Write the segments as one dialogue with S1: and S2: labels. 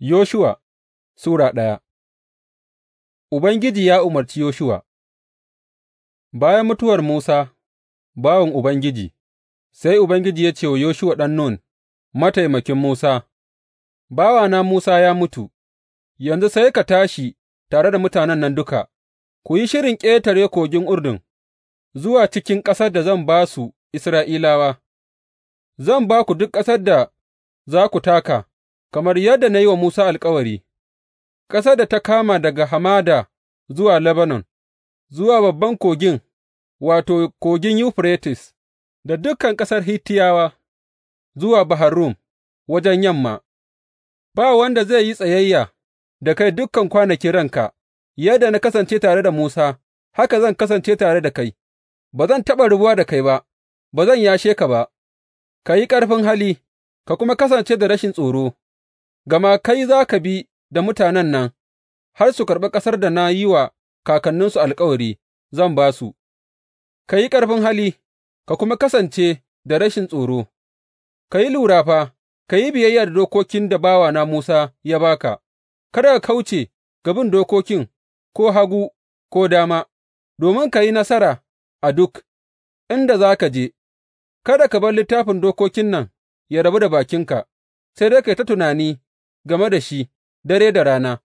S1: Yoshuwa Sura ɗaya. Ubangiji ya umarci
S2: Yoshuwa Bayan mutuwar Musa bawan Ubangiji, sai Ubangiji ya ce wa Yoshuwa ɗan Nun, mataimakin Musa, Bawa na Musa ya mutu, yanzu sai ka tashi tare da mutanen nan duka, ku yi shirin ƙetare kogin Urdun zuwa cikin ƙasar da zan ba su Isra'ilawa, zan ba ku duk ƙasar da za ku taka. Kamar yadda na yi wa Musa alkawari, ƙasar da ta kama daga hamada zuwa Lebanon, zuwa babban kogin, wato, kogin Yuferites, da dukan ƙasar Hittiyawa, zuwa Bahar Rum wajen yamma, ba wanda zai yi tsayayya da kai dukan kwanakin ranka, yadda na kasance tare da Musa, haka zan kasance tare da kai, ba zan taɓa rubuwa da kai ba, ba zan yashe ka ba, ka yi ƙarfin hali, ka kuma kasance da rashin tsoro. gama kai za ka bi da mutanen nan har su karɓi ƙasar da na yi wa kakanninsu alkawari zan ba su, ka yi ƙarfin hali, ka kuma kasance da rashin tsoro, ka yi lura fa, ka yi biyayya da dokokin da bawana Musa ya ba ka, kada ka kauce ga bin dokokin ko hagu ko dama, domin ka yi nasara a duk inda za ka je, kada ka bar littafin dokokin nan ya rabu da bakinka, sai dai ka yi ta tunani game da shi dare da rana,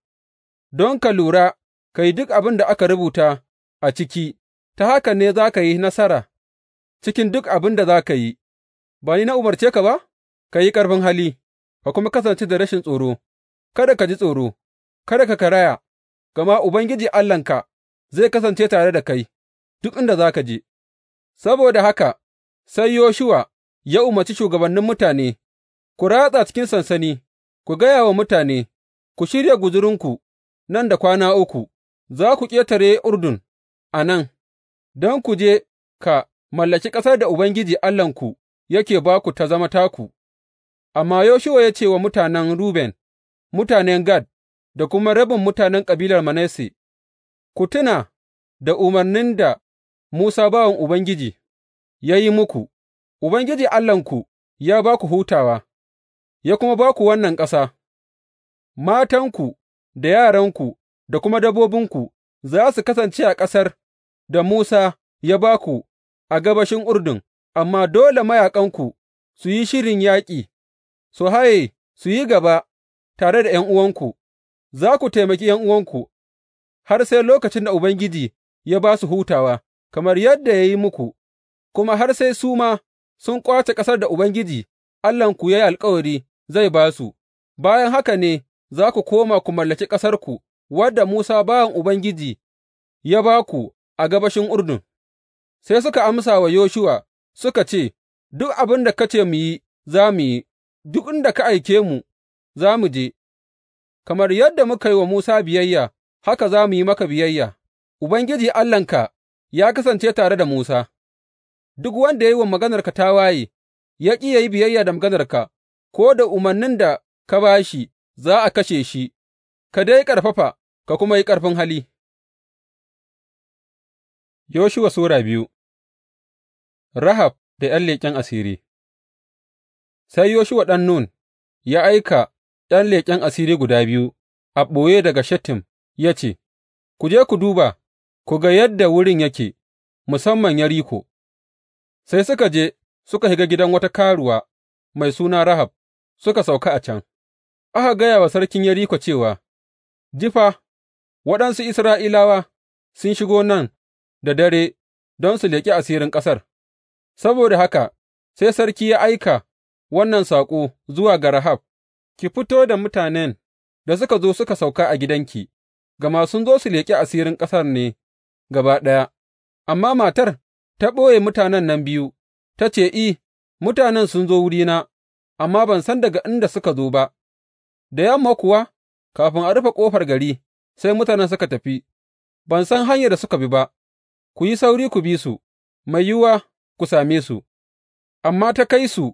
S2: don ka lura ka yi duk abin da aka rubuta a ciki, ta haka ne za ka yi nasara cikin duk abin da za ka yi, ba ni na umarce ka ba, ka yi ƙarfin hali, ka kuma kasance da rashin tsoro, kada ka ji tsoro, kada ka karaya, gama Ubangiji Allahnka zai kasance tare da kai duk inda za ka je. Saboda haka, sai Yoshuwa ya umarci shugabannin mutane, Ku ratsa cikin sansani, Ku gaya wa mutane, Ku shirya guzurinku, nan da kwana uku za ku ƙetare Urdun a nan, don ku je ka mallaki ƙasar da Ubangiji Allahnku yake ba ku ta zama taku.’ Amma Yoshuwa ya ce wa mutanen Ruben, mutanen Gad da kuma rabin mutanen kabilar Manasse, Ku tuna da umarnin da Musa bawan Ubangiji ya yi muku, Ubangiji Allahnku ya ba ku hutawa. ya kuma ba ku wannan ƙasa, matanku da yaranku da kuma dabbobinku za su kasance a ƙasar da Musa ya ba ku a gabashin Urdun, amma dole mayaƙanku su yi shirin yaƙi, su haye su yi gaba tare da ’yan'uwanku, za ku taimaki ’yan'uwanku har sai lokacin da Ubangiji ya ba su hutawa, kamar yadda ya yi muku, kuma har sai su ma sun ƙwace ƙasar da Ubangiji Allahnku ya yi alkawari zai ba su, bayan haka ne za ku koma ku mallaki ƙasarku wadda Musa bawan Ubangiji ya ba ku a gabashin Urdun. Sai suka amsa wa Yoshuwa suka ce, Duk abin da ka ce mu yi, za mu yi, duk inda ka aike mu, za mu je, kamar yadda muka yi wa Musa biyayya, haka za mu yi maka biyayya, Ubangiji Allahnka ya kasance tare da Musa, duk wanda ya yi wa maganarka tawaye, ya ƙi ya yi biyayya da maganarka, ko da umarnin da ka ba shi za a kashe shi, ka dai ƙarfafa ka kuma yi ƙarfin hali.
S1: Yoshuwa Sura biyu Rahab da ’yan leƙen
S2: asiri Sai Yoshuwa ɗan Nun ya aika ’yan leƙen asiri guda biyu a ɓoye daga Shittim ya ce, Ku je ku duba, ku ga yadda wurin yake, musamman ya riko. Sai suka je suka shiga gidan wata karuwa mai suna Rahab, suka sauka a can, aka gaya wa sarkin Yeriko cewa, Ji fa, waɗansu Isra'ilawa sun shigo nan da dare don su leƙi asirin ƙasar, saboda haka sai sarki ya aika wannan saƙo zuwa ga Rahab, ki fito da mutanen da suka zo suka sauka a gidanki, gama sun zo su leƙi asirin ƙasar ne gaba ɗaya, amma matar ta ɓoye mutanen nan biyu, ta ce, I, mutanen sun zo wurina amma ban san daga inda suka zo ba, da yamma kuwa, kafin a rufe ƙofar gari, sai mutanen suka tafi, ban san hanyar da suka bi ba, ku yi sauri ku bi su, mai yiwuwa ku same su, amma ta kai su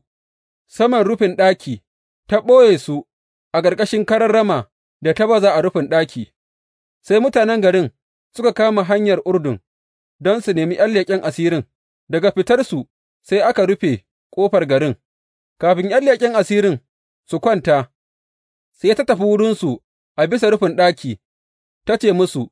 S2: saman rufin ɗaki, ta ɓoye su a ƙarƙashin karar da ta baza a rufin ɗaki, sai mutanen garin suka kama hanyar Urdun don su nemi ’yan leƙen asirin, daga fitarsu sai aka rufe ƙofar garin. Kafin ’yan leƙen asirin su kwanta, sai ta tafi wurinsu a bisa rufin ɗaki, ta ce musu,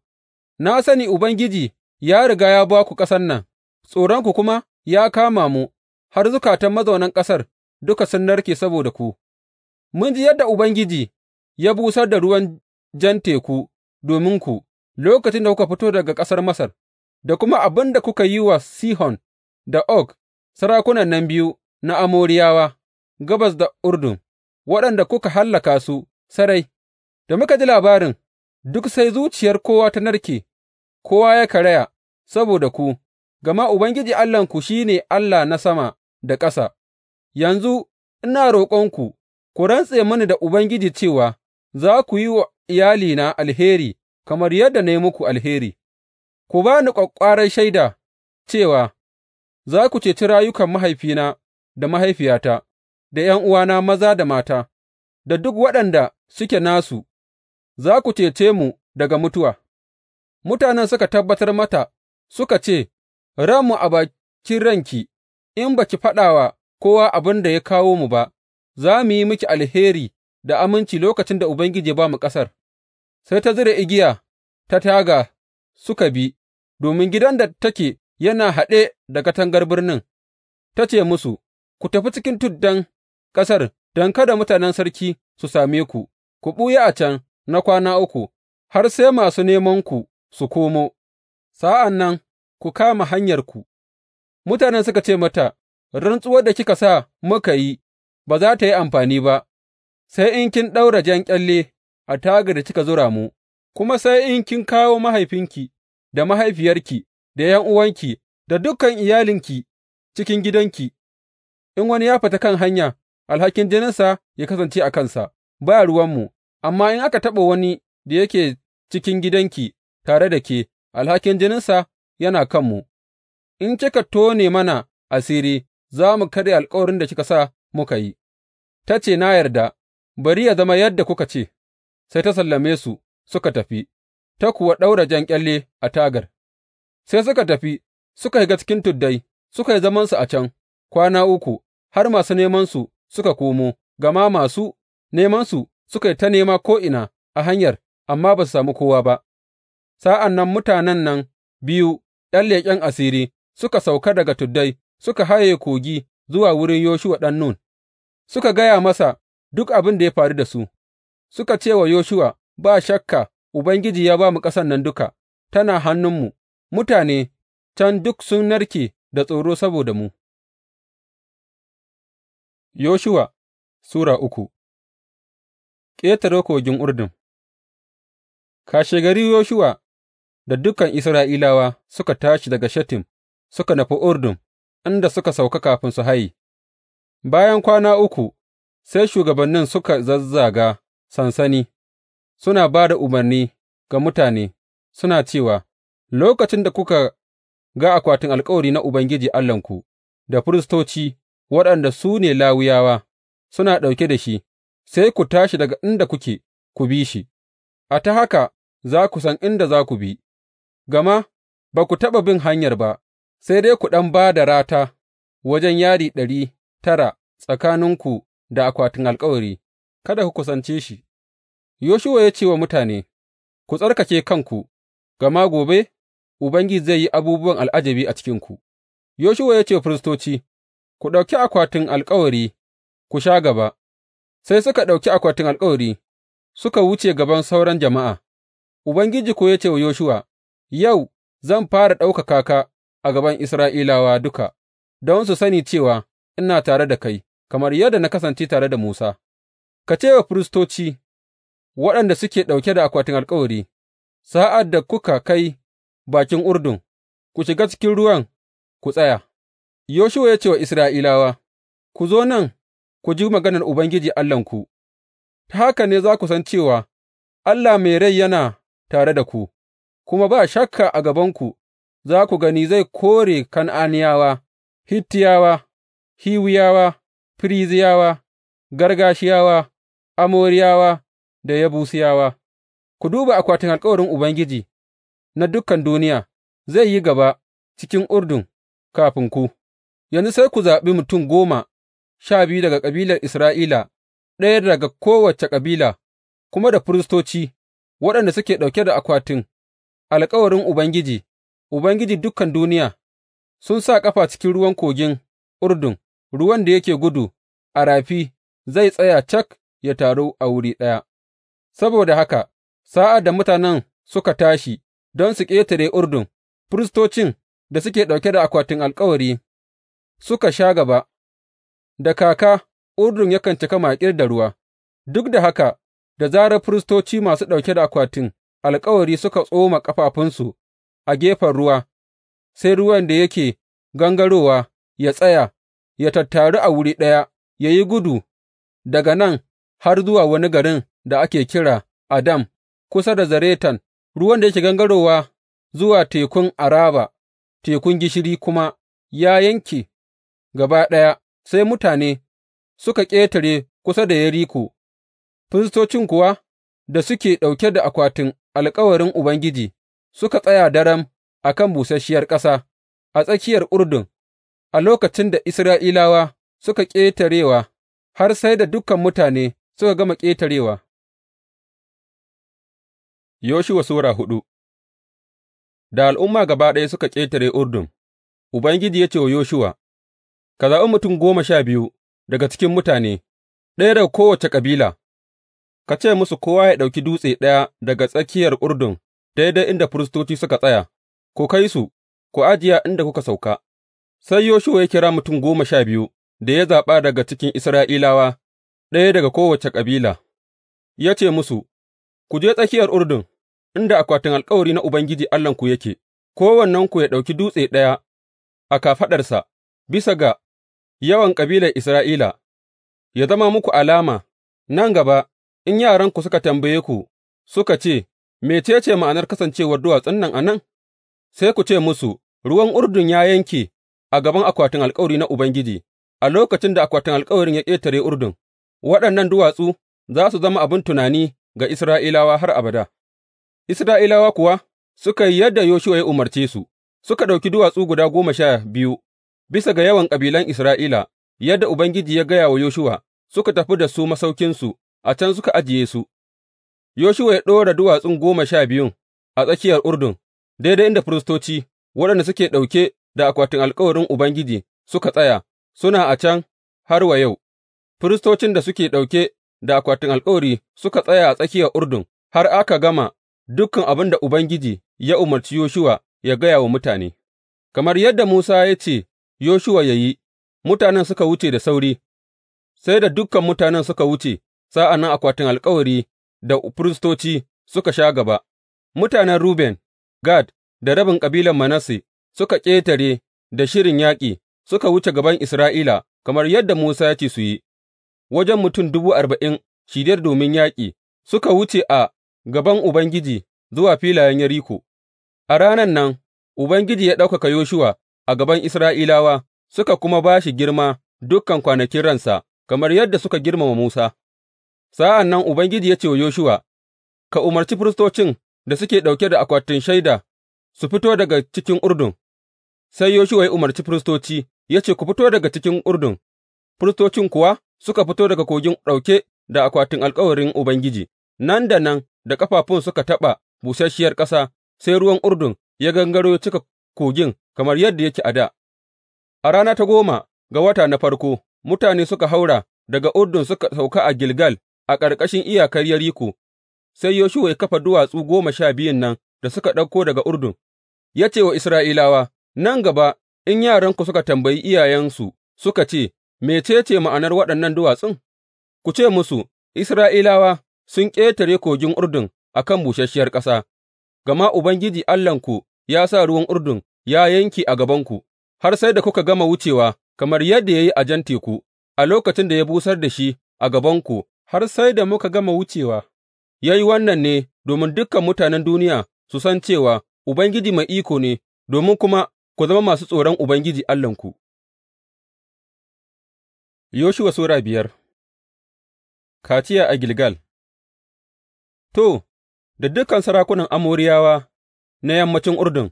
S2: Na sani Ubangiji ya riga ya ba ku ƙasan nan, tsoronku kuma ya kama mu, har zukatan mazaunan ƙasar duka sun narke saboda ku. Mun ji yadda Ubangiji ya busar da ruwan jan teku dominku lokacin da kuka fito daga ƙasar Masar, da kuma abin da kuka yi wa Sihon da Og, sarakunan nan biyu na Amoriyawa. gabas da Urdun, waɗanda kuka hallaka su sarai, da muka ji labarin, duk sai zuciyar kowa ta narke, kowa ya karaya saboda ku, gama Ubangiji Allahnku shi ne Allah na sama da ƙasa, yanzu ina roƙonku, ku rantse mini da Ubangiji cewa za ku yi wa iyalina alheri kamar yadda na yi muku alheri, ku ba ni shaida cewa za ku ceci rayukan mahaifina da mahaifiyata. da ’yan'uwana maza da mata, da duk waɗanda suke nasu, za ku cece mu daga mutuwa. Mutanen suka tabbatar mata suka ce, Ranmu a bakin ranki, in ba ki faɗa wa kowa abin da ya kawo mu ba, za mu yi miki alheri da aminci lokacin da Ubangiji ba mu ƙasar. Sai ta zira igiya ta taga suka bi, domin gidan da take yana haɗe da katangar birnin, ta ce musu, Ku tafi cikin tuddan ƙasar don kada mutanen sarki su same ku, ku ɓuya a can na kwana uku, har sai masu nemanku su komo, sa'an nan ku kama hanyarku. Mutanen suka ce mata, Rantsuwar da kika sa muka yi ba za ta yi amfani ba, sai in kin ɗaura jan ƙyalle a tagar da kika zura mu, kuma sai in kin kawo mahaifinki da mahaifiyarki da ’yan uwanki da dukan iyalinki cikin gidanki, in wani ya fita kan hanya alhakin jininsa ya kasance a kansa, ba ruwanmu, amma in aka taɓa wani da yake cikin gidanki tare da ke, alhakin jininsa yana kanmu, in kika tone mana asiri, za mu karya alkawarin da kika sa muka yi. Ta ce, Na yarda, bari ya zama yadda kuka ce, sai ta sallame su suka tafi, ta kuwa ɗaura jan ƙyalle a tagar, sai suka tafi, suka yi cikin tuddai, suka yi zamansu a can, kwana uku, har masu nemansu suka komo, gama masu nemansu suka yi ta nema ko'ina a hanyar, amma ba su sami kowa ba. Sa'an nan mutanen nan biyu, ’yan leƙen asiri, suka sauka daga tuddai, suka haye kogi zuwa wurin Yoshuwa ɗan Nun, suka gaya masa duk abin da ya faru da su, suka ce wa Yoshuwa, Ba shakka, Ubangiji ya ba mu ƙasan nan duka, tana hannunmu, mutane can duk sun narke da tsoro saboda mu.
S1: Yoshuwa Sura uku Ƙetare
S2: kogin Urdun Kashegari Yoshuwa da dukan Isra'ilawa suka tashi daga shatim suka nufi Urdun, inda suka sauka kafin su haye, bayan kwana uku sai shugabannin suka zazzaga sansani, suna ba da umarni ga mutane, suna cewa, Lokacin da kuka ga akwatin alkawari na Ubangiji Allahnku da firistoci waɗanda su ne Lawiyawa, suna ɗauke da shi, sai ku tashi daga inda kuke ku bi shi, a ta haka za ku san inda za ku bi, gama ba ku taɓa bin hanyar ba, sai dai ku ɗan ba da rata wajen yari ɗari tara tsakaninku da akwatin alkawari, kada ku kusance shi. Yoshuwa ya ce wa mutane, Ku tsarkake kanku, gama gobe Ubangiji zai yi abubuwan al'ajabi a cikinku. Yoshuwa ya ce wa firistoci, Ku ɗauki akwatin alkawari ku sha gaba, sai suka ɗauki akwatin alkawari suka wuce gaban sauran jama'a, Ubangiji koya ya ce wa Yoshuwa, Yau zan fara ɗaukaka ka a gaban Isra'ilawa duka, don su sani cewa ina tare da kai, kamar yadda na kasance tare da Musa, ka ce wa firistoci waɗanda suke ɗauke da akwatin alkawari, Sa'ad da kuka kai bakin Urdun, ku shiga cikin ruwan ku tsaya. Yoshuwa ya ce wa Isra'ilawa, Ku zo nan ku ji maganar Ubangiji Allahnku, ta haka ne za ku san cewa Allah mai rai yana tare da ku, kuma ba shakka a gabanku za ku gani zai kore Kan'aniyawa, Hittiyawa, Hiwiyawa, Firiziyawa, Gargashiyawa, Amoriyawa da Yabusiyawa. Ku duba akwatin alkawarin Ubangiji na dukan duniya, zai yi gaba cikin Urdun kafin ku. Yanzu sai ku zaɓi mutum goma sha biyu daga kabilar Isra'ila, ɗaya daga kowace kabila, kuma da firistoci, waɗanda suke ɗauke da akwatin alkawarin Ubangiji, Ubangiji dukan duniya, sun sa ƙafa cikin ruwan kogin Urdun, ruwan da yake gudu a rafi zai tsaya cak ya taru a wuri ɗaya. Saboda haka, sa'ad da mutanen suka tashi don su ƙetare Urdun, firistocin da suke ɗauke da akwatin alkawari suka sha gaba, da kaka Urdun yakan cika maƙir da ruwa, duk da haka, da zarar firistoci masu ɗauke da akwatin alkawari suka tsoma ƙafafunsu a gefen ruwa, sai ruwan da yake gangarowa ya tsaya, ya tattaru a wuri ɗaya, ya yi gudu daga nan har zuwa wani garin da ake kira Adam, kusa da Zaretan, ruwan da yake gangarowa zuwa tekun Araba, tekun gishiri kuma ya yanke. gaba ɗaya, sai mutane suka ƙetare kusa da Yeriko, firistocin kuwa da suke ɗauke da akwatin alkawarin Ubangiji suka tsaya daram a kan busasshiyar ƙasa a tsakiyar Urdun a lokacin da Isra'ilawa suka ƙetarewa, har sai da dukan mutane suka gama ƙetarewa.
S1: Yoshuwa Sura hudu Da al'umma
S2: gaba ɗaya suka ƙetare Urdun, Ubangiji ya ce wa Yoshuwa, Ka zaɓi mutum goma sha biyu daga cikin mutane, ɗaya daga kowace kabila, ka ce musu kowa ya ɗauki dutse ɗaya daga tsakiyar Urdun daidai inda firistoci suka tsaya, ku kai su, ku ajiye inda kuka sauka, sai Yoshuwa ya kira mutum goma sha biyu da ya zaɓa daga cikin Isra'ilawa, ɗaya daga kowace kabila, ya ce musu, Ku je tsakiyar Urdun, inda akwatin alkawari na Ubangiji Allahnku yake, kowannenku ya ɗauki dutse ɗaya a kafaɗarsa bisa ga yawan kabilar Isra'ila ya zama muku alama, nan gaba in yaranku suka tambaye ku suka ce, Mece ce ma'anar kasancewar duwatsun nan a nan?’ sai ku ce musu, Ruwan Urdun ya yanke a gaban akwatin alkawari na Ubangiji, a lokacin da akwatin alkawarin ya ƙetare Urdun, waɗannan duwatsu za su zama abin tunani ga Isra'ilawa har abada. Isra'ilawa kuwa suka yi yadda Yoshuwa ya umarce su, suka ɗauki duwatsu guda goma sha biyu bisa ga yawan kabilan Isra'ila, yadda Ubangiji ya gaya wa Yoshuwa, suka tafi da su masaukinsu, a can suka ajiye su, Yoshuwa ya ɗora duwatsun goma sha biyun a tsakiyar Urdun, daidai inda firistoci waɗanda suke ɗauke da akwatin alkawarin Ubangiji suka tsaya, suna a can har wa yau, firistocin da suke ɗauke da akwatin alkawari suka tsaya a tsakiyar Urdun har aka gama dukkan abin da Ubangiji ya umarci Yoshuwa ya gaya wa mutane, kamar yadda Musa ya ce Yoshuwa ya yi, mutanen suka wuce da sauri, sai da dukan mutanen suka wuce, sa'an nan akwatin alkawari da firistoci suka sha gaba, mutanen Ruben, Gad da rabin kabilan Manasse suka ƙetare da shirin yaƙi suka wuce gaban Isra'ila kamar yadda Musa ya ce su yi, wajen mutum dubu arba'in shidiyar domin yaƙi suka wuce a gaban Ubangiji zuwa filayen Yeriko. A ranan nan Ubangiji ya ɗaukaka Yoshuwa a gaban Isra'ilawa, suka kuma ba shi girma dukan kwanakin ransa, kamar yadda suka girmama Musa. Sa'an nan Ubangiji ya ce wa Yoshuwa, Ka umarci firistocin da suke ɗauke da akwatin shaida su fito daga cikin Urdun. Sai Yoshuwa ya umarci firistoci, ya ce, Ku fito daga cikin Urdun, firistocin kuwa suka fito daga kogin ɗauke da akwatin alkawarin Ubangiji, nan da nan da ƙafafun suka taɓa busasshiyar ƙasa, sai ruwan Urdun ya gangaro ya cika kogin kamar yadda yake a dā, a rana ta goma ga wata na farko, mutane suka haura daga Urdun suka sauka a Gilgal a ƙarƙashin iyakar Yeriko, sai Yoshuwa ya kafa duwatsu goma sha biyun nan da suka ɗauko daga Urdun, ya ce wa Isra'ilawa, Nan gaba, in yaranku suka tambayi iyayensu suka ce, Mece ce ma'anar waɗannan duwatsun? Ku ce musu, Isra'ilawa sun ƙetare kogin Urdun a kan busasshiyar ƙasa, gama Ubangiji Allahnku ya sa ruwan Urdun ya yanke a gabanku, har sai da kuka gama wucewa, kamar yadda ya yi a Jan Teku, a lokacin da ya busar da shi a gabanku, har sai da muka gama wucewa. Ya yi wannan ne domin dukan mutanen duniya su san cewa Ubangiji mai iko ne, domin kuma ku zama masu tsoron Ubangiji Allahnku.
S1: Yoshuwa Sura biyar Kaciya a Gilgal
S2: To, da dukan sarakunan Amoriyawa na yammacin Urdun,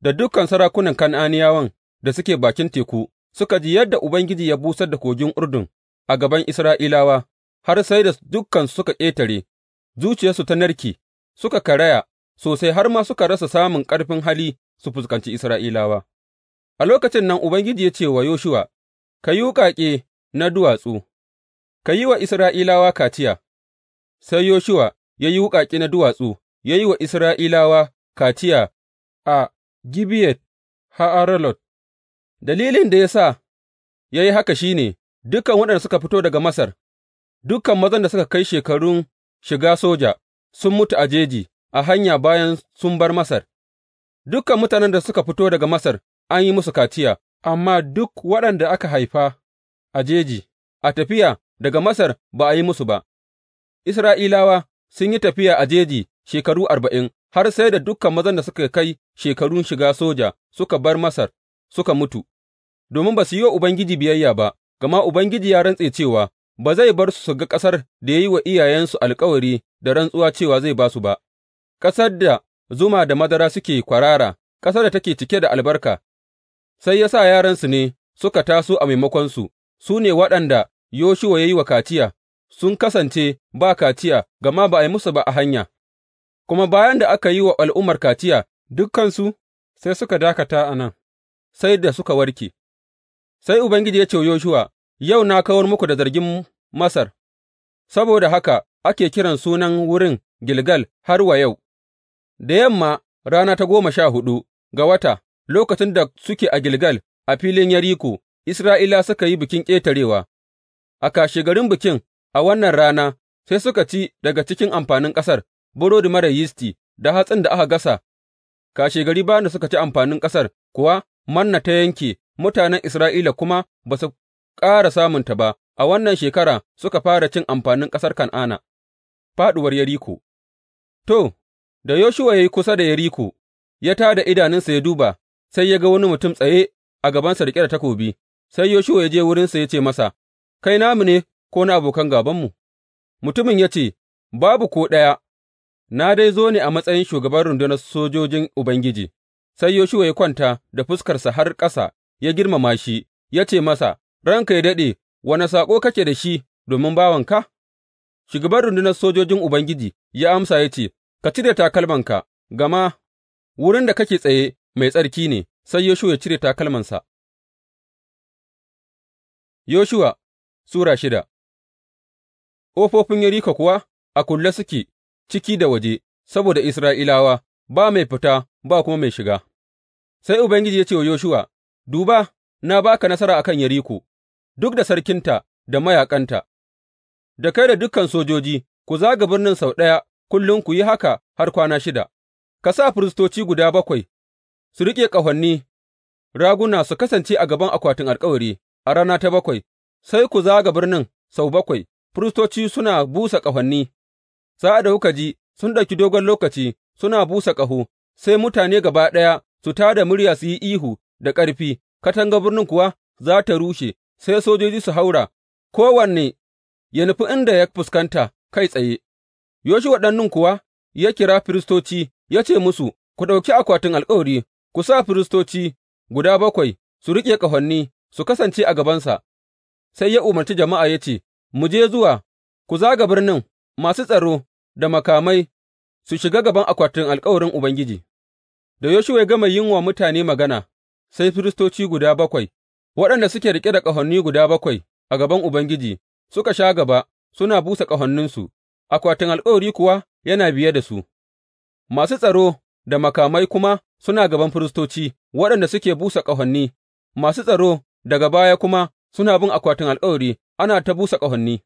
S2: da dukan sarakunan Kan'aniyawan da suke bakin teku suka ji yadda Ubangiji ya busar da kogin Urdun a gaban Isra'ilawa, har sai da dukan suka ƙetare, zuciyarsu ta narke, suka karaya sosai har ma suka rasa samun ƙarfin hali su fuskanci Isra'ilawa. A lokacin nan Ubangiji ya ce wa Yoshuwa, Ka yi wuƙaƙe na duwatsu, ka yi wa Isra'ilawa kaciya, sai Yoshuwa ya yi wuƙaƙe na duwatsu, ya yi wa Isra'ilawa kaciya a Gibeyat Ha'aralot, dalilin da ya sa ya yi haka shi ne, dukan waɗanda suka fito daga Masar, dukan mazan da suka kai shekarun shiga soja, sun mutu a jeji a hanya bayan sun bar Masar, dukan mutanen da suka fito daga Masar an yi musu kaciya, amma duk waɗanda aka haifa a jeji, a tafiya daga Masar ba a yi musu ba, Isra'ilawa sun yi tafiya a jeji shekaru arba'in, har sai da dukan mazan da suka kai shekarun shiga soja suka bar Masar suka mutu, domin ba su yi wa Ubangiji biyayya ba, gama Ubangiji ya rantse cewa ba zai bar su su ga ƙasar da ya yi wa iyayensu alkawari da rantsuwa cewa zai ba su ba, ƙasar da zuma da madara suke kwarara, ƙasar da take cike da albarka, sai ya sa yaransu ne suka taso a maimakonsu, su ne waɗanda Yoshuwa ya yi wa kaciya sun kasance ba kaciya, gama ba a yi musu ba a hanya, kuma bayan da aka yi wa al'ummar kaciya dukansu sai suka dakata a nan, sai da suka warke. Sai Ubangiji ya ce Yoshuwa, Yau na kawar muku da zargin Masar, saboda haka ake kiran sunan wurin Gilgal har wa yau, da yamma rana ta goma sha hudu, ga wata, lokacin da suke a Gilgal a filin Yariko, Isra'ila suka yi bikin ƙetarewa, a kashegarin bikin a wannan rana sai suka ci daga cikin amfanin ƙasar, burodi marar yisti da hatsin da aka gasa, kashegari bayan da suka ci amfanin ƙasar kuwa manna ta yanke, mutanen Isra'ila kuma ba su ƙara samunta ba, a wannan shekara suka fara cin amfanin ƙasar Kan'ana, faɗuwar Yeriko. To, da Yoshuwa ya yi kusa da Yeriko, ya tā da idanunsa ya duba, sai ya ga wani mutum tsaye a gabansa riƙe da takobi, sai Yoshuwa ya je wurinsa ya ce masa, Kai namu ne ko na abokan gābanmu? Mutumin ya ce, Babu ko ɗaya, na dai zo ne a matsayin shugaban rundunar sojojin Ubangiji. Sai Yoshuwa ya kwanta da fuskarsa har ƙasa, ya girmama shi, ya ce masa, Ranka ya daɗe, wane saƙo kake da shi domin bawanka? Shugaban rundunar sojojin Ubangiji ya amsa ya ce, Ka cire takalmanka, gama wurin da kake tsaye mai tsarki ne, sai Yoshuwa ya cire takalmansa. Yoshuwa Sura shida ƙofofin Yeriko kuwa a kulle suke ciki da waje saboda Isra'ilawa, ba mai fita ba kuma mai shiga. Sai Ubangiji ya ce wa Yoshuwa, Duba, na ba ka nasara a kan Yeriko, duk da sarkinta da mayaƙanta, da kai da dukan sojoji, ku zaga birnin sau ɗaya kullum ku yi haka har kwana shida, ka sa firistoci guda bakwai su riƙe ƙahoni raguna su kasance a gaban akwatin alkawari a rana ta bakwai, sai ku zaga birnin sau bakwai, firistoci suna busa ƙahoni, sa'ad da kuka ji sun ɗauki dogon lokaci suna busa ƙaho, sai mutane gaba ɗaya su tā da murya su yi ihu da ƙarfi, katanga birnin kuwa za ta rushe, sai sojoji su haura, kowanne ya nufi inda ya fuskanta kai tsaye. Yoshuwa ɗan Nun kuwa ya kira firistoci ya ce musu, Ku ɗauki akwatin alkawari, ku sa firistoci guda bakwai su riƙe ƙahoni su kasance a gabansa, sai ya umarci jama'a ya ce, Mu je zuwa, ku zaga birnin, masu tsaro da makamai su shiga gaban akwatin alkawarin Ubangiji, da Yoshuwa ya gama yin wa mutane magana, sai firistoci guda bakwai, waɗanda suke riƙe da ƙahoni guda bakwai a gaban Ubangiji, suka sha gaba suna busa ƙahoninsu, akwatin alkawari kuwa yana biye da su, masu tsaro da makamai kuma suna gaban firistoci waɗanda suke busa ƙahoni, masu tsaro daga baya kuma suna bin akwatin alkawari ana ta busa ƙahoni,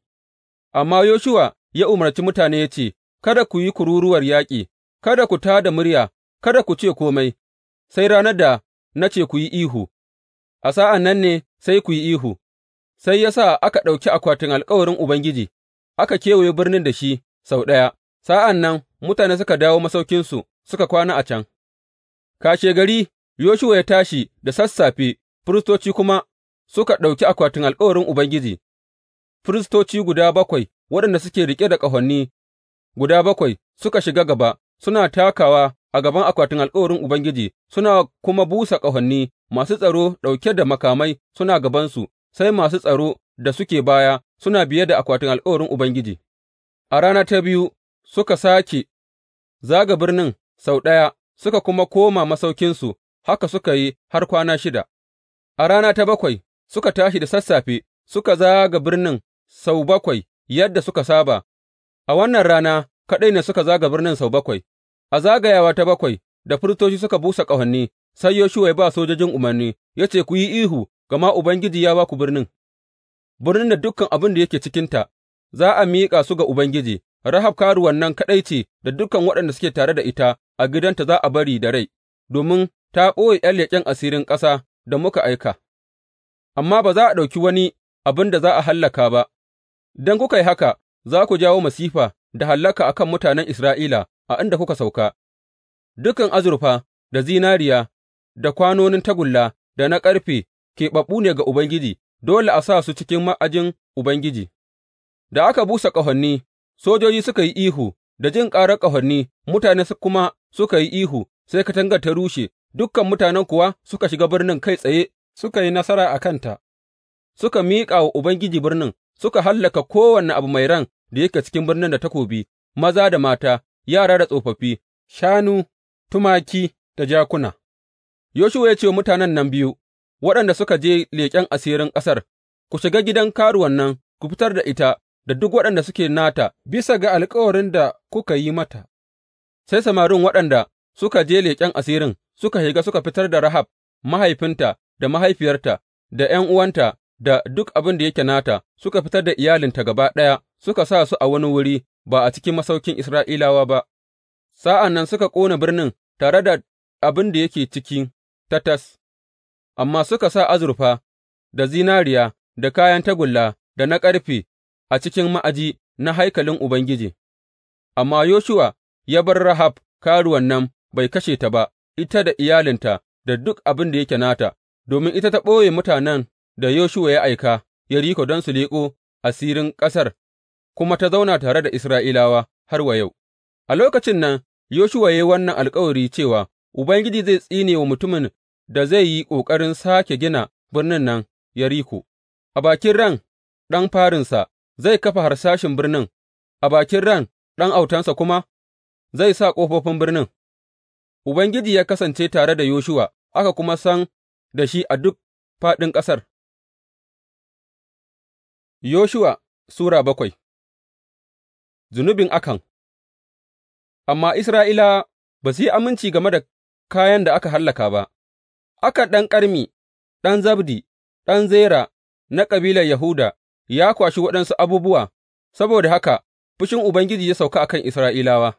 S2: amma Yoshuwa ya umarci mutane ya ce, Kada ku yi kururuwar yaƙi, kada ku tā da murya, kada ku ce komai. sai ranar da na ce ku yi ihu, a sa'an nan ne sai ku yi ihu, sai ya sa aka ɗauki akwatin alkawarin Ubangiji, aka kewaye birnin da shi sau ɗaya, sa'an nan mutane suka dawo masaukinsu suka kwana a can. Kashegari, Yoshuwa ya tashi da sassafe, firistoci kuma suka ɗauki akwatin alkawarin Ubangiji, firistoci guda bakwai waɗanda suke riƙe da ƙahoni guda bakwai suka shiga gaba, suna takawa a gaban akwatin alkawarin Ubangiji, suna kuma busa ƙahoni, masu tsaro ɗauke da makamai suna gabansu, sai masu tsaro da suke baya suna biye da akwatin alkawarin Ubangiji. A rana ta biyu suka sake zaga birnin sau ɗaya, suka kuma koma masaukinsu, haka suka yi har kwana shida. A rana ta bakwai Suka tashi da sassafe suka zaga birnin sau bakwai yadda suka saba, a wannan rana kaɗai ne suka zaga birnin sau bakwai, a zagayawa ta bakwai da firistoci suka busa ƙahoni, sai Yoshuwa ya ba sojojin umarni ya ce, Ku yi ihu, gama Ubangiji ya ba ku birnin, birnin da dukkan abin da yake cikinta, za a miƙa su ga Ubangiji, Rahab karuwan nan kaɗai ce da dukkan waɗanda suke tare da ita a gidanta za a bari da rai, domin ta ɓoye ’yan leƙen asirin ƙasa da muka aika. amma ba za a ɗauki wani abin da za a hallaka ba, don kuka yi haka za ku jawo masifa da hallaka a kan mutanen Isra'ila a inda kuka sauka, dukan azurfa da zinariya da kwanonin tagulla da na ƙarfe ke keɓaɓɓu ne ga Ubangiji, dole a sa su cikin ma'ajin Ubangiji. Da aka busa ƙahonni sojoji suka yi ihu, da jin ƙarar ƙahonni mutane kuma suka yi ihu, sai katangar ta rushe, dukan mutanen kuwa suka shiga birnin kai tsaye suka yi nasara a kanta, suka miƙa wa Ubangiji birnin, suka hallaka kowane abu mai ran da yake cikin birnin da takobi, maza da mata, yara da tsofaffi, shanu, tumaki da jakuna. Yoshuwa ya ce wa mutanen nan biyu, waɗanda suka je leƙen asirin ƙasar, Ku shiga gidan karuwan nan, ku fitar da ita da duk waɗanda suke nata bisa ga alkawarin da kuka yi mata. Sai samarin waɗanda suka je leƙen asirin suka shiga suka fitar da Rahab mahaifinta da mahaifiyarta, da ’yan'uwanta, da duk abin da yake nata, suka fitar da iyalinta gaba ɗaya suka sa su a wani wuri ba a cikin masaukin Isra'ilawa ba, sa'an nan suka ƙona birnin tare da abin da yake cikin tatas, amma suka sa azurfa da zinariya da kayan tagulla da na ƙarfe a cikin ma'aji na haikalin Ubangiji. Amma Yoshuwa ya bar Rahab karuwan nan bai kashe ta ba, ita da iyalinta da duk abin da yake nata, domin ita ta ɓoye mutanen da Yoshuwa ya aika Yeriko don su leƙo asirin ƙasar, kuma ta zauna tare da Isra'ilawa har wa yau. A lokacin nan, Yoshuwa ya yi wannan alkawari cewa Ubangiji zai tsine wa mutumin da zai yi ƙoƙarin sake gina birnin nan Yeriko, a bakin ran ɗan farinsa zai kafa harsashin birnin, a bakin ran ɗan autansa kuma zai sa ƙofofin birnin. Ubangiji ya kasance tare da Yoshuwa,
S1: aka kuma san da shi a duk faɗin ƙasar. Yoshuwa Sura bakwai Zunubin Akan
S2: Amma Isra'ila ba su yi aminci game da kayan da aka hallaka ba, Haka ɗan ƙarmi, ɗan Zabdi, ɗan Zera na kabilar Yahuda ya kwashi waɗansu abubuwa, saboda haka fushin Ubangiji ya sauka a kan Isra'ilawa.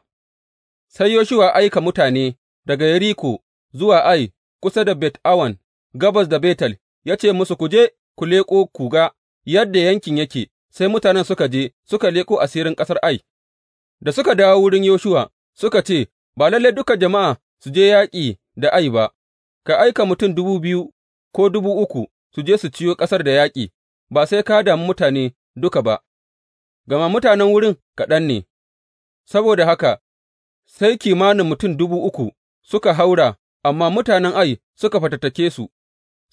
S2: Sai Yoshuwa aika mutane daga Yeriko zuwa Ai kusa da Bet Awen, gabas da Betel, ya ce musu, Ku je ku leƙo ku ga yadda yankin yake, sai mutanen suka je suka leƙo asirin ƙasar Ai, da suka dawo wurin Yoshuwa suka ce, Ba lalle duka jama'a su je yaƙi da Ai ba, ka aika mutum dubu biyu ko dubu uku su je su ciyo ƙasar da yaƙi, ba sai ka damu mutane duka ba, gama mutanen wurin kaɗan ne, saboda haka sai kimanin mutum dubu uku suka haura, amma mutanen Ai suka fatattake su,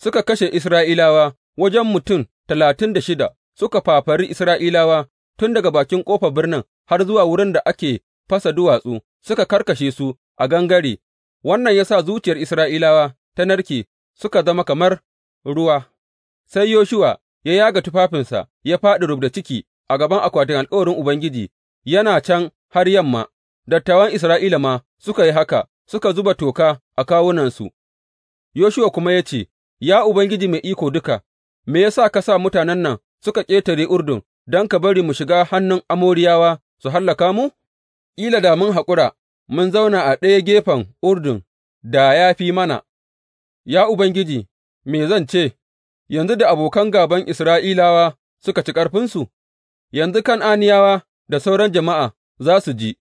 S2: suka kashe Isra'ilawa wajen mutum talatin da shida, suka fafari Isra'ilawa tun daga bakin ƙofar birnin har zuwa wurin da ake fasa duwatsu, suka karkashe su a gangare, wannan ya sa zuciyar Isra'ilawa ta narke suka zama kamar ruwa. Sai Yoshuwa ya yaga tufafinsa ya fāɗi rubda ciki a gaban akwatin alkawarin Ubangiji, yana can har yamma, dattawan Isra'ila ma suka yi haka suka zuba toka a kawunansu, Yoshuwa kuma ya ce, Ya Ubangiji Mai Iko Duka, me ya sa ka sa mutanen nan suka ƙetare Urdun don ka bari mu shiga hannun Amoriyawa su hallaka mu? Ƙila da mun haƙura, mun zauna a ɗaya gefen Urdun da ya fi mana, Ya Ubangiji, me zan ce, yanzu da abokan gaban Isra'ilawa suka ci ƙarfinsu, yanzu Kan'aniyawa da sauran jama'a za su ji,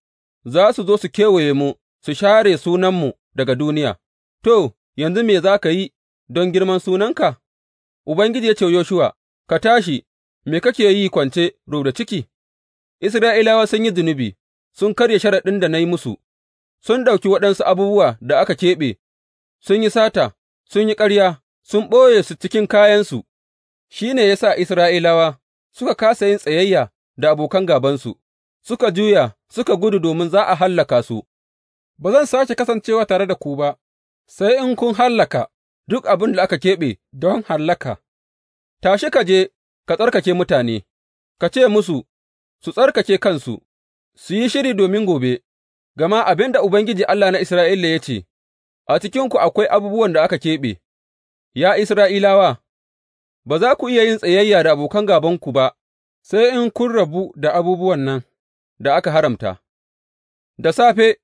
S2: za su zo su kewaye mu su share sunanmu daga duniya, to, yanzu me za ka yi don girman sunanka? Ubangiji ya ce wa Yoshuwa, Ka tashi, me kake yi kwance rubda ciki? Isra'ilawa sun yi zunubi, sun karya sharaɗin da na yi musu, sun ɗauki waɗansu abubuwa da aka keɓe, sun yi sata, sun yi ƙarya, sun ɓoye su cikin kayansu, shi ne ya sa Isra'ilawa suka kasa yin tsayayya da abokan gabansu? suka juya, suka gudu domin za a hallaka su. Ba zan sāke kasancewa tare da ku ba, sai in kun hallaka duk abin da aka keɓe don hallaka. Tashi ka je ka tsarkake mutane, ka ce musu su tsarkake kansu, su yi shiri domin gobe, gama abin da Ubangiji Allah na Isra'ila ya ce, A cikinku akwai abubuwan da aka keɓe, ya Isra'ilawa, ba za ku iya yin tsayayya da abokan gabanku ba, sai in kun rabu da abubuwan nan da aka haramta. Da safe,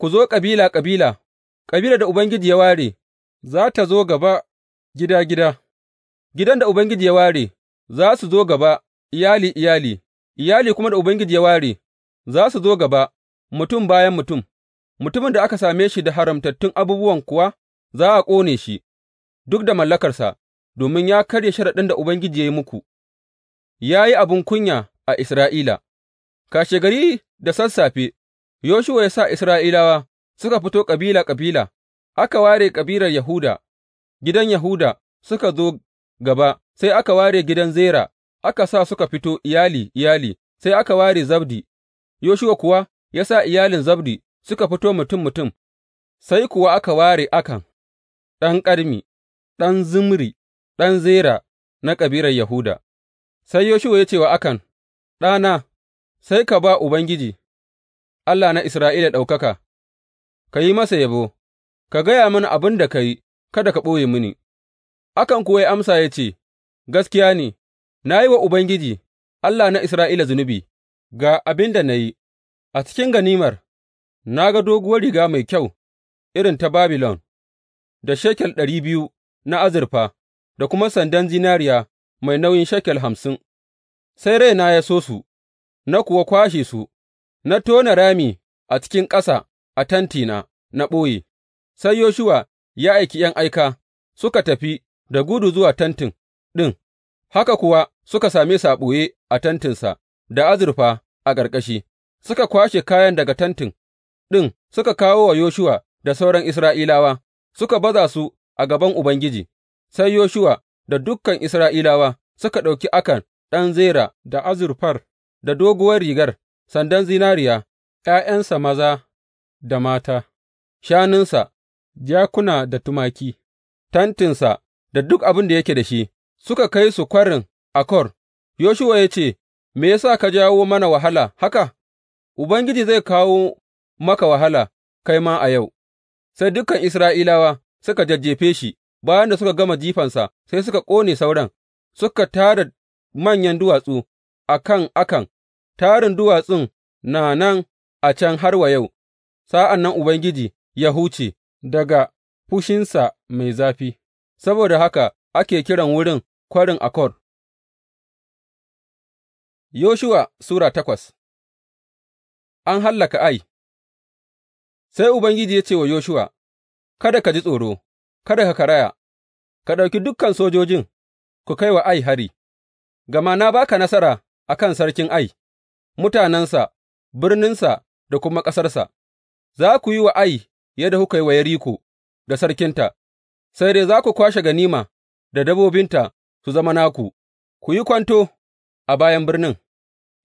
S2: Ku zo kabila kabila, kabilar da Ubangiji ya ware za tă zo gaba gida gida, gidan da Ubangiji ya ware za su zo gaba iyali iyali, iyali kuma da Ubangiji ya ware za su zo gaba mutum bayan mutum, mutumin da aka same shi da haramtattun abubuwan kuwa za a ƙone shi, duk da mallakarsa, domin ya karya sharaɗin da Ubangiji ya yi muku, ya yi abin kunya a Isra'ila. Kashegari da sassafe Yoshuwa ya sa Isra'ilawa suka fito kabila kabila, aka ware kabilar Yahuda, gidan Yahuda suka zo gaba, sai aka ware gidan Zera, aka sa suka fito iyali iyali, sai aka ware Zabdi, Yoshuwa kuwa ya sa iyalin Zabdi suka fito mutum mutum, sai kuwa aka ware Akan, ɗan Ƙarmi, ɗan Zimri, ɗan Zera na kabilar Yahuda. Sai Yoshuwa ya ce wa Akan, Ɗana, sai ka ba Ubangiji. Allah na Isra'ila ɗaukaka, ka yi masa yabo, ka gaya mini abin da ka yi, kada ka ɓoye mini. Akan kuwa ya amsa ya ce, Gaskiya ne, na yi wa Ubangiji, Allah na Isra'ila zunubi, ga abin da na yi, a cikin ganimar, na ga doguwar riga mai kyau irin ta Babilon, da shekel ɗari biyu na azurfa, da kuma sandan zinariya mai nauyin shekel hamsin, sai raina ya so su, na kuwa kwashe su, na tona rami a cikin ƙasa a tentina na ɓoye, sai Yoshuwa ya aiki ’yan aika suka tafi da gudu zuwa tentin ɗin, haka kuwa suka same su a ɓoye a tentinsa da azurfa a ƙarƙashi, suka kwashe kayan daga tentin ɗin suka kawo wa Yoshuwa da sauran Isra'ilawa, suka baza su a gaban Ubangiji, sai Yoshuwa da dukan Isra'ilawa suka ɗauki Akan ɗan Zera da azurfar da doguwar rigar sandan zinariya, ’ya'yansa maza da mata, shanunsa, jakuna da tumaki, tantinsa. da duk abin da yake da shi, suka kai su kwarin Akor, Yoshuwa ya ce, Me ya sa ka jawo mana wahala haka? Ubangiji zai kawo maka wahala kai ma a yau, sai dukan Isra'ilawa suka jajjefe shi, bayan da suka gama jifansa, sai suka ƙone sauran, suka tara manyan duwatsu a kan Akan tarin duwatsun na nan a can har wa yau, sa'an nan Ubangiji ya huce daga fushinsa mai zafi, saboda haka ake kiran wurin Kwarin Akor.
S1: Yoshuwa Sura takwas An hallaka Ai Sai Ubangiji ya ce wa Yoshuwa, Kada ka ji tsoro, kada
S2: ka karaya, ka ɗauki dukkan sojojin, ku kai wa Ai hari, gama na ba ka nasara a kan sarkin Ai, mutanensa, birninsa da kuma ƙasarsa, za ku yi wa Ai yadda kuka yi wa Yeriko da sarkinta, sai dai za ku kwashe ganima da dabbobinta su zama naku, ku yi kwanto a bayan birnin.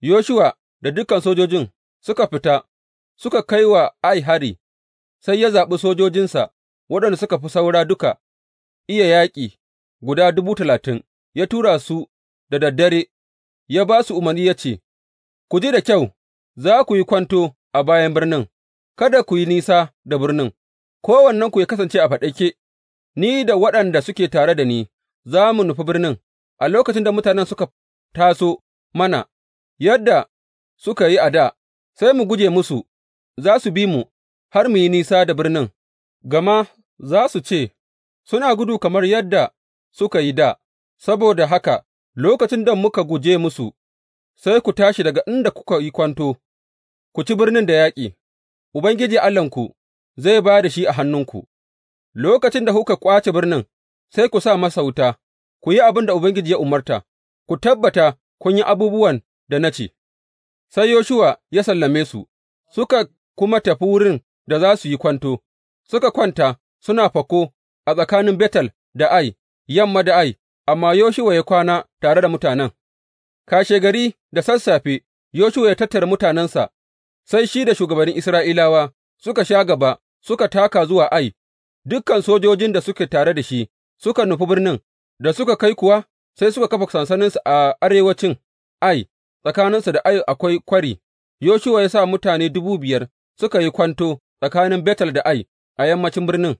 S2: Yoshuwa da dukan sojojin suka fita suka kai wa Ai hari, sai ya zaɓi sojojinsa waɗanda suka fi saura duka iya yaƙi guda dubu talatin, ya tura su da daddare, ya ba su umarni ya ce, Ku ji da kyau, za ku yi kwanto a bayan birnin, kada ku yi nisa da birnin, kowannenku ya kasance a faɗake, ni da waɗanda suke tare da ni za mu nufi birnin a lokacin da mutanen suka taso mana, yadda suka yi a da, sai mu guje musu, za su bi mu har mu yi nisa da birnin, gama za su ce, Suna gudu kamar yadda suka yi da, saboda haka lokacin da muka guje musu. sai ku tashi daga inda kuka yi kwanto, ku ci birnin da yaƙi, Ubangiji Allahnku zai ba da shi a hannunku, lokacin da kuka ƙwace birnin, sai ku sa masa wuta, ku yi abin da Ubangiji ya umarta, ku tabbata kun yi abubuwan da na ce. Sai Yoshuwa ya sallame su, suka kuma tafi wurin da za su yi kwanto, suka kwanta suna fako a tsakanin Betel da Ai, yamma da Ai, amma Yoshuwa ya kwana tare da mutanen. Kashegari da sassafe Yoshuwa ya tattara mutanensa, sai shi da shugabannin Isra'ilawa suka sha gaba suka taka zuwa Ai, dukan sojojin da suke tare da shi suka nufi birnin, da suka kai kuwa sai suka kafa sansaninsu a arewacin Ai, tsakaninsa da Ai akwai kwari, Yoshuwa ya sa mutane dubu biyar suka yi kwanto tsakanin Betel da Ai a yammacin birnin,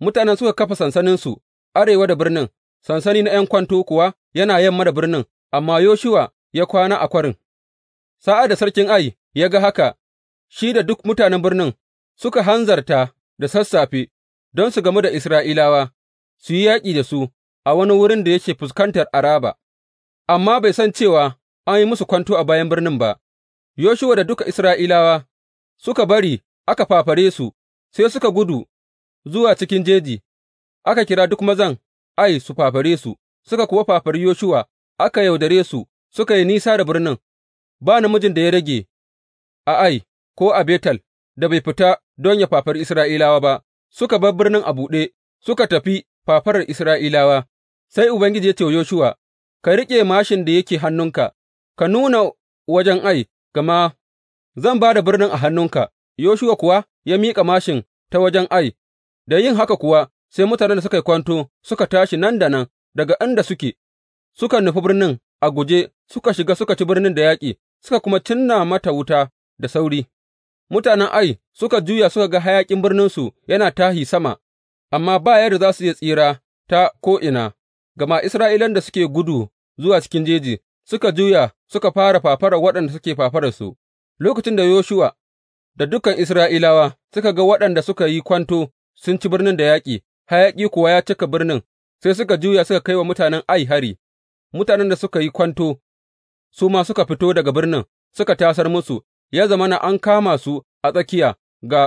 S2: mutanen suka kafa sansaninsu arewa da birnin, sansani na ’yan kwanto kuwa yana yamma da birnin. amma Yoshuwa ya kwana a kwarin, sa'ad da sarkin Ai ya ga haka, shi da duk mutanen birnin suka hanzarta da sassafe don su gamu da Isra'ilawa, su yi yaƙi da su a wani wurin da yake fuskantar Araba, amma bai san cewa an yi musu kwanto a bayan birnin ba, Yoshuwa da duka Isra'ilawa suka bari aka fafare su, sai suka gudu zuwa cikin jeji, aka kira duk mazan Ai su fafare su, suka kuwa fafari Yoshuwa aka yaudare su suka yi nisa da birnin, ba namijin da ya rage a Ai ko a Betel da bai fita don ya fafar Isra'ilawa ba, suka bar birnin a buɗe, suka tafi fafarar Isra'ilawa, sai Ubangiji ya ce wa Yoshuwa, Ka riƙe mashin da yake hannunka, ka nuna wajen Ai, gama zan ba da birnin a hannunka, Yoshuwa kuwa ya miƙa mashin ta wajen Ai, da yin haka kuwa sai mutanen da suka yi kwanto suka tashi nan da nan daga inda suke, suka nufi birnin a guje suka shiga suka ci birnin da yaƙi, suka kuma cinna mata wuta da sauri. Mutanen Ai suka juya suka ga hayaƙin birninsu yana tahi sama, amma ba yadda za su iya tsira ta ko'ina, gama Isra'ilan da suke gudu zuwa cikin jeji suka juya suka fara fafara waɗanda suke fafararsu. Lokacin da Yoshuwa da dukan Isra'ilawa suka ga waɗanda suka yi kwanto sun ci birnin da yaƙi, hayaƙi kuwa ya cika birnin, sai suka juya suka kai wa mutanen Ai hari, Mutanen da suka yi kwanto su ma suka fito daga birnin suka tasar musu, ya zama na an kama su a tsakiya ga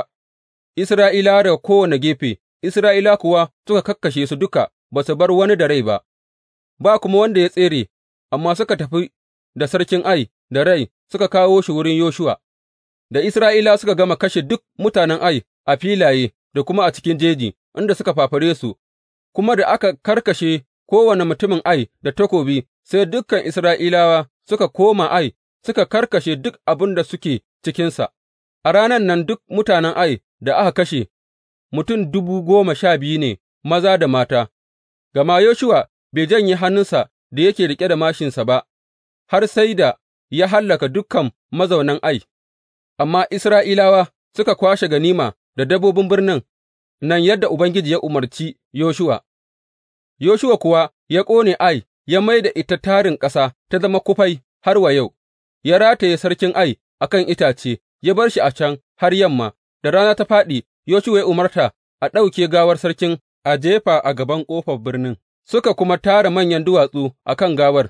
S2: Isra'ila daga kowane gefe, Isra'ila kuwa suka kakkashe su duka ba su bar wani da rai ba, ba kuma wanda ya tsere, amma suka tafi da sarkin Ai da rai suka kawo shi wurin Yoshuwa, da Isra'ila suka gama kashe duk mutanen Ai a filaye da kuma a cikin jeji, inda suka fafare su, kuma da aka karkashe kowane mutumin Ai da takobi, sai dukan Isra'ilawa suka koma Ai suka karkashe duk abin da suke cikinsa, a ranan nan duk mutanen Ai da aka kashe mutum dubu goma sha biyu ne maza da mata, gama Yoshuwa bai janye hannunsa da yake riƙe da mashinsa ba, har sai da ya hallaka dukan mazaunan Ai, amma Isra'ilawa suka kwashe ganima da dabbobin birnin nan yadda Ubangiji ya umarci Yoshuwa. Yoshuwa kuwa ya ƙone Ai, ya mai da ita tarin ƙasa ta zama kufai har wa yau, ya rataye sarkin Ai a kan itace, ya bar shi a can har yamma, da rana ta fāɗi, Yoshuwa ya umarta a ɗauke gawar sarkin a jefa a gaban ƙofar birnin, suka kuma tara manyan duwatsu a kan gawar,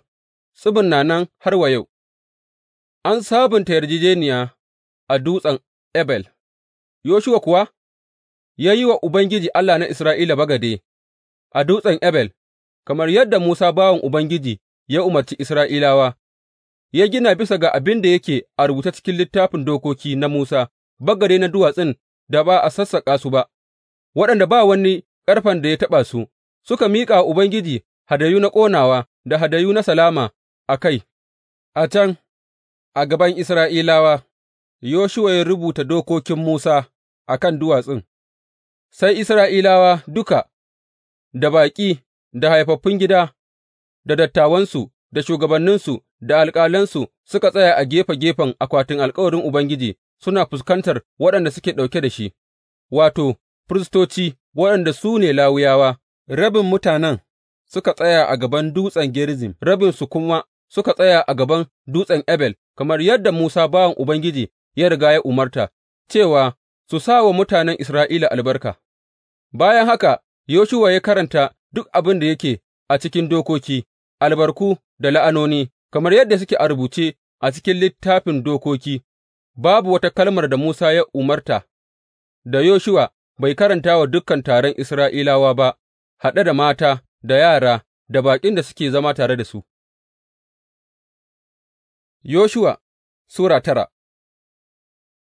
S2: tsibin na nan har wa yau. An sabunta yarjejeniya a dutsen Ebel. Yoshuwa kuwa ya yi wa Ubangiji Allah na Isra'ila bagade. a dutsen Ebal, kamar yadda Musa bawan Ubangiji ya umarci Isra'ilawa, ya gina bisa ga abin da yake a rubuta cikin littafin dokoki na Musa, bagade na duwatsun da ba a sassaƙa su ba, waɗanda ba wani ƙarfen da ya taɓa su, suka miƙa Ubangiji hadayu na ƙonawa da hadayu na salama a kai, a can, a gaban Isra'ilawa, Yoshuwa ya rubuta dokokin Musa a kan duwatsun, sai Isra'ilawa duka da baƙi, da haifaffun gida, da dattawansu, da shugabanninsu, da alƙalansu suka tsaya a gefe gefen akwatin alkawarin Ubangiji suna fuskantar waɗanda suke ɗauke da shi, wato, firistoci waɗanda su ne lawuyawa, rabin mutanen suka tsaya a gaban dutsen Gerizim, rabinsu kuma suka tsaya a gaban dutsen Ebel, kamar yadda Musa bawan Ubangiji ya riga ya umarta, cewa su sa wa mutanen Isra'ila albarka. Bayan haka Yoshuwa ya karanta duk abin da yake a cikin Dokoki, albarku da la'anoni, kamar yadda suke a rubuce a cikin Littafin Dokoki, babu wata kalmar da Musa ya umarta da Yoshuwa bai karanta wa dukan taron Isra'ilawa ba, haɗe da mata, da yara, da baƙin da suke zama tare da su.
S1: Yoshuwa Sura tara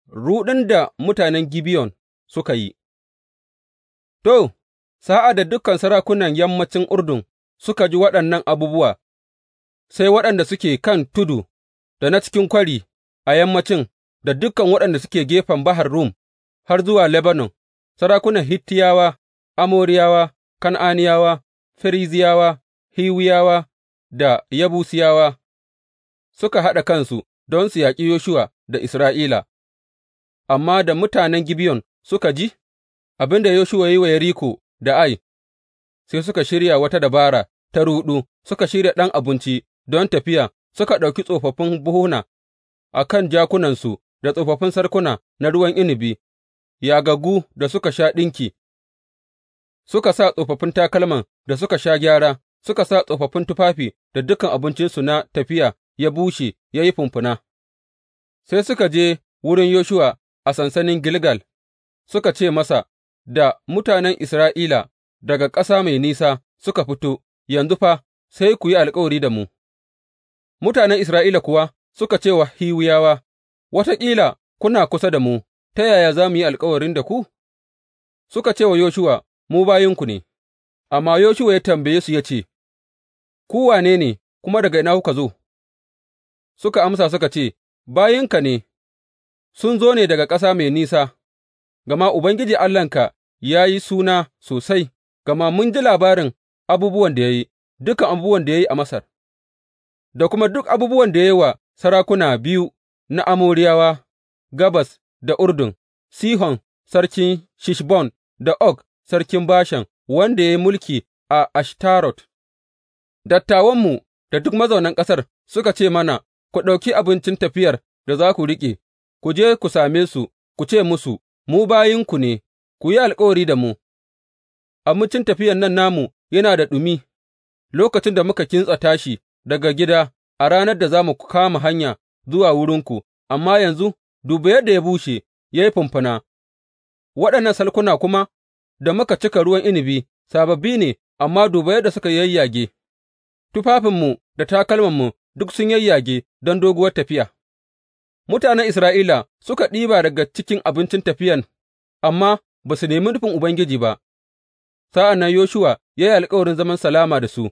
S1: Ruɗin da
S2: mutanen Gibeyon suka yi To, Sa'ad da dukan sarakunan yammacin Urdun suka ji waɗannan abubuwa, sai waɗanda suke kan tudu da na cikin kwari a yammacin, da dukan waɗanda suke gefen Bahar Rum har zuwa Lebanon, sarakunan Hittiyawa, Amoriyawa, Kan'aniyawa, Ferizziyawa, Hiwiyawa da Yabusiyawa suka haɗa kansu don su yaƙi Yoshuwa da Isra'ila, amma da mutanen Gibeyon suka ji abin da Yoshuwa ya yi wa Yeriko. da Ai, sai suka shirya wata dabara ta ruɗu, suka shirya ɗan abinci don tafiya, suka ɗauki tsofaffin buhuna a kan jakunansu da tsofaffin sarkuna na ruwan inabi, yagaggu da suka sha ɗinki, suka sa tsofaffin takalman da suka sha gyara, suka sa tsofaffin tufafi da dukan abincinsu na tafiya ya bushe ya yi fumfuna. Sai suka je wurin Yoshuwa a sansanin Gilgal, suka ce masa, da mutanen Isra'ila daga ƙasa mai nisa suka fito, yanzu fa sai ku yi alkawari da mu. Mutanen Isra'ila kuwa suka ce wa Hiwiyawa, Wataƙila kuna kusa da mu, ta yaya za mu yi alkawarin da ku? Suka ce wa Yoshuwa, Mu bayinku ne, amma Yoshuwa ya tambaye su ya ce, Ku wane ne, kuma daga ina kuka zo? Suka amsa suka ce, Bayinka ne, sun zo ne daga ƙasa mai nisa, gama Ubangiji Allahnka ya yi suna sosai, gama mun ji labarin abubuwan da ya yi, dukan abubuwan da ya yi a Masar, da kuma duk abubuwan da ya yi wa sarakuna biyu na Amoriyawa, Gabas da Urdun, Sihon sarkin Shishbon da Og sarkin Bashan, wanda ya yi mulki a Ashtarot. Dattawanmu da duk mazaunan ƙasar suka ce mana, Ku ɗauki abincin tafiyar da za ku riƙe, ku je ku same su, ku ce musu, Mu bayinku ne, ku yi alkawari da mu, abincin tafiyan nan namu yana da ɗumi lokacin da muka kintsa tashi daga gida a ranar da za mu kama hanya zuwa wurinku, amma yanzu duba yadda ya bushe, ya yi fumfuna, waɗannan salkuna kuma da muka cika ruwan inabi sababbi ne, amma duba yadda suka yayyage, tufafinmu da takalmanmu duk sun yayyage don doguwar tafiya. Mutanen Isra'ila suka ɗiba daga cikin abincin tafiyan, amma ba su nemi nufin Ubangiji ba, sa'an nan Yoshuwa ya yi alkawarin zaman salama da su,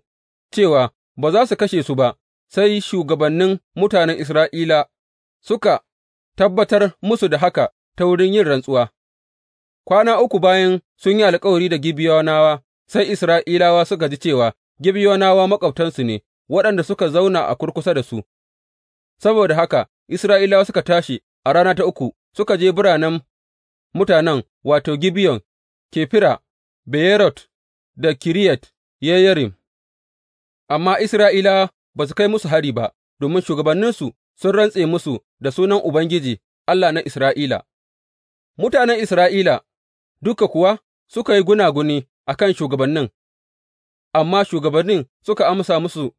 S2: cewa ba za su kashe su ba, sai shugabannin mutanen Isra'ila suka tabbatar musu da haka ta wurin yin rantsuwa. Kwana uku bayan sun yi alkawari da Gibeyonawa, sai Isra'ilawa suka ji cewa Gibeyonawa maƙwabtansu ne, waɗanda suka zauna a kurkusa da su. Saboda haka Isra'ilawa suka tashi a rana ta uku suka je biranen mutanen, wato, Gibeyon, Kefira, Beyerot da Kiriyat Yeyarim, amma Isra'ilawa ba su kai musu hari ba, domin shugabanninsu sun rantse musu da sunan Ubangiji, Allah na Isra'ila. Mutanen Isra'ila duka kuwa suka yi gunaguni a kan shugabannin, amma shugabannin suka amsa musu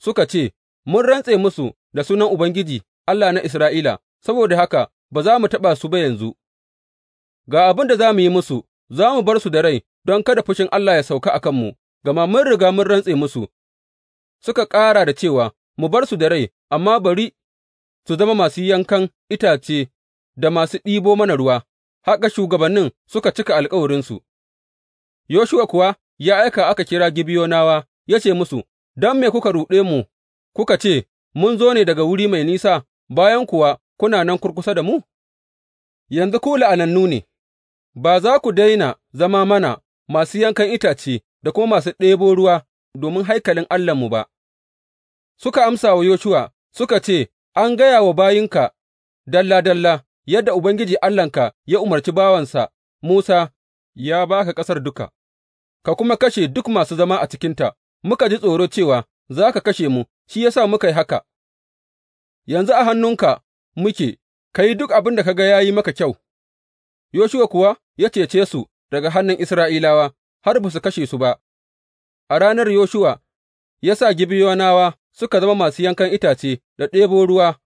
S2: suka ce, Mun rantse musu da sunan Ubangiji, Allah na Isra'ila, saboda haka ba za mu taɓa su ba yanzu. Ga abin da za mu yi musu, za mu bar su da rai don kada fushin Allah ya sauka a kanmu, gama mun riga mun rantse musu, suka ƙara da cewa, Mu bar su da rai, amma bari su zama masu yankan itace da masu ɗibo mana ruwa, haka shugabannin suka cika alkawarinsu. Yoshuwa kuwa ya aika aka kira Gibiyonawa, ya ce musu, Don me kuka ruɗe mu, kuka ce, Mun zo ne daga wuri mai nisa, bayan kuwa kuna nan kurkusa da mu? Yanzu ku la'anannu ne, ba za ku daina zama mana masu yankan itace da kuma masu ɗebo ruwa domin haikalin Allahnmu ba. Suka amsa wa Yoshuwa suka ce, An gaya wa bayinka dalla dalla yadda Ubangiji Allahnka ya umarci bawansa Musa ya ba ka ƙasar duka, ka kuma kashe duk masu zama a cikinta, muka ji tsoro cewa za ka kashe mu, shi ya sa muka yi haka, yanzu a hannunka muke, ka yi duk abin da ka ga ya yi maka kyau, Yoshuwa kuwa ya cece su daga hannun Isra'ilawa har ba su kashe su ba, a ranar Yoshuwa ya sa Gibeyonawa suka zama masu yankan itace da ɗebo ruwa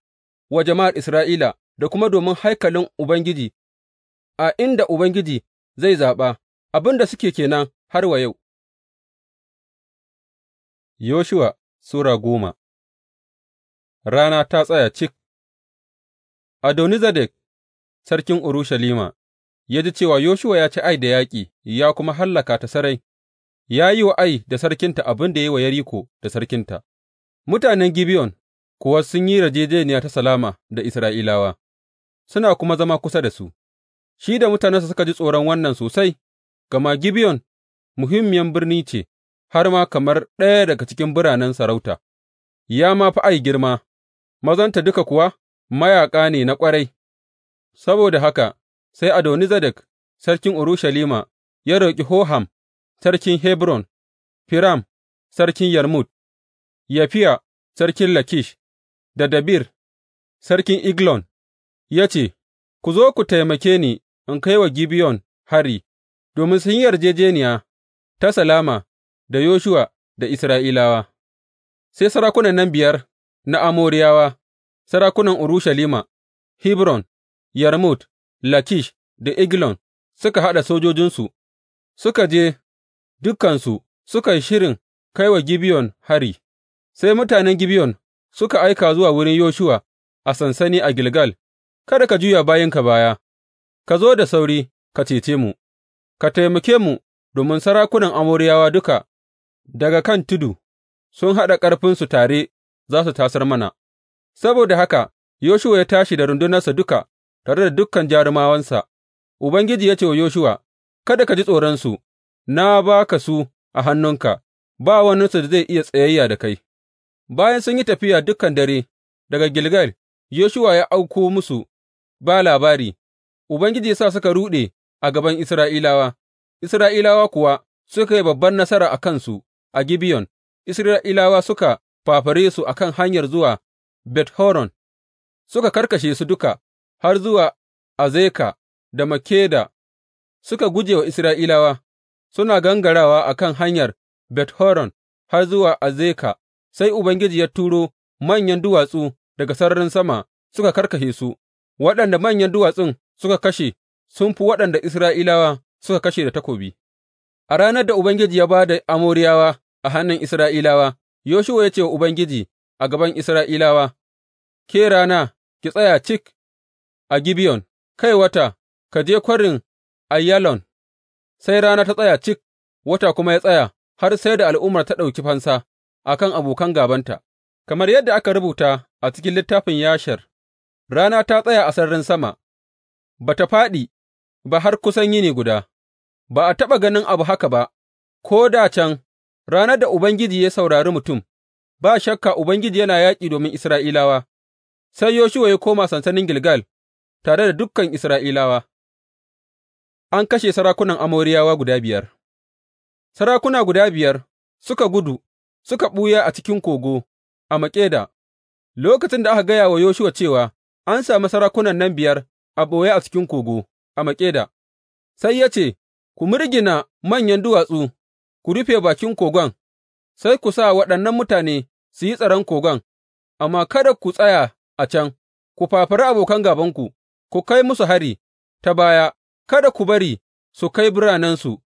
S2: wa jama'ar Isra'ila da kuma domin haikalin Ubangiji a inda Ubangiji zai zaɓa, abin da suke kenan har wa yau.
S1: Yoshuwa Sura goma
S2: Rana ta tsaya cik Adonizadek, sarkin Urushalima, ya ji cewa Yoshuwa ya ci Ai da yaƙi ya kuma hallaka ta sarai, ya yi wa Ai da sarkinta abin da ya yi wa Yeriko da sarkinta, mutanen Gibeon kuwa sun yi yarjejeniya ta salama da Isra'ilawa, suna kuma zama kusa da su, shi da mutanensa suka ji tsoron wannan sosai, gama Gibeon muhimmiyar birni ce, har ma kamar ɗaya daga cikin biranen sarauta, ya ma fi Ai girma, mazanta duka kuwa mayaƙa ne na ƙwarai, saboda haka. Sai Adoni Zedek sarkin Urushalima ya roƙi Hoham sarkin Hebron, Firam sarkin Yarmut, Yafiya sarkin Lakish da Dabir sarkin Eglon, ya ce, Ku zo ku taimake ni in kai wa Gibeon hari, domin sun yarjejeniya ta salama da Yoshuwa da Isra'ilawa. Sai sarakunan nan biyar na Amoriyawa, sarakunan Urushalima, Hebron, Yarmut, Lakish da Eglon suka haɗa sojojinsu suka je dukansu suka yi shirin kai wa Gibeyon hari, sai mutanen Gibeyon suka aika zuwa wurin Yoshuwa a sansani a Gilgal, Kada ka juya bayanka baya, ka zo da sauri ka cece mu, ka taimake mu domin sarakunan Amoriyawa duka daga kan tudu sun haɗa ƙarfinsu tare za su tasar mana, saboda haka Yoshuwa ya tashi da rundunarsa duka. tare da dukan jarumawansa, Ubangiji ya ce wa Yoshuwa, Kada ka ji tsoronsu, na ba ka su a hannunka, ba waninsu da zai iya tsayayya da kai. Bayan sun yi tafiya dukan dare daga Gilgal, Yoshuwa ya auko musu ba labari, Ubangiji ya sa suka ruɗe a gaban Isra'ilawa, Isra'ilawa kuwa suka yi babban nasara a kansu a Gibeon, Isra'ilawa suka fafare su a kan hanyar zuwa Bet Horon, suka karkashe su duka har zuwa Azeka da Makkeda suka guje wa Isra'ilawa, suna gangarawa a kan hanyar Bet Horon har zuwa Azeka, sai Ubangiji ya turo manyan duwatsu daga sararin sama suka karkashe su, waɗanda manyan duwatsun suka kashe sun fi waɗanda Isra'ilawa suka kashe da takobi. A ranar da Ubangiji ya ba da Amoriyawa a hannun Isra'ilawa, Yoshuwa ya ce wa Ubangiji a gaban Isra'ilawa, Ke rana, ki tsaya cik, a Gibeyon, kai wata, ka je kwarin Aiyalon, sai rana ta tsaya cik, wata kuma ya tsaya, har sai da al'ummar ta ɗauki fansa a kan abokan gabanta. kamar yadda aka rubuta a cikin littafin Yashar, rana ta tsaya a sararin sama, ba ta fāɗi ba har kusan yini guda, ba a taɓa ganin abu haka ba, ko da can ranar da Ubangiji ya saurari mutum, ba shakka Ubangiji yana yaƙi domin Isra'ilawa, sai Yoshuwa ya koma sansanin Gilgal. tare da dukan Isra'ilawa, an kashe sarakunan Amoriyawa guda biyar. Sarakuna guda biyar suka gudu suka ɓuya a cikin kogo a Maƙeda, lokacin da aka gaya wa Yoshuwa cewa an sami sarakunan nan biyar a ɓoye a cikin kogo a Maƙeda, sai ya ce, Ku murgina manyan duwatsu, ku rufe bakin kogon, sai ku sa waɗannan mutane su yi tsaron kogon, amma kada ku tsaya a can, ku fafari abokan gabanku. ku kai musu hari ta baya, kada ku bari su kai biranensu,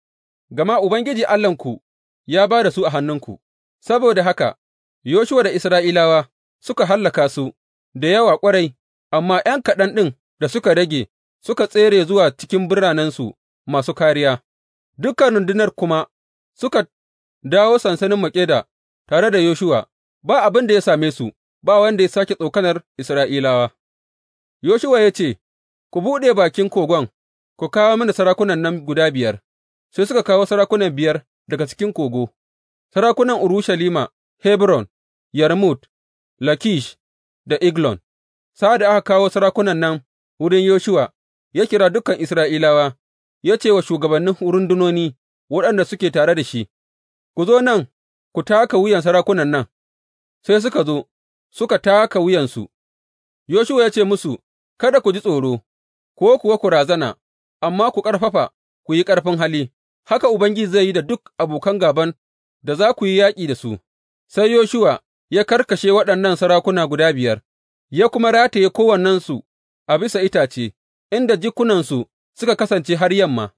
S2: gama Ubangiji Allahnku ya ba da su a hannunku, saboda haka Yoshuwa da Isra'ilawa suka hallaka su da yawa ƙwarai, amma ’yan kaɗan ɗin da suka rage suka tsere zuwa cikin biranensu masu kariya. Dukkan rundunar kuma suka dawo sansanin Maƙeda tare da Yoshuwa, ba abin da ya same su, ba wanda ya sake tsokanar Isra'ilawa. Yoshuwa ya ce, Ku buɗe bakin kogon, ku kawo mini sarakunan nan guda biyar, sai suka kawo sarakunan biyar daga cikin kogo, sarakunan Urushalima, Hebron, Yarmut, Lakish da Eglon. Sa'ad da aka kawo sarakunan nan wurin Yoshuwa, ya kira dukan Isra'ilawa, ya ce wa shugabannin rundunoni waɗanda suke tare da shi, Ku zo nan, ku taka wuyan sarakunan nan, sai suka zo, suka taka wuyansu, Yoshuwa ya ce musu, Kada ku ji tsoro. ko kuwa ku razana, amma ku ƙarfafa, ku yi ƙarfin hali, haka Ubangiji zai yi da duk abokan gāban da za ku yi yaƙi da su. Sai Yoshuwa ya karkashe waɗannan sarakuna guda biyar, ya kuma rataye kowannensu a bisa itace, inda jikunansu suka kasance har yamma.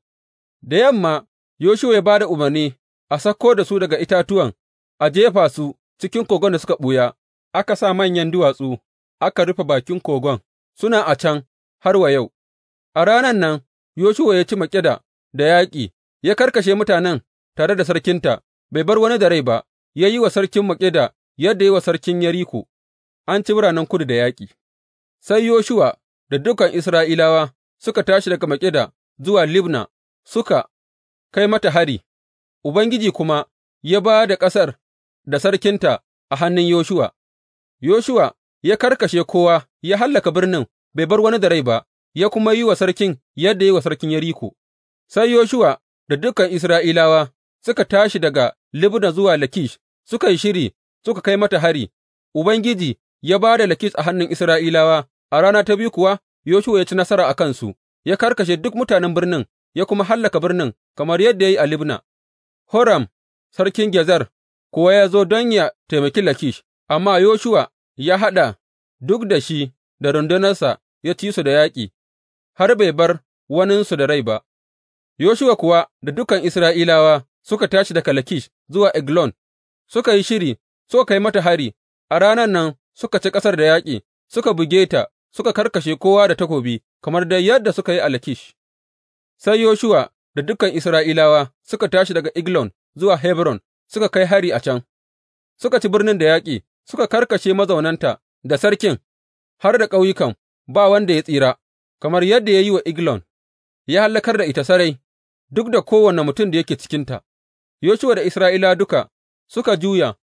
S2: Da yamma, Yoshuwa ya ba da umarni a sako da su daga itatuwan, a jefa su cikin kogon da suka ɓuya, aka sa manyan duwatsu, aka rufe bakin kogon, suna a can har wa yau. A ranan nan Yoshuwa ya ci Makkeda da yaƙi, ya karkashe mutanen tare da sarkinta, bai bar wani da rai ba, ya yi wa sarkin Makkeda yadda ya yi wa sarkin Yeriko, an ci biranen kudu da yaƙi. Sai Yoshuwa da dukan Isra'ilawa suka tashi daga Makkeda zuwa Libna suka kai mata hari, Ubangiji kuma ya ba da ƙasar da sarkinta a hannun Yoshuwa. Yoshuwa ya karkashe kowa ya hallaka birnin, bai bar wani da rai ba, ya kuma yi wa sarkin yadda ya yi wa sarkin Yeriko, sai Yoshuwa da dukan Isra'ilawa suka tashi daga Libna zuwa Lakish, suka yi shiri, suka kai mata hari, Ubangiji ya ba da Lakish a hannun Isra'ilawa, a rana ta biyu kuwa Yoshuwa ya ci nasara a kansu, ya karkashe duk mutanen birnin, ya kuma hallaka birnin kamar yadda ya yi a Libna. Horam, sarkin Gezer, kuwa ya zo don ya taimaki Lakish, amma Yoshuwa ya haɗa duk da shi da rundunarsa ya ci su da yaƙi, har bai bar waninsu da rai ba, Yoshuwa kuwa da dukan Isra'ilawa suka tashi daga Lakish zuwa Eglon, suka yi shiri, suka kai mata hari, a ranan nan suka ci ƙasar da yaƙi, suka buge ta, suka karkashe kowa da takobi, kamar dai yadda suka yi a Lakish. Sai Yoshuwa da dukan Isra'ilawa suka tashi daga Eglon zuwa Hebron, suka kai hari a can, suka ci birnin da yaƙi, suka karkashe mazaunanta da sarkin, har da ƙauyukan, ba wanda ya tsira. kamar yadda ya yi wa Eglon, ya hallakar da ita sarai, duk da kowane mutum da yake cikinta, Yoshuwa da Isra'ila duka suka juya,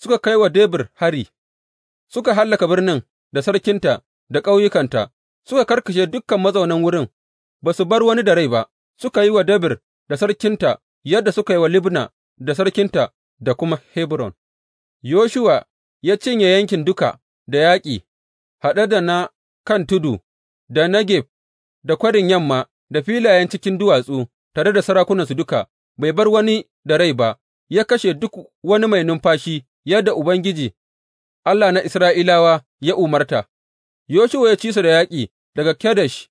S2: suka kai wa Debir hari, suka hallaka birnin da sarkinta da ƙauyukanta, suka karkashe dukan mazaunan wurin, ba su bar wani da rai ba, suka yi wa Debir da sarkinta yadda suka yi wa Libna da sarkinta da kuma Hebron. Yoshuwa ya cinye yankin duka da yaƙi, haɗe da na kan tudu da Negeb, da Kwarin Yamma, da filayen cikin duwatsu, tare da sarakunansu duka, bai bar wani da rai ba, ya kashe duk wani mai numfashi yadda Ubangiji, Allah na Isra'ilawa ya umarta. Yoshuwa ya ci su da yaƙi daga Kadesh,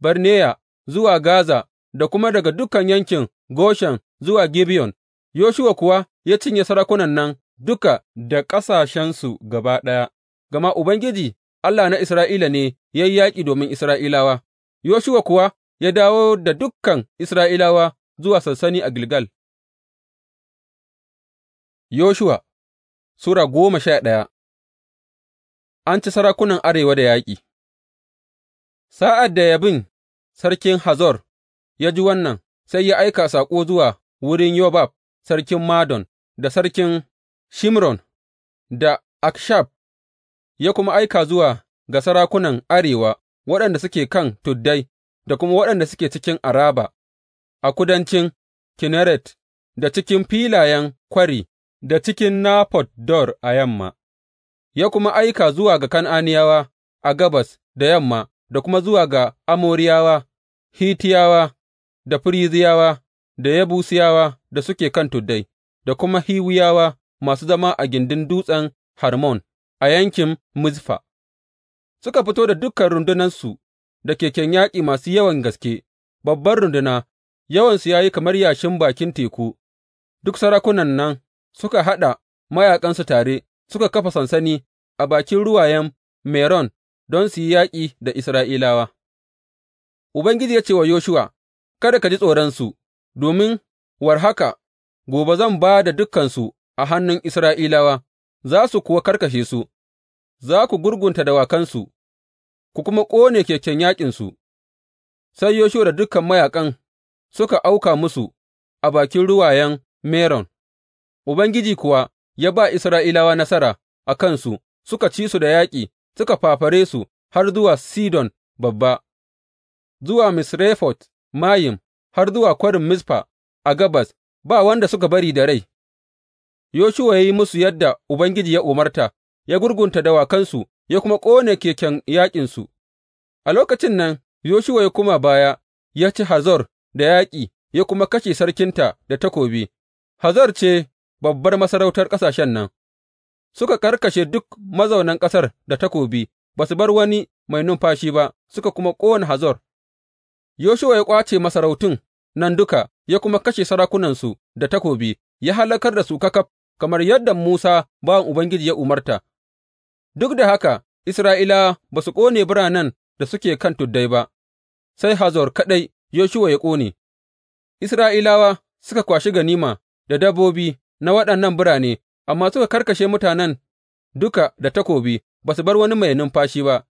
S2: Barneya zuwa Gaza da kuma daga dukan yankin Goshen zuwa Gibeon, Yoshuwa kuwa ya cinye sarakunan nan duka da ƙasashensu gaba ɗaya, gama Ubangiji Allah na Isra'ila ne ya yi yaƙi domin Isra'ilawa, Yoshuwa kuwa ya dawo da dukan Isra'ilawa zuwa sansani a Gilgal.
S1: Yoshuwa Sura goma sha ɗaya An ci
S2: sarakunan arewa da yaƙi Sa'ad da Yabin sarkin Hazor ya ji wannan, sai ya aika saƙo zuwa wurin Yobab sarkin Madon da sarkin Shimron da Akshab ya kuma aika zuwa ga sarakunan arewa waɗanda suke kan tuddai da kuma waɗanda suke cikin Araba, a kudancin Kinneret, da cikin filayen kwari, da cikin Nafot Dor a yamma, ya kuma aika zuwa ga Kan'aniyawa a gabas da yamma, da kuma zuwa ga Amoriyawa, Hitiyawa, da Firiziyawa, da Yabusiyawa da suke kan tuddai, da kuma Hiwiyawa masu zama a gindin dutsen Harmon. a yankin Mizfa, suka fito da dukan rundunansu da keken yaƙi masu yawan gaske, babbar runduna, yawansu ya yi kamar yashin bakin teku, duk sarakunan nan suka haɗa mayaƙansu tare, suka kafa sansani a bakin ruwayen Meron don su yi yaƙi da Isra'ilawa. Ubangiji ya ce wa Yoshuwa, Kada ka ji tsoronsu, domin war haka gobe zan ba da dukansu a hannun Isra'ilawa, za su kuwa karkashe su, za ku gurgunta dawakansu, ku kuma ƙone keken yaƙinsu. Sai Yoshuwa da dukan mayaƙan suka auka musu a bakin ruwayen Meron, Ubangiji kuwa ya ba Isra'ilawa nasara a kansu, suka ci su da yaƙi, suka fafare su har zuwa Sidon babba, zuwa Misrefot Mayim, har zuwa kwarin Mizfa a gabas, ba wanda suka bari da rai. Yoshuwa ya yi musu yadda Ubangiji ya umarta, ya gurgunta dawakansu ya kuma ƙone keken yaƙinsu, a lokacin nan Yoshuwa ya koma baya ya ci Hazor da yaƙi ya kuma kashe sarkinta da takobi, Hazor ce babbar masarautar ƙasashen nan, suka karkashe duk mazaunan ƙasar da takobi, ba su bar wani mai numfashi ba, suka kuma ƙona Hazor. Yoshuwa ya ƙwace masarautun nan duka, ya kuma kashe sarakunansu da takobi, ya hallakar da su kakaf kamar yadda Musa bawan Ubangiji ya umarta, duk da haka Isra'ilawa ba su ƙone biranen da suke kan tuddai ba, sai Hazor kaɗai Yoshuwa ya ƙone, Isra'ilawa suka kwashi ganima da dabbobi na waɗannan birane, amma suka karkashe mutanen duka da takobi, ba su bar wani mai numfashi ba,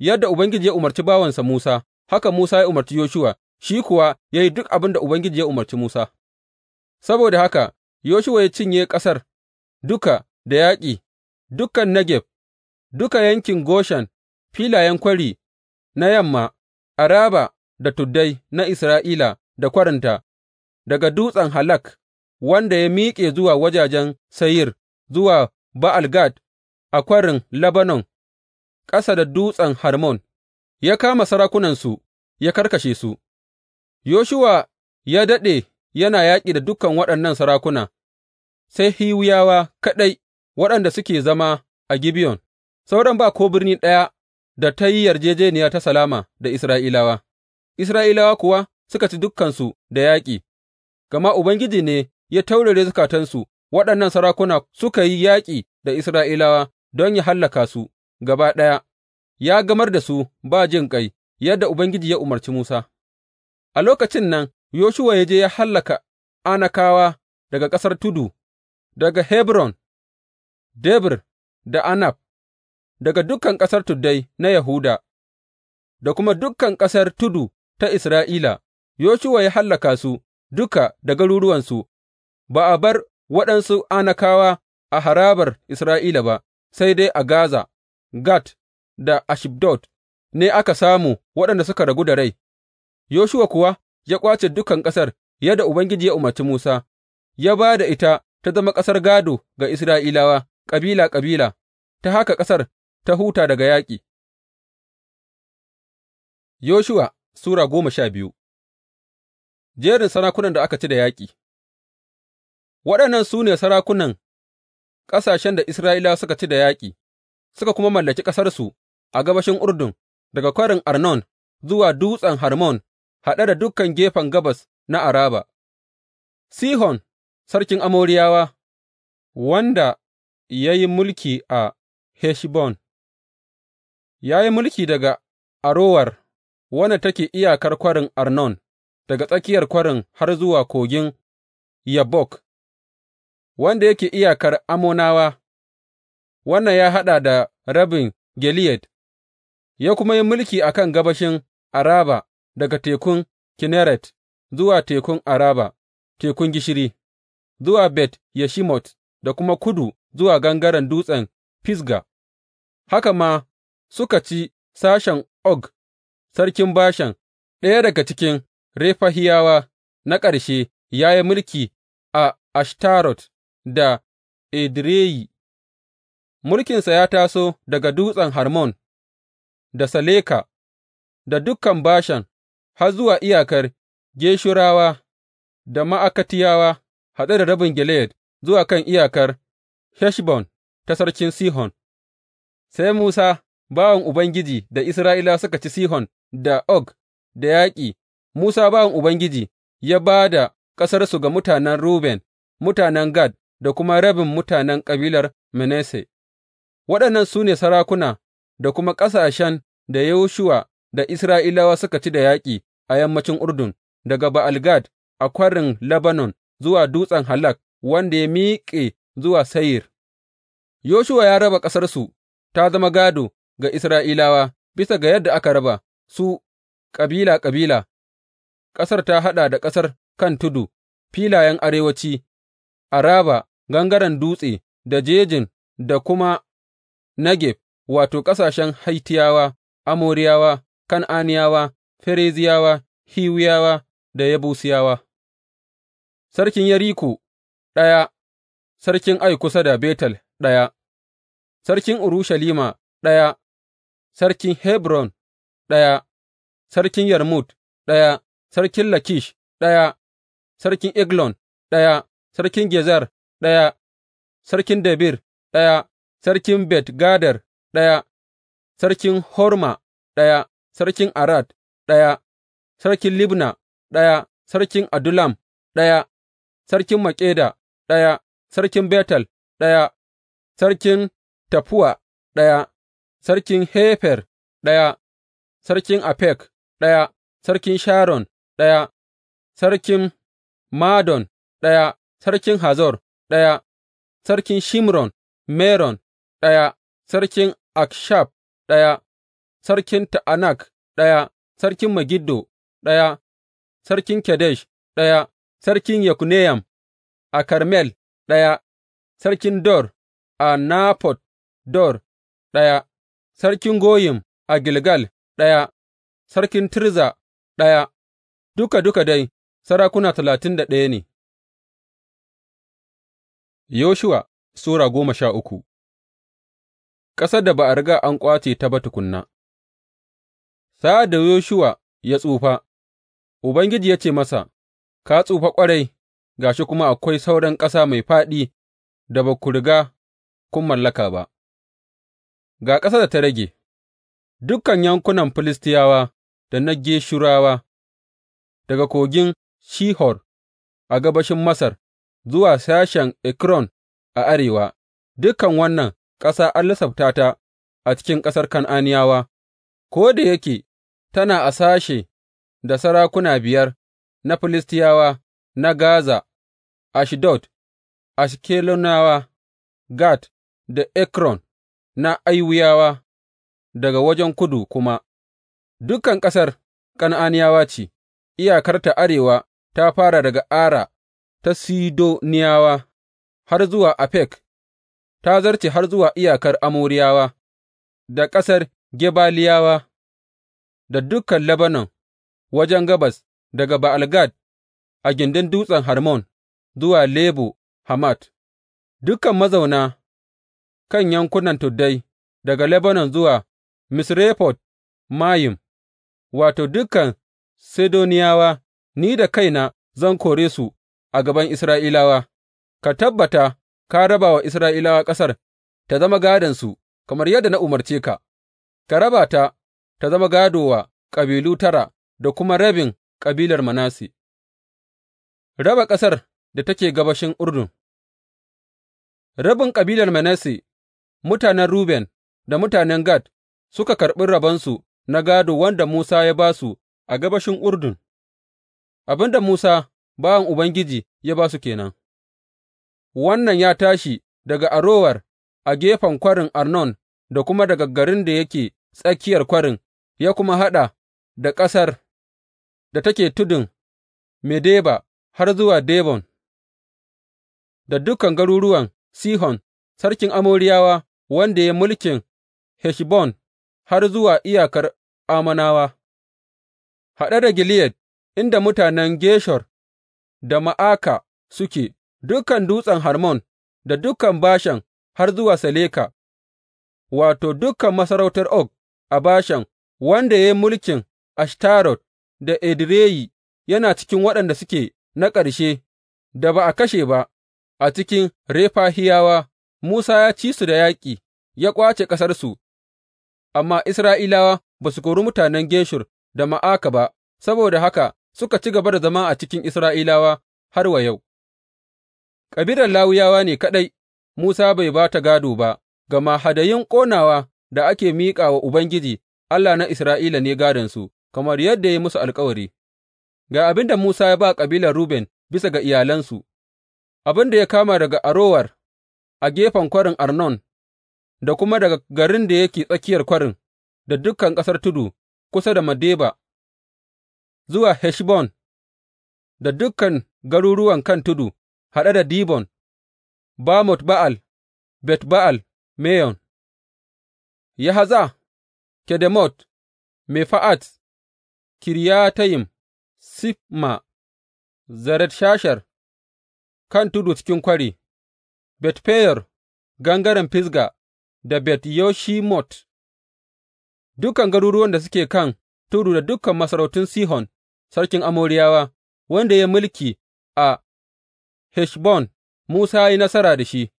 S2: yadda Ubangiji ya umarci bawansa Musa, haka Musa ya umarci Yoshuwa, shi kuwa ya yi duk abin da Ubangiji ya umarci Musa. Saboda haka Yoshuwa ya cinye ƙasar duka da yaƙi, dukan Negeb, duka yankin Goshen, filayen kwari na yamma, Araba da tuddai na Isra'ila da kwarinta, daga dutsen Halak, wanda ya miƙe zuwa wajajen Sayir, zuwa Ba'al Gad a kwarin Lebanon, ƙasa da dutsen Harmon, ya kama sarakunansu ya karkashe su, Yoshuwa ya daɗe yana yaƙi da dukan waɗannan sarakuna, sai Hiwiyawa kaɗai waɗanda suke zama a Gibeyon, sauran ba ko birni ɗaya da ta yi yarjejeniya ta salama da Isra'ilawa, Isra'ilawa kuwa suka ci dukansu da yaƙi, gama Ubangiji ne ya taurare zukatansu waɗannan sarakuna suka yi yaƙi da Isra'ilawa don ya hallaka su gaba ɗaya, ya gamar da su ba jin ƙai, yadda Ubangiji ya umarci Musa. A lokacin nan Yoshuwa ya je ya hallaka Anakawa daga ƙasar tudu, daga Hebron, Debir da Anab, daga dukan ƙasar tuddai na Yahuda, da kuma dukan ƙasar tudu ta Isra'ila, Yoshuwa ya hallaka su duka da garuruwansu, ba a bar waɗansu Anakawa a harabar Isra'ila ba, sai dai a Gaza, Gat da Ashdod ne aka samu waɗanda suka ragu da rai, Yoshuwa kuwa ya ƙwace dukan ƙasar yadda Ubangiji ya umarci Musa, ya ba da ita ta zama ƙasar gādo ga Isra'ilawa, ƙabila-ƙabila, ta haka ƙasar ta huta daga yaƙi. Yoshuwa Sura goma sha biyu Jerin sarakunan da aka ci da yaƙi Waɗannan su ne sarakunan ƙasashen da Isra'ilawa suka ci da yaƙi, suka kuma mallaki ƙasarsu a gabashin Urdun, daga kwarin Arnon zuwa dutsen Harmon haɗe da dukan gefen gabas na Araba, Sihon sarkin Amoriyawa, wanda ya yi mulki a Heshbon, ya yi mulki daga Arowar, wanda take iyakar kwarin Arnon, daga tsakiyar kwarin har zuwa kogin Yabbok. wanda yake iyakar Amonawa, wannan ya haɗa da rabin Gileyad, ya kuma yi mulki a kan gabashin Araba. daga tekun Kinneret zuwa tekun Araba, tekun gishiri, zuwa Bet Yeshimot da kuma kudu zuwa gangaren dutsen Fisga, haka ma suka ci sashen Og, sarkin Bashan, ɗaya daga cikin Refahiyawa na ƙarshe ya yi mulki a Ashtarot da Edireyi, mulkinsa ya taso daga dutsen Harmon da Saleka da dukan Bashan. har zuwa iyakar Geshurawa da Ma'akatiyawa, haɗe da rabin Gileyad zuwa kan iyakar Heshbon ta sarkin Sihon, sai Musa bawan Ubangiji da Isra'ilawa suka ci Sihon da Og da yaƙi, Musa bawan Ubangiji ya ba da ƙasarsu ga mutanen Ruben, mutanen Gad da kuma rabin mutanen ƙabilar Manasse. Waɗannan su ne sarakuna da kuma ƙasashen da Yoshuwa da Isra'ilawa suka ci da yaƙi a yammacin Urdun, daga Ba'al Gad a Kwarin Lebanon zuwa Dutsen Halak wanda ya miƙe zuwa sayir Yoshuwa ya raba ƙasarsu ta zama gado ga Isra'ilawa bisa ga yadda aka raba su kabila kabila, ƙasar ta haɗa da ƙasar kan tudu, filayen arewaci, Araba, gangaren dutse, da jejin, da kuma nageb wato, ƙasashen Haitiyawa, Amoriyawa, Kan'aniyawa, Fereziyawa, Hiwiyawa da Yebusiyawa Sarkin Yeriko ɗaya, sarkin Ai kusa da Betel ɗaya, sarkin Urushalima ɗaya, sarkin Hebron ɗaya, sarkin Yarmut ɗaya, sarkin Lakish ɗaya, sarkin Eglon ɗaya, sarkin Gezer ɗaya, sarkin Debir ɗaya, sarkin Bet Gader ɗaya, sarkin Horma ɗaya, sarkin Arad ɗaya, sarkin Libna ɗaya, sarkin adulam. ɗaya, sarkin maƙeda. ɗaya, sarkin Betel ɗaya, sarkin Tafuwa ɗaya, sarkin Hefer ɗaya, sarkin Afek ɗaya, sarkin Sharon ɗaya, sarkin Madon ɗaya, sarkin Hazor ɗaya, sarkin Shimron Meron ɗaya, sarkin akshab ɗaya, sarkin Ta'anak ɗaya, sarkin Megiddo ɗaya, sarkin Kadesh ɗaya, sarkin Yokneyam a Karmel ɗaya, sarkin Dor a Nafot Dor ɗaya, sarkin
S1: Goyim a Gilgal ɗaya, sarkin Tirza ɗaya, duka duka dai sarakuna talatin da ɗaya ne. Yoshuwa Sura goma sha uku Ƙasar da ba a riga an ƙwace ta
S2: ba tukunna Sa'ad da Yoshuwa ya tsufa, Ubangiji ya ce masa, Ka tsufa ƙwarai, ga shi kuma akwai sauran ƙasa mai fāɗi da ba ku riga kun mallaka ba, ga ƙasar da ta rage, dukan yankunan Filistiyawa da na Geshurawa, daga kogin Shihor a gabashin Masar zuwa sashen Ekron a arewa, dukan wannan ƙasa an lissafta ta a cikin ƙasar Kan'aniyawa, ko da yake tana a sashe da sarakuna biyar na Filistiyawa na Gaza, Ashdod, Ashkelonawa, Gat da Ekron na Aiwiyawa daga wajen kudu kuma, dukan ƙasar Kan'aniyawa ce, iyakar ta arewa ta fara daga Ara ta Sidoniyawa har zuwa Afek, ta zarce har zuwa iyakar Amoriyawa da ƙasar Gebaliyawa. da dukan Lebanon wajen gabas daga Ba'al Gad a gindin Dutsen Harmon zuwa Lebo Hamat, dukan mazauna kan yankunan tuddai daga Lebanon zuwa Misrefot Mayim, wato, dukan Sidoniyawa, ni da kaina zan kore su a gaban Isra'ilawa, ka tabbata ka raba wa Isra'ilawa ƙasar ta zama gādonsu kamar yadda na umarce ka, ka raba ta ta zama gādo wa kabilu tara da kuma rabin kabilar Manasse, raba ƙasar da take gabashin Urdun Rabin kabilar Manasse, mutanen Ruben da mutanen Gad suka karɓi rabonsu na gādo wanda Musa ya ba su a gabashin Urdun, abin da Musa bawan Ubangiji ya ba su kenan. Wannan ya tashi daga Arowar a gefen kwarin Arnon da kuma daga garin da yake tsakiyar kwarin ya kuma haɗa da ƙasar da take tudun Medeba har zuwa Debon, da dukan garuruwan Sihon sarkin Amoriyawa wanda ya mulkin Heshbon har zuwa iyakar Ammonawa, haɗe da Gileyad inda mutanen Geshur da Ma'aka suke, dukan dutsen Harmon da dukan Bashan har zuwa Saleka, wato, dukan masarautar Og a Bashan wanda ya yi mulkin Ashtarot da Edireyi, yana cikin waɗanda suke na ƙarshe da ba a kashe ba a cikin Refahiyawa, Musa ya ci su da yaƙi, ya ƙwace ƙasarsu, amma Isra'ilawa ba su kori mutanen Geshur da Ma'aka ba, saboda haka suka ci gaba da zama a cikin Isra'ilawa har wa yau. Kabilar Lawiyawa ne kaɗai Musa bai ba ta gādo ba, gama hadayun ƙonawa da ake miƙa wa Ubangiji Allah na Isra'ila ne gādonsu, kamar yadda ya yi musu alkawari. Ga abin da Musa ya ba kabilar Ruben bisa ga iyalansu, abin da ya kama daga Arowar a gefen kwarin Arnon, da kuma daga garin da yake tsakiyar kwarin, da dukan ƙasar tudu kusa da Madeba, zuwa Heshbon, da dukan garuruwan kan tudu, haɗe da Dibon,
S1: Bamot Ba'al, Bet Ba'al, Meyon, haza? Kedemot, Mefa'at, Kiriyatayim, Sifma, Zeret Shashar, kan tudu cikin kwari,
S2: Bet Feyor, gangaren Fisga da Bet Yoshimot, dukan garuruwan da suke kan tudu da dukan masarautun Sihon, sarkin Amoriyawa, wanda ya mulki a Heshbon, Musa ya yi nasara da shi,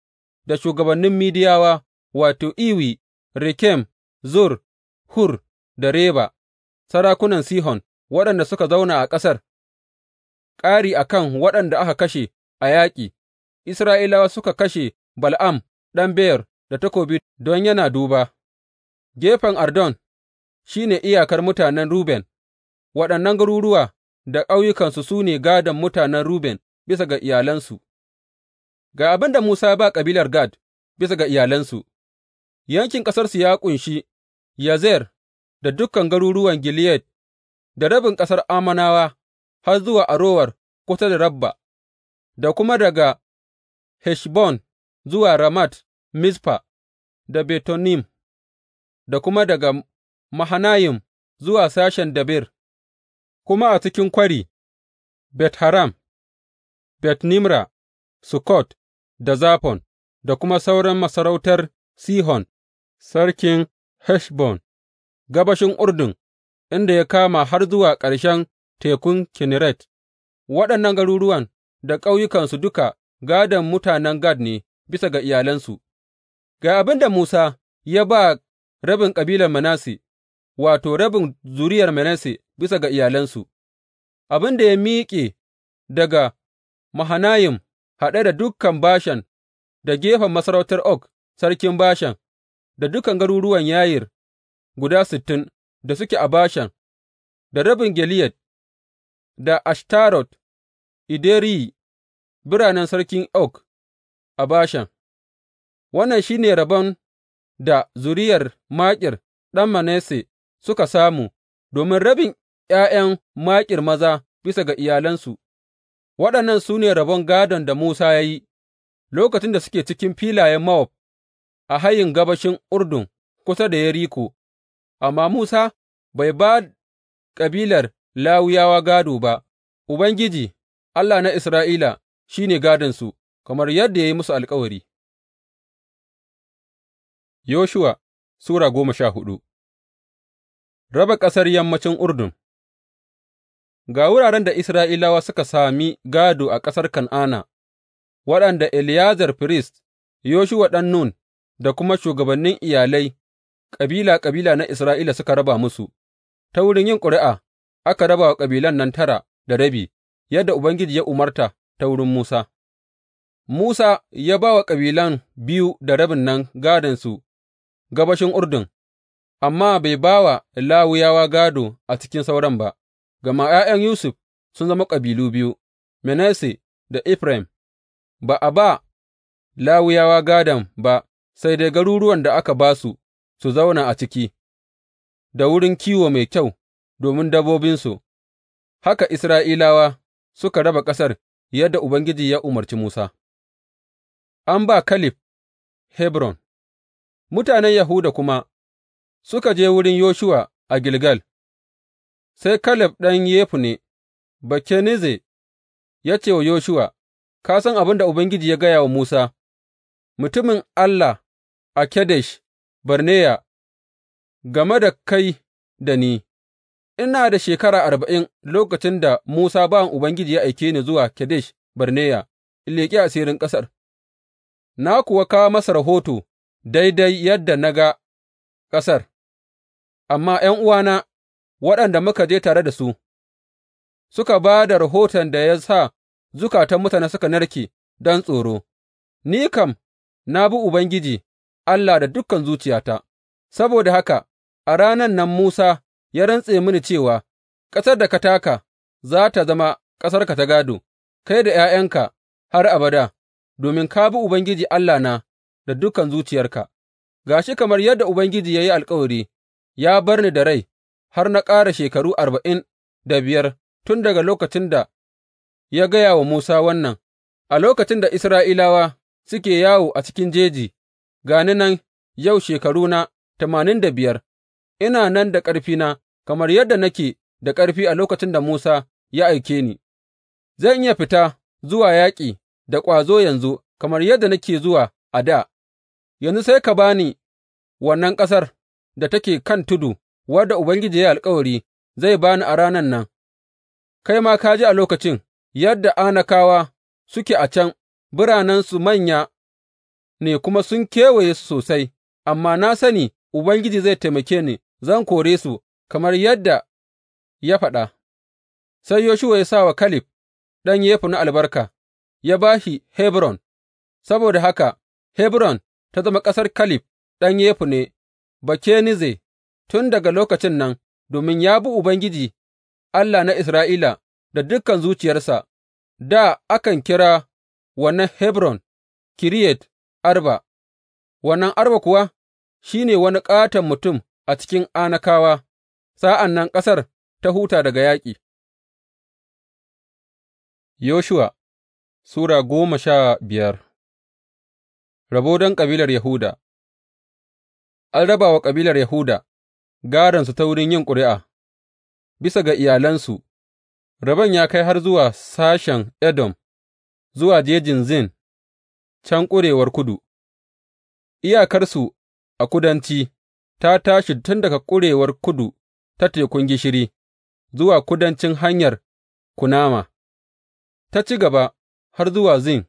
S2: da shugabannin Midiyawa, wato, Iwi, Rekem, Zur Hur da Reba, sarakunan Sihon waɗanda suka zauna a ƙasar, ƙari a kan waɗanda aka kashe a yaƙi, Isra'ilawa suka kashe Bala'am ɗan Beyor da takobi don yana duba. Gefen Ardon shi ne iyakar mutanen Ruben, waɗannan garuruwa da ƙauyukansu su ne gadon mutanen Ruben bisa ga iyalansu. Ga abin da Musa ba kabilar Gad bisa ga iyalansu, yankin ƙasarsu ya ƙunshi Yazer da dukan garuruwan Gileyad, da rabin ƙasar Ammonawa har zuwa arowar kusa da Rabba, da kuma daga Heshbon zuwa Ramat Mizfa da Betonim, da kuma daga Mahanayim zuwa sashen Dabir, kuma a cikin kwari, Bet Haram, Bet Nimra, Sukkot da Zafon, da kuma sauran masarautar Sihon, sarkin Heshbon, gabashin Urdun, inda ya kama har zuwa ƙarshen Tekun Kinneret, waɗannan garuruwan da ƙauyukansu duka gādon mutanen Gad ne bisa ga iyalansu, ga abin da Musa ya ba rabin ƙabilar Manasse, wato, rabin zuriyar Manasse bisa ga iyalansu, abin da ya miƙe daga Mahanayim haɗe da dukkan Bashan da gefen masarautar Og sarkin Bashan. da dukan garuruwan Yayir guda sittin da suke a Bashan, da rabin Gileyad, da Ashtarot, Ideri, biranen sarkin Og a Bashan. Wannan shi ne rabon da zuriyar Makir ɗan Manasse suka samu, domin rabin ’ya'yan Makir maza bisa ga iyalansu, waɗannan su ne rabon gādon da Musa ya yi lokacin da suke cikin filayen Mawab. a hayin gabashin Urdun kusa da Yeriko, amma Musa bai ba kabilar Lawiyawa gādo ba, Ubangiji, Allah na Isra'ila shi ne gādonsu, kamar yadda ya yi musu alkawari. Yoshuwa Sura goma sha hudu Raba ƙasar yammacin Urdun Ga wuraren da Isra'ilawa suka sami gādo a ƙasar Kan'ana, waɗanda Eliyazar firist, Yoshuwa ɗan Nun da kuma shugabannin iyalai kabila kabila na Isra'ila suka raba musu, ta wurin yin ƙuri'a aka raba wa kabilan nan tara da rabi, yadda Ubangiji ya umarta ta wurin Musa. Musa ya ba wa kabilan biyu da rabin nan gādonsu gabashin Urdun, amma bai ba wa Lawiyawa gādo a cikin sauran ba, gama ’ya'yan Yusuf sun zama kabilu biyu, Manasse da Efraim, ba a ba Lawiyawa gādon ba. sai dai garuruwan da aka ba su su zauna a ciki, da wurin kiwo mai kyau domin dabbobinsu, haka Isra'ilawa suka raba ƙasar yadda Ubangiji ya umarci Musa. An ba Kalif Hebron Mutanen Yahuda kuma suka je wurin Yoshuwa a Gilgal, sai Kaleb ɗan Yefune, Bakenize, ya ce wa Yoshuwa, Ka san abin da Ubangiji ya gaya wa Musa, mutumin Allah a Kadesh Barneya game da kai da ni, ina da shekara arba'in lokacin da Musa bawan Ubangiji ya aike ni zuwa Kadesh Barneya in leƙi asirin ƙasar, na kuwa kawo masa rahoto daidai yadda na ga ƙasar, amma 'yan uwana waɗanda muka je tare da su, suka ba da rahoton da ya sa zukatan mutane suka narke don tsoro, ni kam na bi Ubangiji. Allah da dukan zuciyata, saboda haka a ranan nan Musa ya rantse mini cewa, Ƙasar da ka taka za ta zama ƙasarka ta gādo, kai da ’ya'yanka har abada, domin ka bi Ubangiji Allah na da dukan zuciyarka, ga shi kamar yadda Ubangiji ya yi alkawari, ya bar ni da rai har na ƙara shekaru arba'in da biyar tun daga lokacin da ya gaya wa Musa wannan, a lokacin da Isra'ilawa suke yawo a cikin jeji Ga ni nan yau shekaruna tamanin da biyar, ina nan da ƙarfina kamar yadda nake da ƙarfi a lokacin da Musa ya aike ni, zan iya fita zuwa yaƙi da ƙwazo yanzu kamar yadda nake zuwa a da. yanzu sai ka ba ni wannan ƙasar da take kan tudu wadda Ubangiji ya yi alkawari zai ba ni a ranan nan, kai ma ka ji a lokacin yadda Anakawa suke a can, biranensu manya ne kuma sun kewaye su sosai, amma na sani Ubangiji zai taimake ni, zan kore su, kamar yadda ya faɗa. Sai Yoshuwa ya sa wa Kalib ɗan yefu na albarka, ya ba shi Hebron, saboda haka Hebron ta zama ƙasar Kalib ɗan yefu ne. Yefunne Bakenize tun daga lokacin nan, domin ya bi Ubangiji Allah na Isra'ila da dukan zuciyarsa, da akan kira wannan Hebron, Kiriyat Arba, wannan Arba kuwa shi ne wani ƙaton mutum a cikin Anakawa, sa'an nan ƙasar ta huta daga yaƙi.
S1: Yoshuwa Sura goma sha biyar
S2: Rabo don kabilar Yahuda An raba wa kabilar Yahuda gādonsu ta wurin yin ƙuri'a, bisa ga iyalansu, rabon ya kai har zuwa sashen Edom, zuwa jejin Zin, can ƙurewar kudu, iyakarsu a kudanci ta tashi tun daga ƙurewar kudu ta Tekun Gishiri zuwa kudancin Hanyar Kunama, ta ci gaba har zuwa Zin,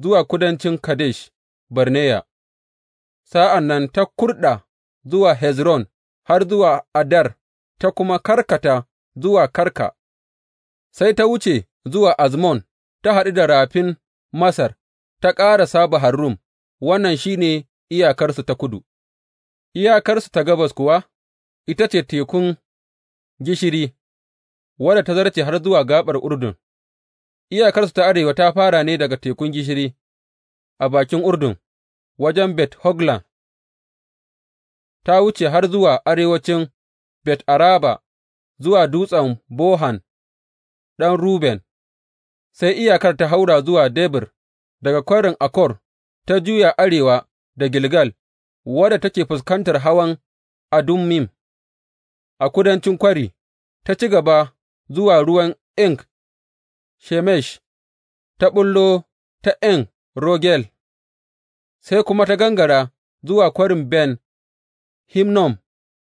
S2: zuwa kudancin Kadesh Barneya, sa'an nan ta kurɗa zuwa Hezron har zuwa Adar, ta kuma karkata zuwa Karka, sai ta wuce zuwa Azmon ta haɗu da rafin Masar. ta ƙarasa Bahar Rum, wannan shi ne iyakarsu ta kudu, iyakarsu ta gabas kuwa ita ce tekun gishiri, wadda ta zarce har zuwa gaɓar Urdun, iyakarsu ta arewa ta fara ne daga tekun gishiri a bakin Urdun, wajen Bet Hoglan, ta wuce har zuwa arewacin Bet Araba, zuwa dutsen Bohan ɗan Ruben, sai iyakar ta haura zuwa Debir. daga Kwarin Akor ta juya arewa da Gilgal, wadda take fuskantar hawan Adummim a kudancin kwari, ta ci gaba zuwa ruwan En
S1: Shemesh, ta ɓullo ta En Rogel,
S2: sai kuma ta gangara zuwa kwarin Ben Himnom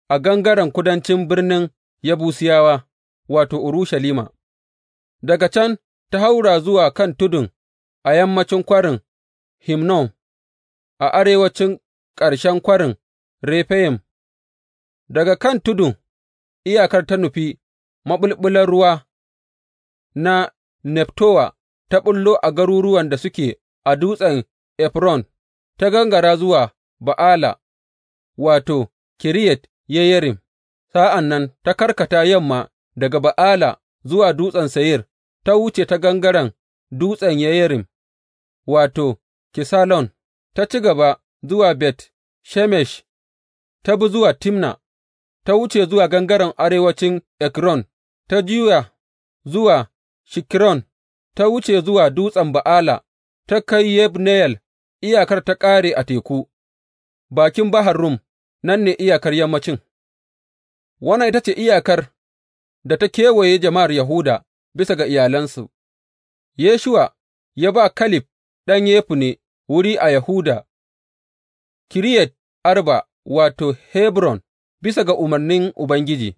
S2: a gangaren kudancin birnin Yabusiyawa, wato, Urushalima, daga can ta haura zuwa kan tudun a yammacin Kwarin Himnon, a arewacin ƙarshen Kwarin Refayim, daga kan tudun iyakar ta nufi maɓulɓular ruwa na Neftowa, ta ɓullo a garuruwan da suke a dutsen Efron, ta gangara zuwa Ba'ala, wato, Kiriyat Yeyarim, sa'an nan ta karkata yamma daga Ba'ala zuwa Dutsen Seyir, ta wuce ta gangaren dutsen Yeyarim, wato, Kisalon, ta ci gaba zuwa Bet Shemesh, ta bi zuwa Timna, ta wuce zuwa gangaren arewacin Ekron, ta juya zuwa Shikron, ta wuce zuwa dutsen Ba'ala, ta kai Yebneyel, iyakar ta ƙare a teku, bakin Bahar Rum, nan ne iyakar yammacin. Wannan ita ce iyakar da ta kewaye jama'ar Yahuda bisa ga iyalansu. Yeshuwa ya ba Kaleb ɗan Yefunne wuri a Yahuda, Kiriyat Arba wato, Hebron, bisa ga umarnin Ubangiji,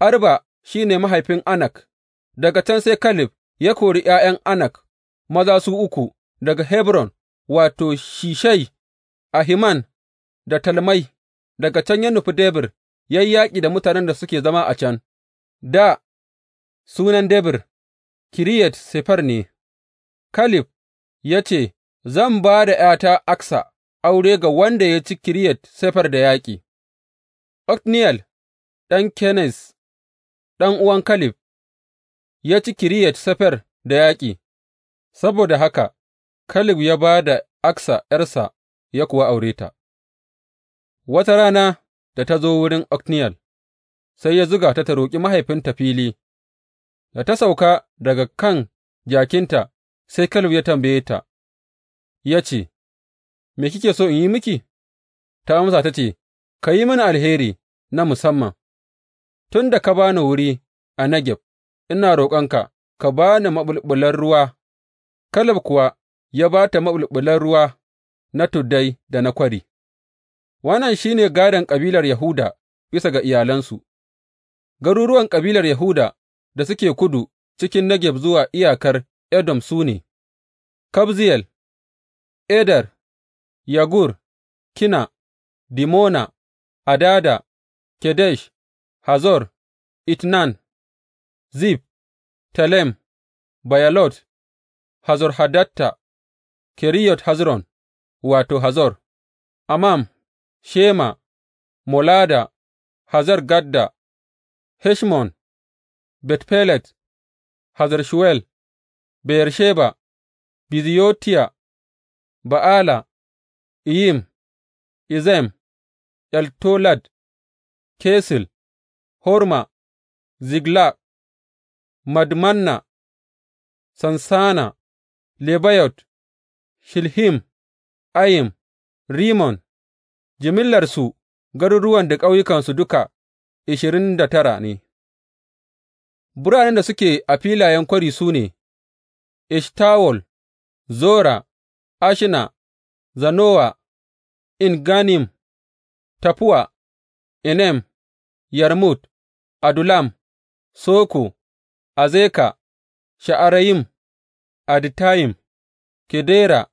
S2: Arba shi ne mahaifin Anak, daga can sai Kaleb ya kori ’ya'yan Anak maza su uku daga Hebron, wato, Shishai, Ahiman da Talmai, daga can ya nufi Debir, ya yi yaƙi da mutanen da suke zama a can, da sunan Debir. Kiriyat Sefer ne, Kaleb ya ce, Zan ba da ’yata Aksa aure ga wanda ya ci Kiriyat Sefer da yaƙi, Otniyel ɗan ɗan uwan Kaleb, ya ci Kiriyat Sefer da yaƙi, saboda haka Kaleb ya ba da Aksa ’yarsa ya kuwa aure ta. Wata rana da ta zo wurin Otniyel, sai ya zuga ta ta roƙi mahaifinta fili. Da ta sauka daga kan jakinta, sai Kaleb ya tambaye ta, ya ce, Me kike so in yi miki? Ta amsa ta ce, Ka yi mini alheri na musamman, tun da ka ba ni wuri a Negeb, ina roƙonka, ka ba ni maɓulɓular ruwa, Kaleb kuwa ya ba ta maɓulɓular ruwa na tuddai da na kwari. Wannan shi ne gādon kabilar Yahuda bisa ga iyalansu, garuruwan kabilar Yahuda da suke kudu cikin Negeb zuwa iyakar Edom su ne, Kabziyel, Eder,
S1: Yagur, Kina, Dimona, Adada, Kedesh, Hazor, Itnan, Zif, Telem, Bayalot, Hazor Hadatta, Keriyot Hazron, wato Hazor, Amam, Shema, Molada, Hazar Gadda, Heshmon, Bet Felet, Hazar Shuwal, Beyersheba, Biziyotiya, Ba'ala, Iyim, Izem, Eltolad, Kesil, Horma, ziglag, Madmanna, Sansana, Lebayot, Shilhim,
S2: Ayim, Rimon, jimillarsu garuruwan da ƙauyukansu duka ishirin da tara ne. Biranen da suke a filayen
S1: kwari su ne, Eshtawol, Zora, Ashna, Zanowa, En Gannim, Tafuwa, Enem, Yarmut, Adulam, Soko, Azeka,
S2: Sha'arayim, Aditayim, Kedera,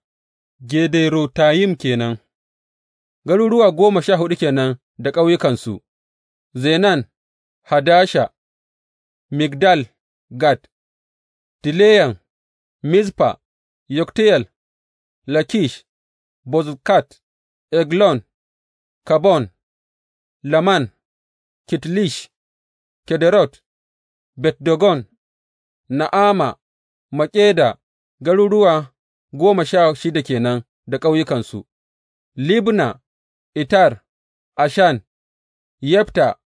S2: Gederotayim ke nan, garuruwa goma sha huɗu ke nan da ƙauyukansu,
S1: Zenan, Hadasha. Migdal Gad, Dileyan, Mizfa, Yokteyel, Lakish, Bozkat, Eglon, Kabon, Laman,
S2: Kitlish, Kederot, Bet Dagon, Na'ama, Maƙeda, garuruwa goma sha shida ke nan da ƙauyukansu, Libna, Itar, Ashan, Yefta,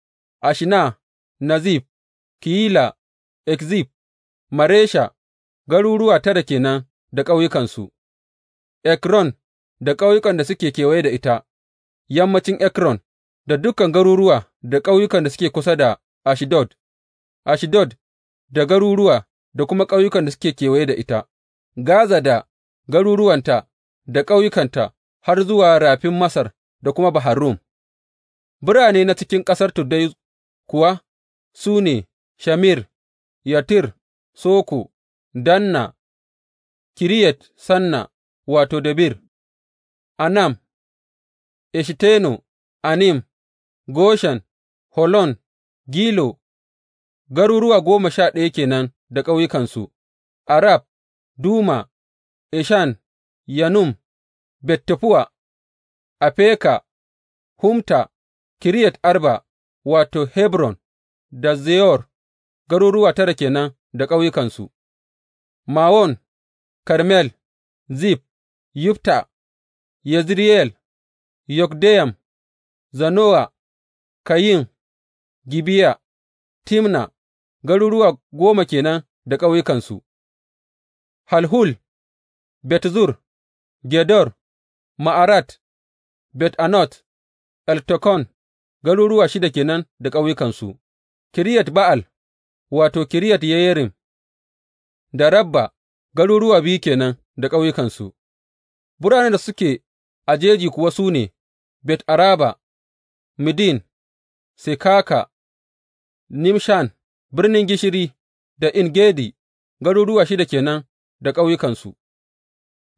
S1: Ashina Nazif. Keyila, Akzib,
S2: Maresha, garuruwa tara ke nan da ƙauyukansu, Ekron da ƙauyukan da suke kewaye da ita, Yammacin Ekron, da dukan garuruwa da ƙauyukan da suke kusa da Ashdod, Ashdod da garuruwa da kuma ƙauyukan da suke kewaye da ita, Gaza da garuruwanta da ƙauyukanta, har zuwa Rafin Masar da kuma Bahar Rum, birane na cikin ƙasar tuddai kuwa su ne. Shamir, Yattir, Soko,
S1: Danna, Kiriyat Sanna wato, Debir, Anam, eshteno Anim, Goshen, Holon, Gilo, garuruwa goma sha ɗaya ke nan da ƙauyukansu, Arab, Duma, Eshan, Yanum,
S2: Bettafuwa, Afeka, Humta, Kiriyat Arba wato, Hebron da zeor garuruwa tara ke nan da ƙauyukansu, Mawon, Karmel, Zif, Yufta,
S1: Yezireyel, Yokdeyam, Zanowa, Kayin, Gibiya, Timna, garuruwa goma ke nan da ƙauyukansu, Halhul, Betzur, Gedor,
S2: Ma'arat, Bet Anot, Eltokon, garuruwa shida ke nan da ƙauyukansu, Kiriyat Ba'al. wato, Kiriyat Yeyarim da Rabba, garuruwa biyu ke nan da ƙauyukansu, biranen da suke a jeji kuwa su ne, Bet Araba, Midin, Sekaka, Nimshan, birnin gishiri da Ingedi garuruwa shida ke nan da ƙauyukansu.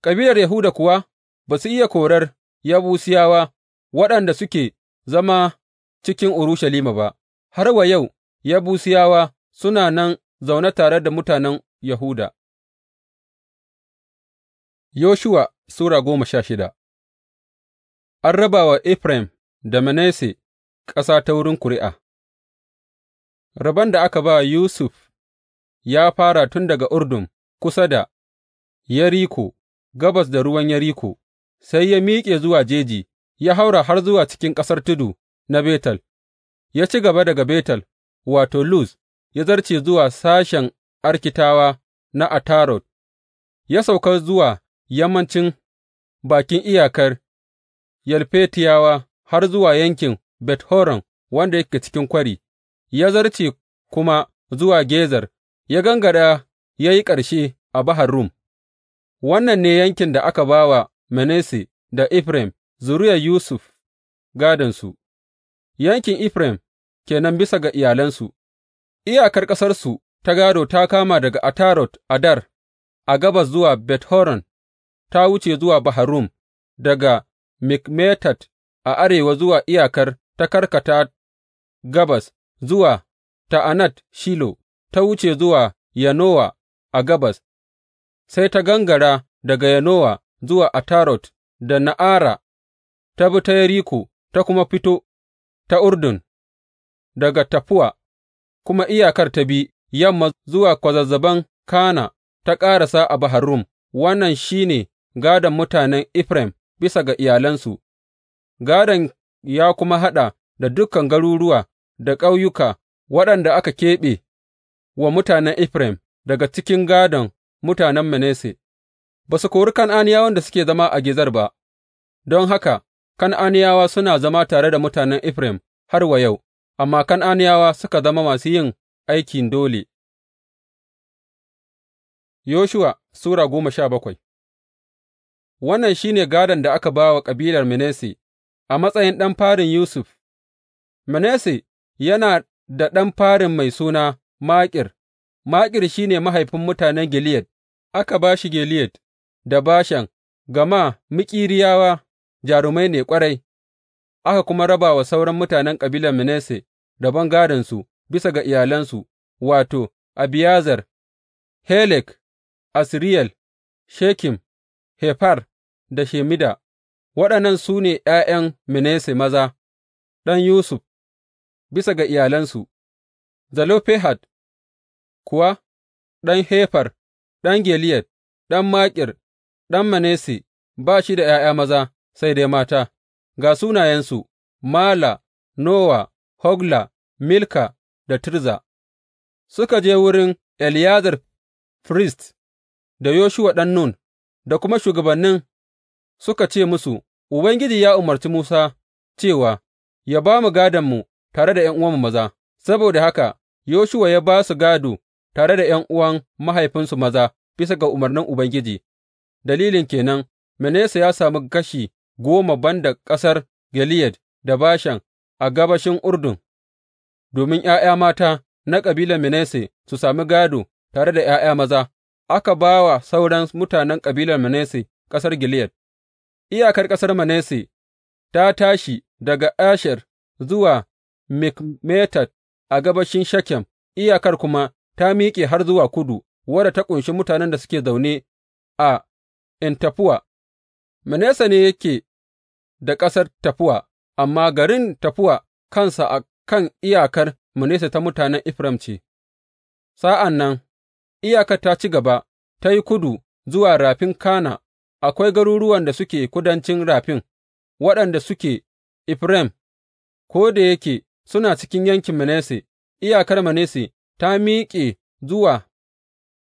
S2: Kabilar Yahuda kuwa ba su iya korar Yabusiyawa waɗanda suke zama cikin Urushalima ba, har wa yau Yabusiyawa suna nan zaune tare da mutanen Yahuda. Yoshuwa Sura goma sha shida
S1: An raba wa Efraim da Manasse ƙasa ta wurin ƙuri'a
S2: Rabon da aka ba Yusuf ya fara tun daga Urdun kusa da yariko gabas da ruwan yariko. sai ya miƙe zuwa jeji, ya haura har zuwa cikin ƙasar tudu na Betel, ya ci gaba daga Betel, wato, Luz, ya zarce zuwa sashen Arkitawa na Atarot, ya sauka zuwa yammancin bakin iyakar Yalfetiyawa har zuwa yankin Bet Horon wanda yake cikin kwari, ya zarce kuma zuwa Gezer, ya gangara ya yi ƙarshe a Bahar Rum. Wannan ne yankin da aka ba wa Manasse da Efraim, zuriyar Yusuf, su. yankin Efraim kenan bisa ga iyalansu. Iyakar ƙasarsu ta gādo ta kama daga Atarot Addar a gabas zuwa Bet Horon, ta wuce zuwa Baharum, daga Mikmetat a arewa zuwa iyakar ta karkata gabas zuwa Ta'anat Shilo, ta wuce zuwa Yanowa a gabas, sai ta gangara daga Yanowa zuwa Atarot da Na'ara, ta bi ta Yeriko ta kuma fito ta Urdun daga Tafuwa. kuma iyakar ta bi yamma zuwa kwazazzaban Kana ta ƙarasa a Bahar Rum, wannan shi ne gādon mutanen Efraim bisa ga iyalansu, gādon ya kuma haɗa da dukan garuruwa da ƙauyuka waɗanda aka keɓe wa mutanen Efraim daga cikin gādon mutanen Manasse, ba su kori Kan'aniyawan da suke zama a gizar ba, don haka Kan'aniyawa suna zama tare da mutanen Efraim har wa yau. amma Kan'aniyawa suka zama masu yin aikin dole Yoshuwa Sura goma sha bakwai Wannan shi ne gādon da aka ba wa kabilar Manasse a matsayin ɗan farin Yusuf, Manasse yana da ɗan farin mai suna Makir, Makir shi ne mahaifin mutanen Gileyad, aka ba shi Gileyad da Bashan, gama Mikiriyawa jarumai ne ƙwarai, aka kuma raba wa sauran mutanen kabilar Manasse rabon gādonsu bisa ga iyalansu, wato, Abiyezer, Helek, Asriyel, Shekim, Hefer da Shemida, waɗannan su ne ’ya'yan Manasse maza, ɗan Yusuf, bisa ga iyalansu, Zalofehad kuwa ɗan Hefer, ɗan Geliyad, ɗan Makir, ɗan Manasse, ba shi da ’ya'ya maza sai dai mata, ga sunayensu, Mala, Nowa, Hogla, Milka da Tirza, suka je wurin Eleyazar firist da Yoshuwa ɗan Nun da kuma shugabannin suka ce musu, Ubangiji ya umarci Musa cewa, Ya ba mu gādonmu tare da ’yan'uwanmu maza, saboda haka Yoshuwa ya ba su gādo tare da ’yan'uwan mahaifinsu maza bisa ga umarnin Ubangiji, dalilin kenan Manasse ya sami kashi goma ban da ƙasar Gileyad da Bashan. a gabashin Urdun, domin ’ya'ya mata na kabilar Manasse su sami gādo tare da ’ya'ya maza, aka ba wa sauran mutanen kabilar Manasse ƙasar Gileyad. Iyakar ƙasar Manasse ta tashi daga Asher zuwa Mikmetat a gabashin Shekem, iyakar kuma ta miƙe har zuwa kudu, wadda ta ƙunshi mutanen da suke zaune a Intafuwa. Manasse ne yake da ƙasar Tafuwa. amma garin Tafuwa kansa a kan iyakar Manasse ta mutanen Efraim ce, sa'an nan iyakar ta ci gaba ta yi kudu zuwa rafin Kana, akwai garuruwan da suke kudancin rafin, waɗanda suke Efraim, ko da yake suna cikin yankin Manasse, iyakar Manasse ta miƙe zuwa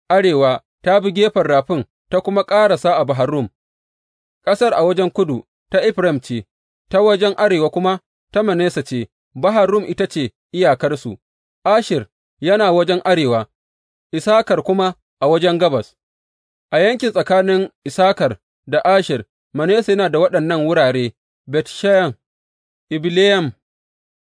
S2: arewa ta bi gefen rafin ta kuma ƙarasa a Bahar ƙasar a wajen kudu ta Efraim ce. ta wajen arewa kuma ta Manasse ce, Bahar Rum ita ce iyakarsu, Ashir yana wajen arewa, Isakar kuma a wajen gabas. A yankin tsakanin Isakar da Ashir, Manasse yana da waɗannan wurare, Bet Sheyan, Ibileyam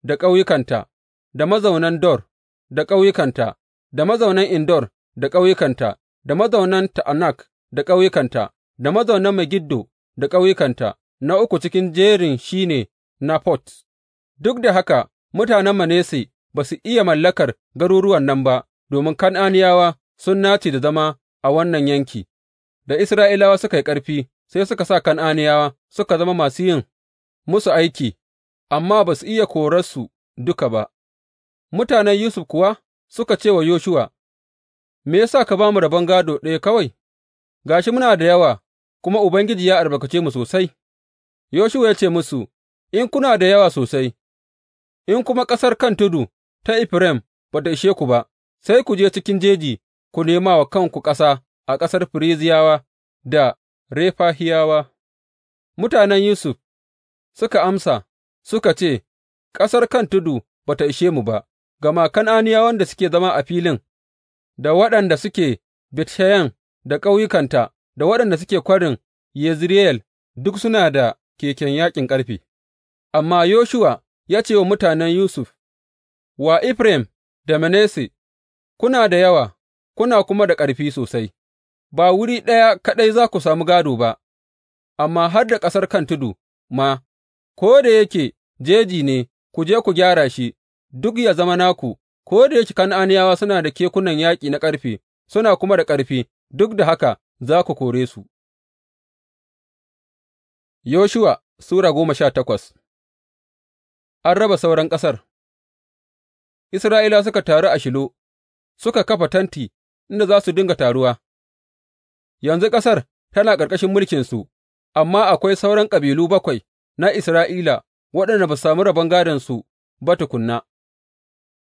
S2: da ƙauyukanta, da mazaunan Dor da ƙauyukanta, da mazaunan Indor da ƙauyukanta, da mazaunan Ta'anak da ƙauyukanta, da mazaunan Megiddo da ƙauyukanta, na uku cikin jerin shi ne Nafot, duk da haka mutanen Manasse ba su iya mallakar garuruwan nan ba, domin Kan'aniyawa sun nace da zama a wannan yanki, da Isra'ilawa suka yi ƙarfi, sai suka sa Kan'aniyawa suka zama masu yin musu aiki, amma ba su iya korarsu duka ba. Mutanen Yusuf kuwa suka ce wa Yoshuwa, Me ya sa ka ba mu rabon gado ɗaya kawai? Ga shi muna da yawa, kuma Ubangiji ya albarkace mu sosai. Yoshuwa ya ce musu, In kuna da yawa sosai, in kuma ƙasar kan tudu ta Efraim ba ta ishe ku ba, sai ku je cikin jeji ku nema wa kanku ƙasa a ƙasar Firiziyawa da Refahiyawa. Mutanen Yusuf suka amsa, suka ce, Ƙasar kan tudu ba ta ishe mu ba, gama Kan'aniyawan da suke zama a filin, da waɗanda suke Betsheyan da ƙauyukanta, da waɗanda suke kwarin Yezireyel, duk suna da keken yaƙin ƙarfe. Amma Yoshuwa ya ce wa mutanen Yusuf, Wa Efraim da Manasse, Kuna da yawa, kuna kuma da ƙarfi sosai, ba wuri ɗaya kaɗai za ku sami gado ba, amma har da ƙasar kan tudu ma, ko da yake jeji ne, ku je ku gyara shi, duk ya zama naku, ko da yake Kan'aniyawa suna da kekunan yaƙi na ƙarfe, suna kuma da ƙarfi, duk da haka za ku kore su. Yoshuwa Sura goma sha takwas An raba sauran ƙasar Isra'ilawa suka taru a Shilo suka kafa tenti inda za su dinga taruwa, yanzu ƙasar tana ƙarƙashin mulkinsu, amma akwai sauran kabilu bakwai na Isra'ila waɗanda ba su sami rabon gādonsu ba tukunna.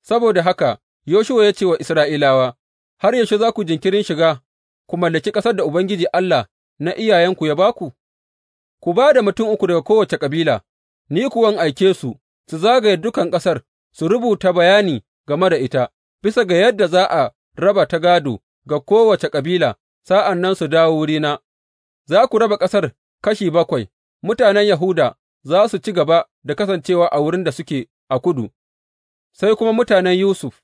S2: Saboda haka Yoshuwa ya ce wa Isra'ilawa, Har yaushe za ku jinkirin shiga, ku mallaki ƙasar da Ubangiji Allah na iyayenku ya ba ku? Ku ba da mutum uku daga kowace kabila, ni kuwa in aike su su zagaye dukan ƙasar su rubuta bayani game da ita, bisa ga yadda za a raba ta gādo ga kowace kabila, sa'an nan su dawo wurina, za ku raba ƙasar kashi bakwai, mutanen Yahuda za su ci gaba da kasancewa a wurin da suke a kudu, sai kuma mutanen Yusuf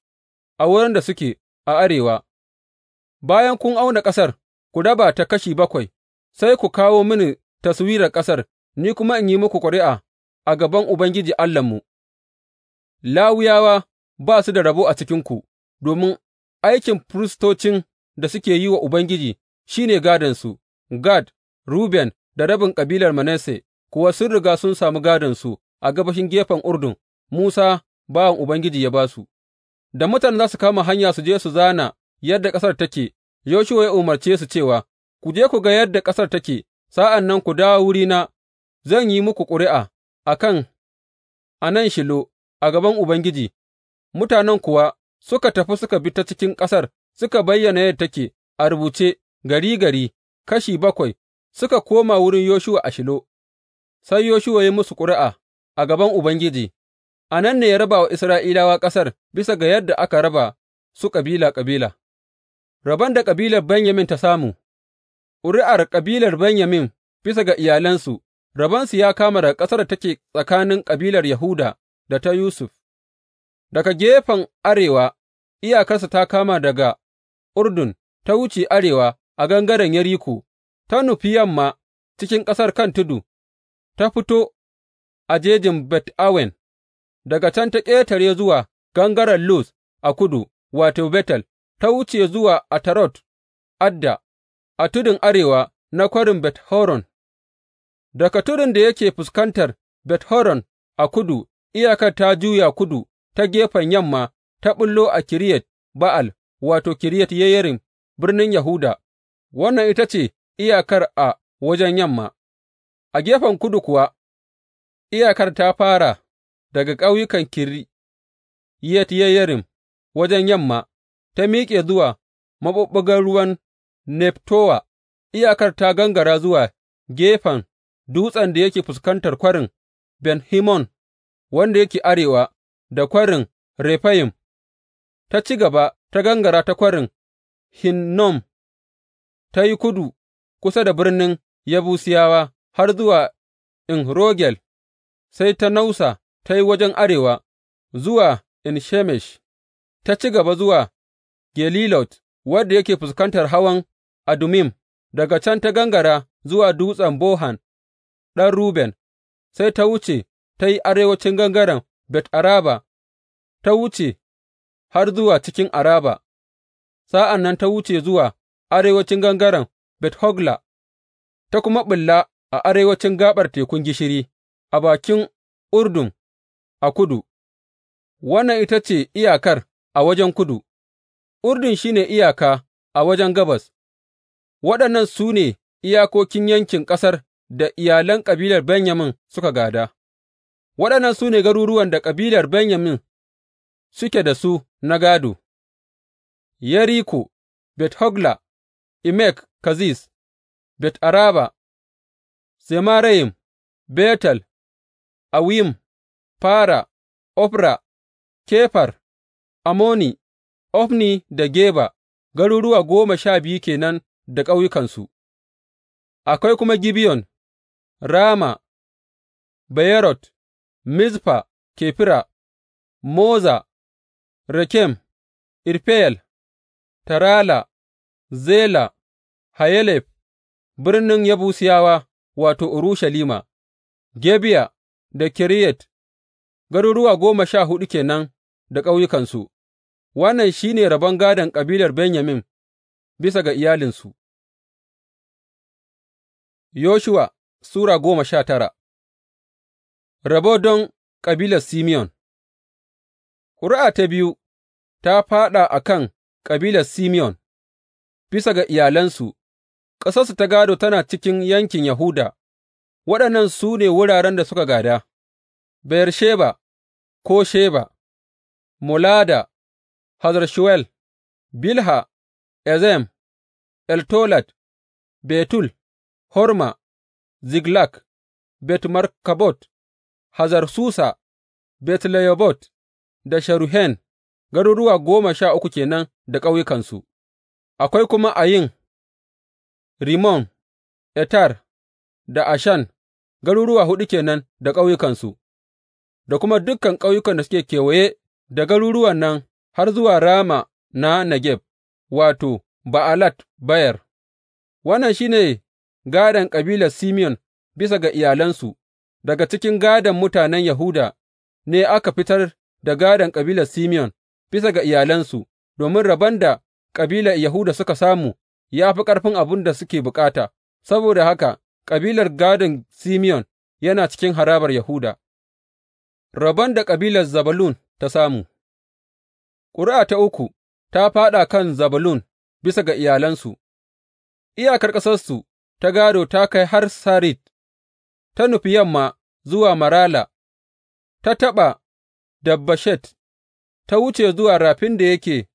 S2: a wurin da suke a arewa. Bayan kun auna ƙasar, ku raba ta kashi bakwai, sai ku kawo mini taswirar ƙasar, ni kuma in yi muku ƙuri'a a gaban Ubangiji Allahnmu, Lawiyawa ba su da rabo a cikinku, domin aikin firistocin da suke yi wa Ubangiji shi ne gādonsu, Gad, Ruben da rabin kabilar Manasse kuwa sun riga sun sami gādonsu a gabashin gefen Urdun, Musa bawan Ubangiji ya ba su. Da mutane za su kama hanya su je su zana yadda ƙasar take, Yoshuwa ya umarce su cewa, Ku je ku ga yadda ƙasar take, Sa'an nan ku dawo wurina, zan yi muku ƙuri'a a kan a nan Shilo a gaban Ubangiji, mutanen kuwa suka tafi suka bi ta cikin ƙasar suka bayyana yadda take a rubuce gari gari, kashi bakwai, suka koma wurin Yoshuwa a Shilo, sai Yoshuwa ya musu ƙuri'a a gaban Ubangiji, a nan ne ya raba wa Isra'ilawa ƙasar bisa ga yadda aka raba su kabila kabila. Rabon da kabilar Benyamin ta samu. Ƙuri'ar kabilar Benyamin bisa ga iyalansu, rabonsu ya kama daga ƙasar da take tsakanin kabilar Yahuda da ta Yusuf, daga gefen arewa, iyakarsa ta kama daga Urdun, ta wuce arewa a gangaren Yeriko, ta nufi yamma cikin ƙasar kan tudu, ta fito a jejin Bet Awen, daga can ta ƙetare zuwa gangaren Luz a kudu, wato Betel, ta wuce zuwa Atarot Adda, a tudun arewa na kwarin Bet Horon, daga tudun da yake fuskantar Bet Horon a kudu, iyakar ta juya kudu ta gefen yamma ta ɓullo a Kiriyat Ba'al, wato, Kiriyat Yeyarim, birnin Yahuda, wannan ita ce iyakar a wajen yamma, a gefen kudu kuwa iyakar ta fara daga ƙauyukan Kiriyat Yeyarim wajen yamma, ta miƙe zuwa maɓuɓɓugar ruwan Neftowa, iyakar ta gangara zuwa gefen dutsen da yake fuskantar Kwarin Ben Hinnom, wanda yake arewa da Kwarin Refayim, ta ci gaba ta gangara ta Kwarin Hinnom, ta yi kudu kusa da birnin yabusiyawa har zuwa in Rogel, sai ta nausa ta yi wajen arewa zuwa in Shemesh, ta ci gaba zuwa Gelilot, wanda yake fuskantar hawan. Adummim, daga can ta gangara zuwa dutsen Bohan ɗan Ruben, sai ta wuce ta yi arewacin gangaren Bet Araba, ta wuce har zuwa cikin Araba, sa'an nan ta wuce zuwa arewacin gangaren Bet Hogla, ta kuma ɓulla a arewacin gaɓar Tekun Gishiri, a bakin Urdun a kudu, wannan ita ce iyakar a wajen kudu, Urdun shi ne iyaka a wajen gabas. Waɗannan su ne iyakokin yankin ƙasar da iyalan kabilar Benyamin suka gāda, waɗannan su ne garuruwan da kabilar Benyamin suke da su na gādo, Yeriko, Bet Hogla,
S1: Imek Kaziz, Bet Araba, Zemarayim,
S2: Betel, Awim, Fara, Ofra, Kefar, Amoni, Ofni da Geba, garuruwa goma sha biyu kenan. da ƙauyukansu, akwai kuma Gibeyon, Rama,
S1: Beyerot, Mizfa, Kefira, Moza, Rekem, Irfeyel, Tarala, Zela,
S2: Hayelef, birnin Yabusiyawa, wato, Urushalima, Gebiya da Kiriyat, garuruwa goma sha huɗu ke nan da ƙauyukansu, wannan shi ne rabon gādon ƙabilar Benyamin. bisa ga iyalinsu. Yoshuwa Sura goma sha tara
S1: Rabo don kabilar Simeon Ƙuri'a
S2: ta biyu ta faɗa a kan kabilar Simeon, bisa ga iyalansu, ƙasarsu ta gado tana cikin yankin Yahuda, waɗannan su ne wuraren da suka gada, Bayar-Sheba. ko Sheba,
S1: Mulada, Hazar Shuwel, Bilha Ezem, Eltolad, Betul, Horma, Ziklag, Bet
S2: Markabot, Hazar Susa, Bet Lebayot da Sharuhen, garuruwa goma sha uku kenan nan da ƙauyukansu, akwai kuma Ayin, Rimon, Etar da Ashan, garuruwa huɗu kenan nan da ƙauyukansu, da kuma dukan ƙauyukan da suke kewaye da garuruwan nan har zuwa Rama na Negeb. wato, Ba'alat Beyer Wannan shi ne gādon kabilar Simeyon bisa ga iyalansu, daga cikin gādon mutanen Yahuda ne aka fitar da gādon kabilar Simeyon bisa ga iyalansu, domin rabon da kabilar Yahuda suka samu ya fi ƙarfin abin da suke bukata, saboda haka kabilar gādon Simeyon yana cikin harabar Yahuda. Rabon da kabilar Zabalun ta samu Ƙuri'a ta uku ta fāɗa kan Zebulun bisa ga iyalansu, iyakar ƙasarsu ta gādo ta kai har Sarid, ta nufi yamma zuwa Marala, ta taɓa Dabbashet, ta wuce zuwa rafin da yake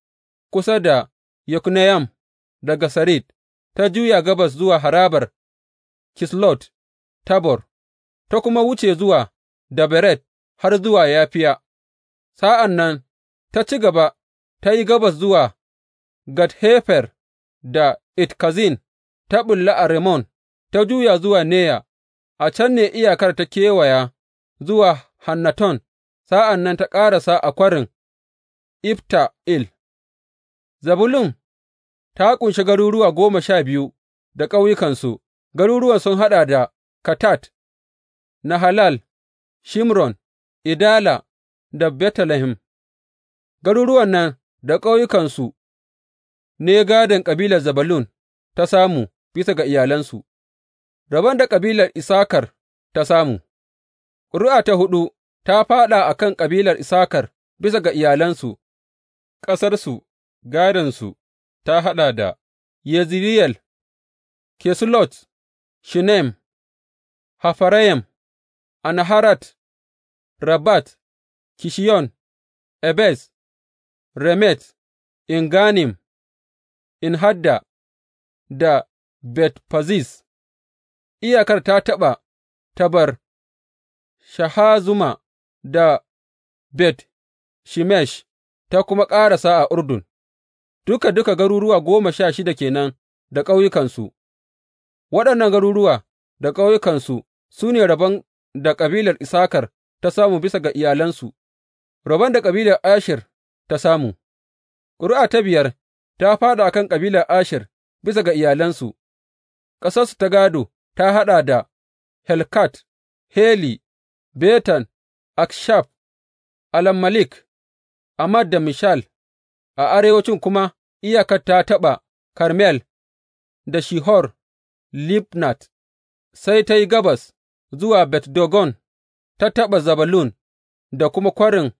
S2: kusa da Yokneyam daga Sarid, ta juya gabas zuwa harabar Kislot Tabor, ta kuma wuce zuwa Daberet har zuwa Yafiya, sa'an nan ta ci gaba ta yi gabas zuwa Gat Hefer da It Kazin, ta ɓulla a Rimmon, ta juya zuwa Neya, a can ne iyakar ta kewaya zuwa Hannaton, sa'an nan ta ƙarasa a kwarin Ip-ta-il. Zabulun ta ƙunshi garuruwa goma sha biyu da ƙauyukansu, garuruwan sun haɗa da Katat, halal, Shimron, Idala da Betlehem. Garuruwan nan da ƙauyukansu ne gādon kabilar Zebulun ta samu bisa ga iyalansu, rabon da kabilar Isakar ta samu. Ƙuri'a ta huɗu ta fāɗa a kan kabilar Isakar bisa ga iyalansu, ƙasarsu, gādonsu ta haɗa da Yezireyel,
S1: Kesulot, Shinem, Hafarayim, Anaharat, Rabat, Kishiyon, Ebez, Remet, En Gannim, En Hadda da Bet Faziz, iyakar ta taɓa Tabar
S2: Shahazuma da Bet shimesh ta kuma ƙarasa a Urdun, duka duka garuruwa goma sha shida kenan da ƙauyukansu, waɗannan garuruwa da ƙauyukansu su ne rabon da kabilar Issakar ta samu bisa ga iyalansu, rabon da kabilar Asher ta samu Ƙuri'a ta biyar ta fāɗa a kan kabilar Asher bisa ga iyalansu, ƙasarsu ta gādo ta haɗa da Helkat, Heli, Betan, Akshaf, alammalik Amad da Mishal, a arewacin kuma iyakar ta taɓa Karmel da Shihor, Libnat, sai ta yi gabas zuwa Bet Dogon, ta taɓa Zabalun da kuma kwarin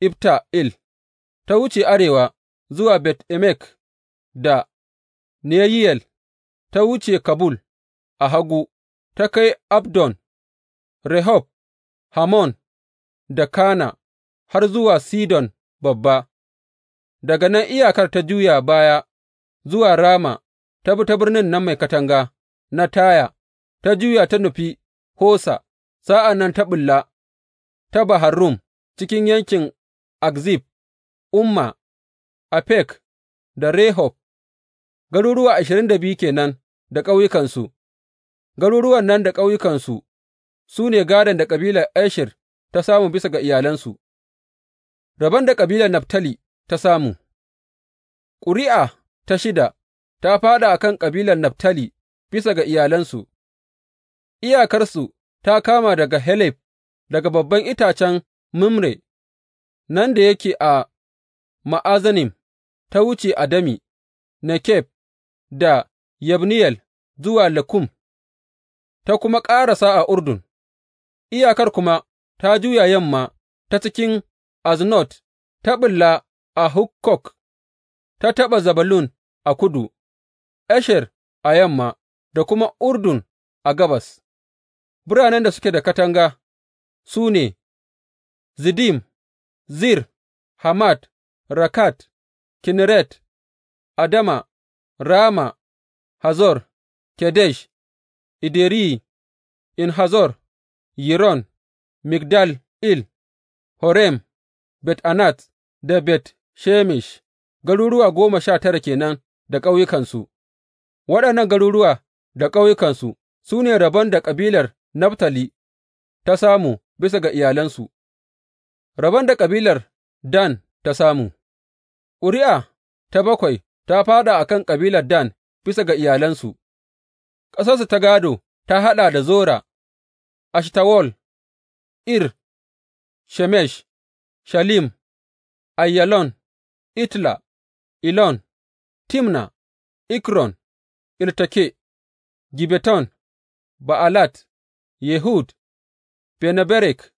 S2: Ibta'il.
S1: ta wuce arewa zuwa Bet Emek da Neyiyel, ta wuce Kabul a hagu, ta kai Abdon,
S2: Rehob, Hamon da Kana har zuwa Sidon Babba, daga nan iyakar ta juya baya zuwa Rama, ta bi ta birnin nan mai katanga na Taya, ta juya ta nufi Hosa, sa'an nan ta ɓulla ta baharrum cikin yankin Akzib.
S1: Umma, Afek da Rehob, garuruwa ashirin da
S2: biyu ke nan da ƙauyukansu, garuruwan nan da ƙauyukansu su ne gādon da kabilar Asher ta samu bisa ga iyalansu, rabon da kabilar Naftali ta samu. Ƙuri'a ta shida ta fāɗa a kan kabilar Naftali bisa ga iyalansu, iyakarsu ta kama daga Heleb, daga babban itacen Mamre, nan da yake a Ma'azanim, ta wuce Adami, Nekeb da Yabneyel zuwa Lakkum, ta kuma ƙarasa a Urdun, iyakar kuma ta juya yamma ta cikin Aznot, ta ɓulla a Hukkok, ta taɓa Zabalun a kudu, Esher
S1: a yamma, da kuma Urdun a gabas. Biranen da suke da katanga su ne, Zidim, Zir, Hamad Rakat, Kinneret, Adama, Rama, Hazor, Kedesh, Ideri, In Hazor,
S2: Yiron, Migdal Il, Horem, Bet Anat da Bet shemish garuruwa goma sha tara kenan da ƙauyukansu, waɗannan garuruwa da ƙauyukansu su ne rabon da kabilar Naftali ta samu bisa ga iyalansu, rabon da kabilar Dan ta samu Ƙuri'a ta bakwai ta fāɗa a kan kabilar Dan bisa ga iyalansu, ƙasarsu ta gādo ta haɗa da Zora, ashtawol
S1: Ir, Shemesh, Shalim, Ayalon. Itla, Ilon, Timna, Ikron, Irtake, Gibeton, Ba'alat, Yehud,
S2: Benaberek.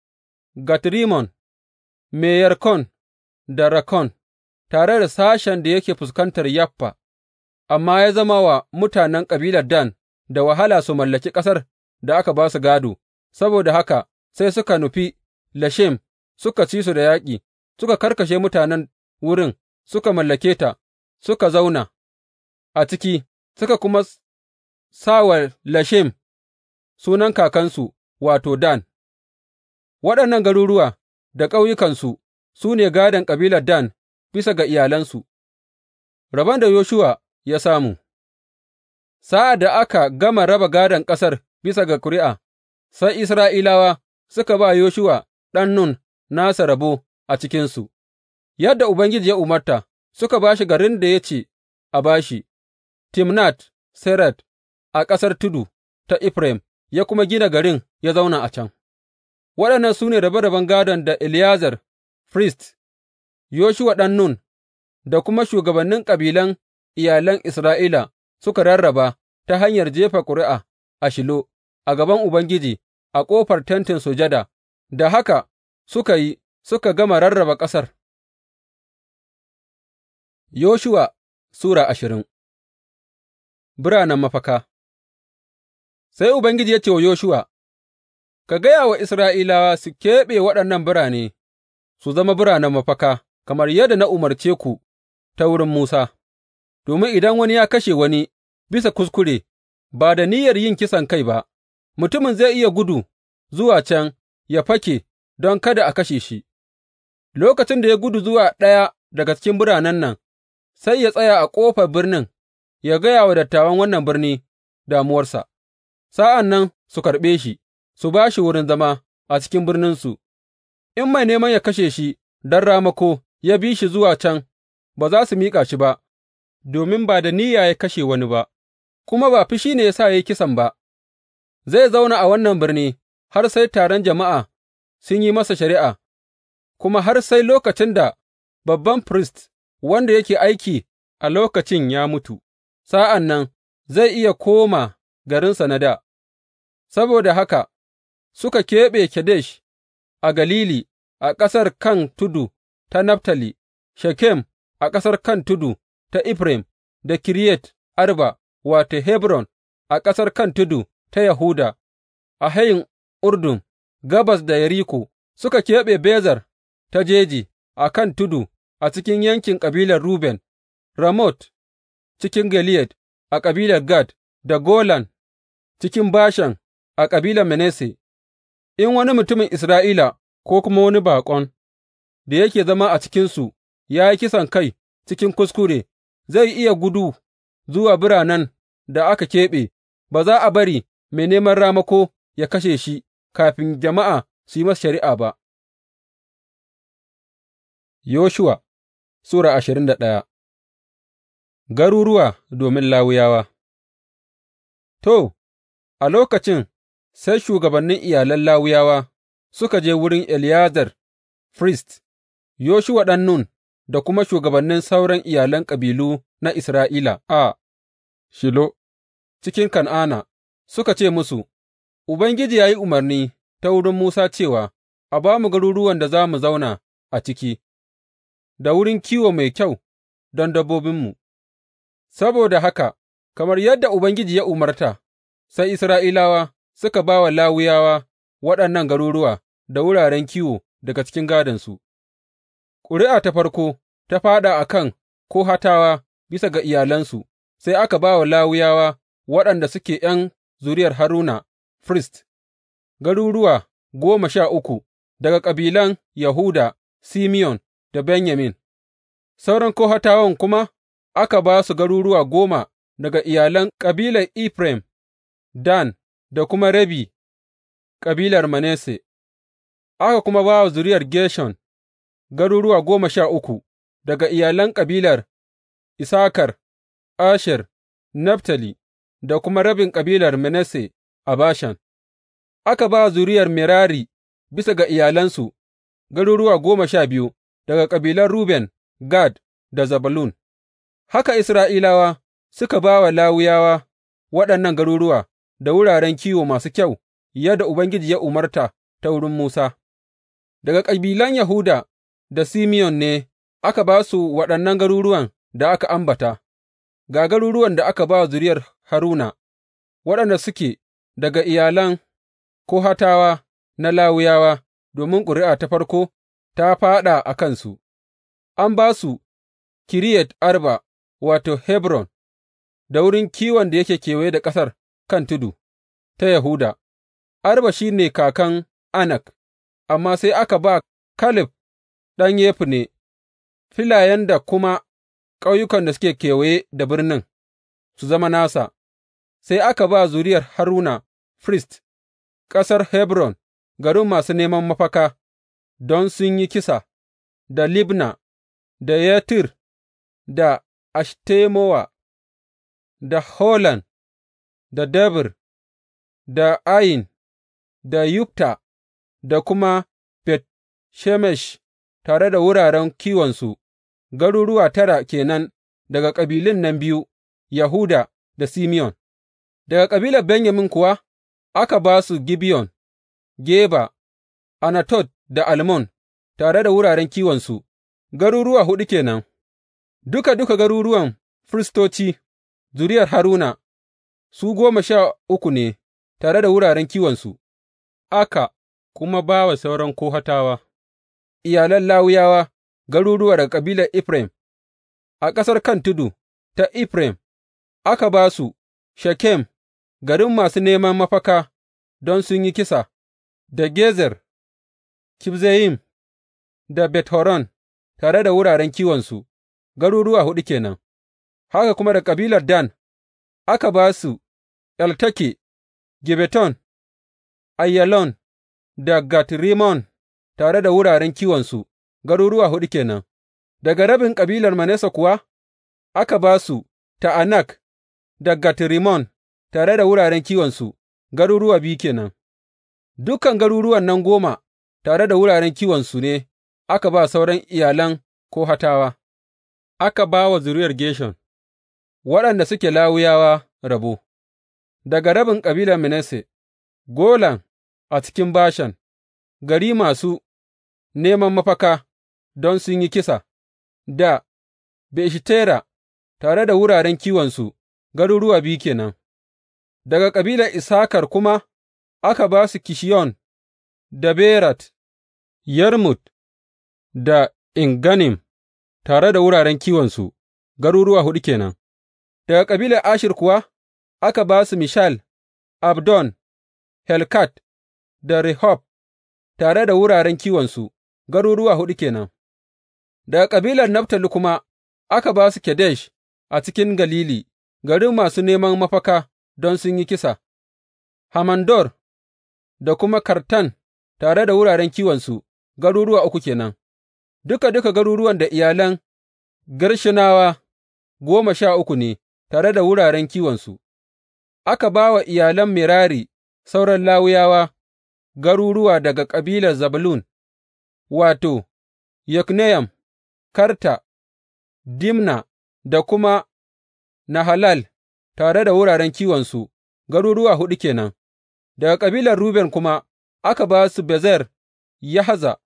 S2: Gatrimon. Meyarkon, da Rakon, tare da sashen da yake fuskantar Yaffa, amma ya zama wa mutanen kabilar Dan da wahala su mallaki ƙasar da aka ba su gādo, saboda haka sai suka nufi Lashem suka ci su da yaƙi, suka karkashe mutanen wurin, suka mallake ta, suka zauna a ciki, suka kuma sa wa Lashem sunan kakansu, wato, Dan. Waɗannan garuruwa da ƙauyukansu su ne gādon kabilar Dan bisa ga iyalansu, rabon da Yoshuwa ya samu Sa'ad da aka gama raba gādon ƙasar bisa ga ƙuri'a, sai Isra'ilawa suka ba Yoshuwa ɗan Nun nasa rabo a cikinsu, yadda Ubangiji ya umarta, suka ba shi garin da ya ce a ba shi, Timnat Seret a ƙasar tudu ta Efraim, ya kuma gina garin ya zauna a can. Waɗannan su ne rabe-raben gādon da Eleyazar firist, Yoshuwa ɗan Nun, da kuma shugabannin kabilan iyalan Isra'ila suka rarraba ta hanyar jefa ƙuri'a a Shilo a gaban Ubangiji a ƙofar Tentin Sujada, da haka suka yi suka gama rarraba ƙasar.
S1: Yoshuwa Sura ashirin
S2: Biranen mafaka Sai Ubangiji ya ce wa Yoshuwa, Ka gaya wa Isra'ilawa su keɓe waɗannan birane. su zama biranen mafaka, kamar yadda na umarce ku ta wurin Musa, domin idan wani ya kashe wani bisa kuskure, ba da niyyar yin kisan kai ba, mutumin zai iya gudu zuwa can ya fake don kada a kashe shi, lokacin da ya gudu zuwa ɗaya daga cikin biranen nan, sai ya tsaya a ƙofar birnin, ya gaya wa dattawan wannan birni damuwarsa, sa'an nan su karɓe shi, su ba shi wurin zama a cikin birninsu, in mai neman yă kashe shi don ramako ya bi shi zuwa can, ba za su miƙa shi ba, domin ba da niyya ya kashe wani ba, kuma ba fushi ne ya sa ya yi kisan ba, zai zauna a wannan birni har sai taron jama'a sun yi masa shari'a, kuma har sai lokacin da babban firist wanda yake aiki a lokacin ya mutu, sa'an nan zai iya koma garinsa na da. Saboda haka suka keɓe Kadesh a Galili, a ƙasar kan tudu ta Naftali, Shekem a ƙasar kan tudu ta Efraim, da Kiriyat Arba wato, Hebron a ƙasar kan tudu ta Yahuda, a hayin Urdun, gabas da Yeriko, suka keɓe bezar ta jeji a kan tudu a cikin yankin ƙabilar Ruben, Ramot cikin Galiyat a ƙabilar Gad, da Golan cikin Bashan a kabilar Manasse. In wani mutumin Isra'ila ko kuma wani baƙon da yake zama a cikinsu ya yi kisankai cikin kuskure, zai iya gudu zuwa biranen da aka keɓe, ba za a bari mai neman ramako ya kashe shi kafin jama'a su yi masa shari'a ba. Yoshuwa
S1: Sura ashirin da ɗaya Garuruwa domin Lawiyawa
S2: To, a lokacin sai shugabannin iyalan Lawiyawa suka je wurin Eleyazar firist, Yoshuwa ɗan Nun da kuma shugabannin sauran iyalan kabilu na Isra'ila a Shilo cikin Kan'ana, suka ce musu, Ubangiji ya yi umarni ta wurin Musa cewa, A ba mu garuruwan da za mu zauna a ciki, da wurin kiwo mai kyau don dabbobinmu, saboda haka, kamar yadda Ubangiji ya umarta, sai Isra'ilawa suka ba wa Lawiyawa waɗannan garuruwa da wuraren kiwo daga cikin gādonsu, ƙuri'a ta farko ta fāɗa a kan Kohatawa bisa ga iyalansu, sai aka ba wa Lawiyawa waɗanda suke ’yan zuriyar Haruna, (frist), garuruwa goma sha uku daga kabilan Yahuda, Simeyon da Benyamin, sauran Kohatawan kuma aka ba su garuruwa goma daga iyalan kabilan Efraim, Dan. da kuma rabi kabilar Manasse, aka kuma ba wa zuriyar Gershon garuruwa goma sha uku daga iyalan kabilar Isakar, Asher, Naftali da kuma rabin kabilar Manasse a Bashan, aka ba zuriyar Merari bisa ga iyalansu garuruwa goma sha biyu daga kabilan Ruben, Gad da Zabalun. Haka Isra'ilawa suka ba wa lawuyawa waɗannan garuruwa da wuraren kiwo masu kyau, yadda Ubangiji ya umarta ta wurin Musa. Daga kabilan Yahuda da Simeon ne aka ba su waɗannan garuruwan da aka ambata, ga garuruwan da aka ba zuriyar Haruna, waɗanda suke daga iyalan Kohatawa na lawuyawa domin ƙuri'a ta farko ta faɗa a kansu, an ba su Kiriyat Arba, wato, Hebron, da wurin kiwon da yake kewaye da ƙasar. kan tudu ta Yahuda, Arba shi ne kakan Anak, amma sai aka ba Kaleb ɗan yefne filayen da kuma ƙauyukan da suke kewaye da birnin su zama nasa, sai aka ba zuriyar Haruna, frist. ƙasar Hebron, garin masu neman mafaka, don sun yi kisa, da Libna, da yetir. da Ashtemowa, da holand.
S1: da Debir, da Ayin, da Yutta,
S2: da kuma Bet Shemesh tare da wuraren kiwonsu, garuruwa tara kenan daga kabilun nan biyu, Yahuda da Simeon. Daga kabilar Benyamin kuwa aka ba su Gibeon, Geba, Anatot da Almon tare da wuraren kiwonsu, garuruwa huɗu kenan. Duka duka garuruwan firistoci, zuriyar Haruna su goma sha uku ne tare da wuraren kiwonsu, aka kuma ba wa sauran Kohatawa, iyalan Lawiyawa, garuruwa daga kabilar Efraim, a ƙasar kan tudu ta Efraim, aka ba su Shekem, garin masu neman mafaka don sun yi kisa, da Gezer, Kibzeyim, da Bethoron, tare da wuraren kiwonsu, garuruwa hudu kenan. Haka kuma da kabilar Dan, aka ba su Elteke, Gibbeton, Aiyalon da Gat Rimmon, tare da wuraren kiwonsu, garuruwa huɗu kenan. daga rabin kabilar Manasse kuwa aka ba su Ta'anak da Gat Rimmon, tare da wuraren kiwonsu, garuruwa biyu kenan. nan, dukan garuruwan nan goma tare da wuraren kiwonsu ne aka ba sauran iyalan Kohatawa, aka ba wa zuriyar Gershon, waɗanda suke Lawiyawa rabo. daga rabin kabilar Manasse, Golan a cikin Bashan, gari masu neman mafaka don sun yi kisa, da Beshtera tare da wuraren kiwonsu, garuruwa biyu kenan. Daga kabilar Isakar kuma aka ba su Kishiyon, da Berat, Yarmut, da Inganim, tare da wuraren kiwonsu, garuruwa huɗu kenan. Daga kabilar Ashir kuwa aka ba su Mishal, Abdon, Helkat da Rehob, tare da wuraren kiwonsu, garuruwa huɗu kenan. daga kabilar Naftali kuma aka ba su Kedesh a cikin Galili, garin masu neman mafaka don sun yi kisa, Hamandor da kuma Kartan tare da wuraren kiwonsu, garuruwa uku kenan. duka duka garuruwan da iyalan Gershonawa goma sha uku ne tare da wuraren kiwonsu. Aka ba wa iyalan Merari sauran Lawiyawa garuruwa daga kabilar Zabulun wato, Yokneyam, Karta, Dimna da kuma Nahalal, tare da wuraren kiwonsu, garuruwa huɗu kenan, daga kabilar Ruben kuma aka ba su Bezer, yahaza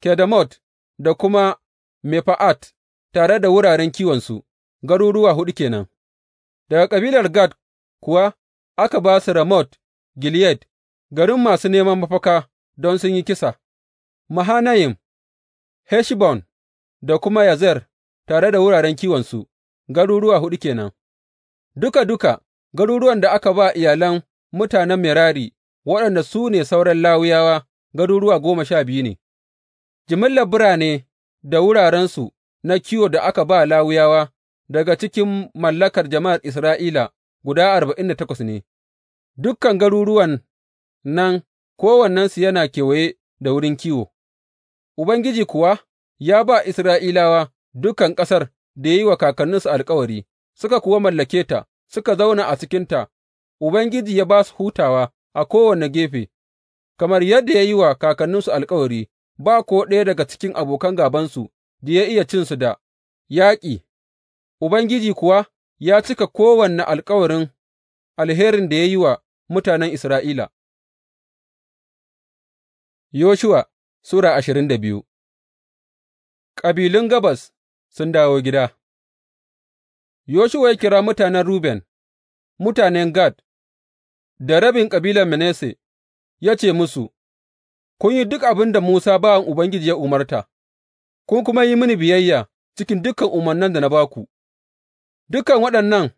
S2: kedamot da kuma Mefa'at, tare da wuraren kiwonsu, garuruwa huɗu kenan, daga kabilar Gad. kuwa aka ba su Ramot Gileyad, garin masu neman mafaka don sun yi kisa, Mahanayim, Heshbon da kuma Yazer tare da wuraren kiwonsu, garuruwa hudu kenan. nan, duka duka garuruwan da aka ba iyalan mutanen Merari waɗanda su ne sauran lawuyawa, garuruwa goma sha biyu ne, jimillar birane da wurarensu na kiwo da aka ba Lawiyawa daga cikin mallakar jama'ar Isra'ila guda arba'in da takwas ne, dukan garuruwan nan kowannensu yana kewaye da wurin kiwo, Ubangiji kuwa ya ba Isra'ilawa dukan ƙasar da ya yi wa kakanninsu alkawari, suka kuwa mallake ta, suka zauna a cikinta, Ubangiji ya ba su hutawa a kowane gefe, kamar yadda ya yi wa kakanninsu alkawari, ba ko ɗaya daga cikin abokan gabansu da ya iya cinsu da yaƙi, Ubangiji kuwa ya cika kowane alkawarin alherin da ya yi wa mutanen Isra'ila.
S1: Yoshuwa Sura ashirin da biyu Kabilun Gabas sun dawo gida Yoshuwa ya kira mutanen Ruben,
S2: mutanen Gad, da rabin ƙabilar Manasse, ya ce musu, Kun yi duk abin da Musa bawan Ubangiji ya umarta, kun kuma yi mini biyayya cikin dukan umarnan da na ba ku. Dukan waɗannan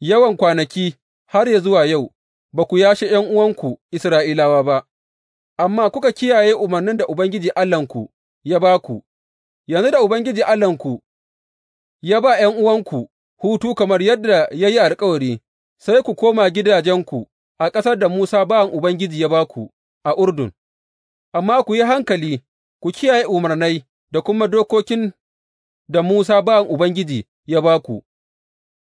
S2: yawan kwanaki har yă zuwa yau, ba ku yashe ’yan'uwanku Isra'ilawa ba, amma kuka kiyaye umarnin da Ubangiji Allahnku ya ba ku, yanzu da Ubangiji Allahnku ya ba ’yan'uwanku hutu kamar yadda ya yi alkawari, sai ku koma gidajenku a ƙasar da Musa bawan Ubangiji ya ba ku a Urdun, amma ku yi hankali, ku kiyaye umarnai da kuma dokokin da Musa bawan Ubangiji ya ba ku.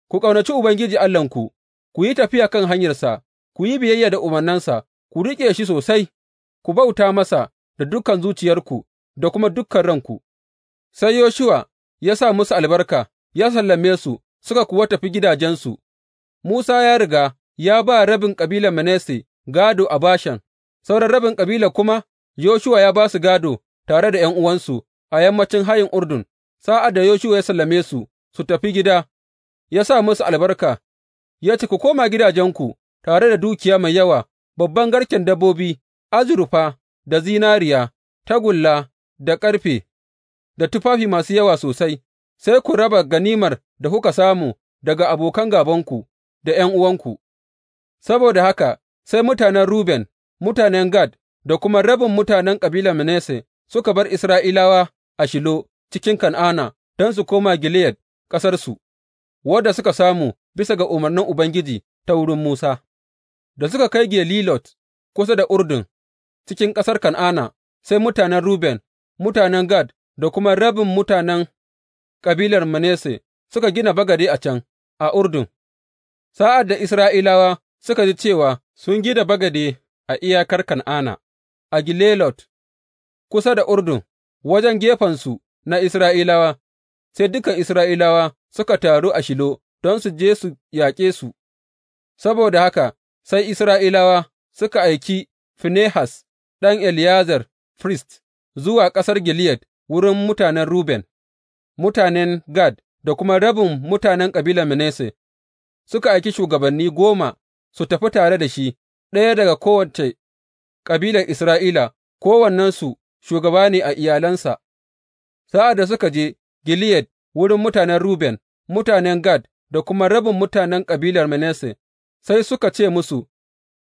S2: Ku ƙaunaci Ubangiji Allahnku, ku yi tafiya kan hanyarsa, ku yi biyayya da umarnansa, ku riƙe shi sosai, ku bauta masa da dukan zuciyarku da kuma dukan ranku. Sai Yoshuwa ya sa musu albarka, ya sallame su, suka kuwa tafi gidajensu. Musa ya riga ya ba rabin kabilar Manasse gado a Bashan, sauran rabin ƙabila kuma Yoshuwa ya ba su gado tare da 'yan uwansu a yammacin hayin Urdun, sa'ad da Yoshuwa ya sallame su su tafi gida. ya sa musu albarka, ya ce, Ku koma gidajenku tare da dukiya mai yawa, babban garken dabbobi, azurfa, da zinariya, tagulla, da ƙarfe, da tufafi masu yawa sosai, sai ku raba ganimar da kuka samu daga abokan gabanku da 'yan uwanku. Saboda haka, sai mutanen Ruben, mutanen Gad, da kuma rabin mutanen ƙabila Manasse suka bar Isra'ilawa a Shilo cikin Kan'ana don su koma Gileyad, ƙasarsu. wadda suka samu bisa ga umarnin Ubangiji ta wurin Musa, da suka kai Gelilot kusa da Urdun cikin ƙasar Kan'ana, sai mutanen Ruben, mutanen Gad da kuma rabin mutanen kabilar Manasse suka gina bagade a can, a Urdun. Sa'ad da Isra'ilawa suka ji cewa sun gina bagade a iyakar Kan'ana, a Gilelot, kusa da Urdun, wajen gefensu na Isra'ilawa, sai dukan Isra'ilawa suka taru a Shilo don su je su yaƙe su, saboda haka sai Isra'ilawa suka aiki Finehas ɗan Eliyazar, firist, zuwa ƙasar Gileyad wurin mutanen Ruben, mutanen Gad da kuma rabin mutanen ƙabila Manasse, suka aiki shugabanni goma su tafi tare da shi, ɗaya daga kowace ƙabilar Isra'ila, kowannensu shugaba ne a iyalansa. Sa'ad da suka je Gileyad wurin mutanen Ruben, mutanen Gad da kuma rabin mutanen kabilar Manasse, sai suka ce musu,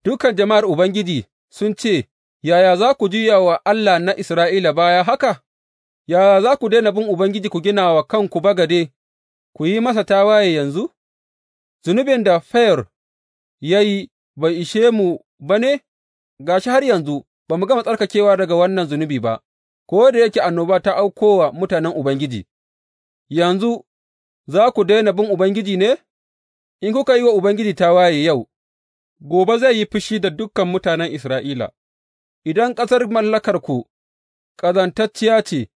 S2: Dukan jama'ar Ubangiji sun ce, Yaya za ku juya wa Allah na Isra'ila baya haka? Yaya za ku daina bin Ubangiji ku gina wa kanku bagade, ku yi masa tawaye yanzu? Zunubin da Fayar ya yi bai ishe mu ba ne, ga shi har yanzu ba mu gama tsarkakewa daga wannan zunubi ba, ko da yake annoba ta auko wa mutanen Ubangiji, Yanzu za ku daina bin Ubangiji ne, in kuka yi wa Ubangiji tawaye yau, gobe zai yi fushi da dukan mutanen Isra'ila, idan ƙasar mallakarku ƙazantacciya ce,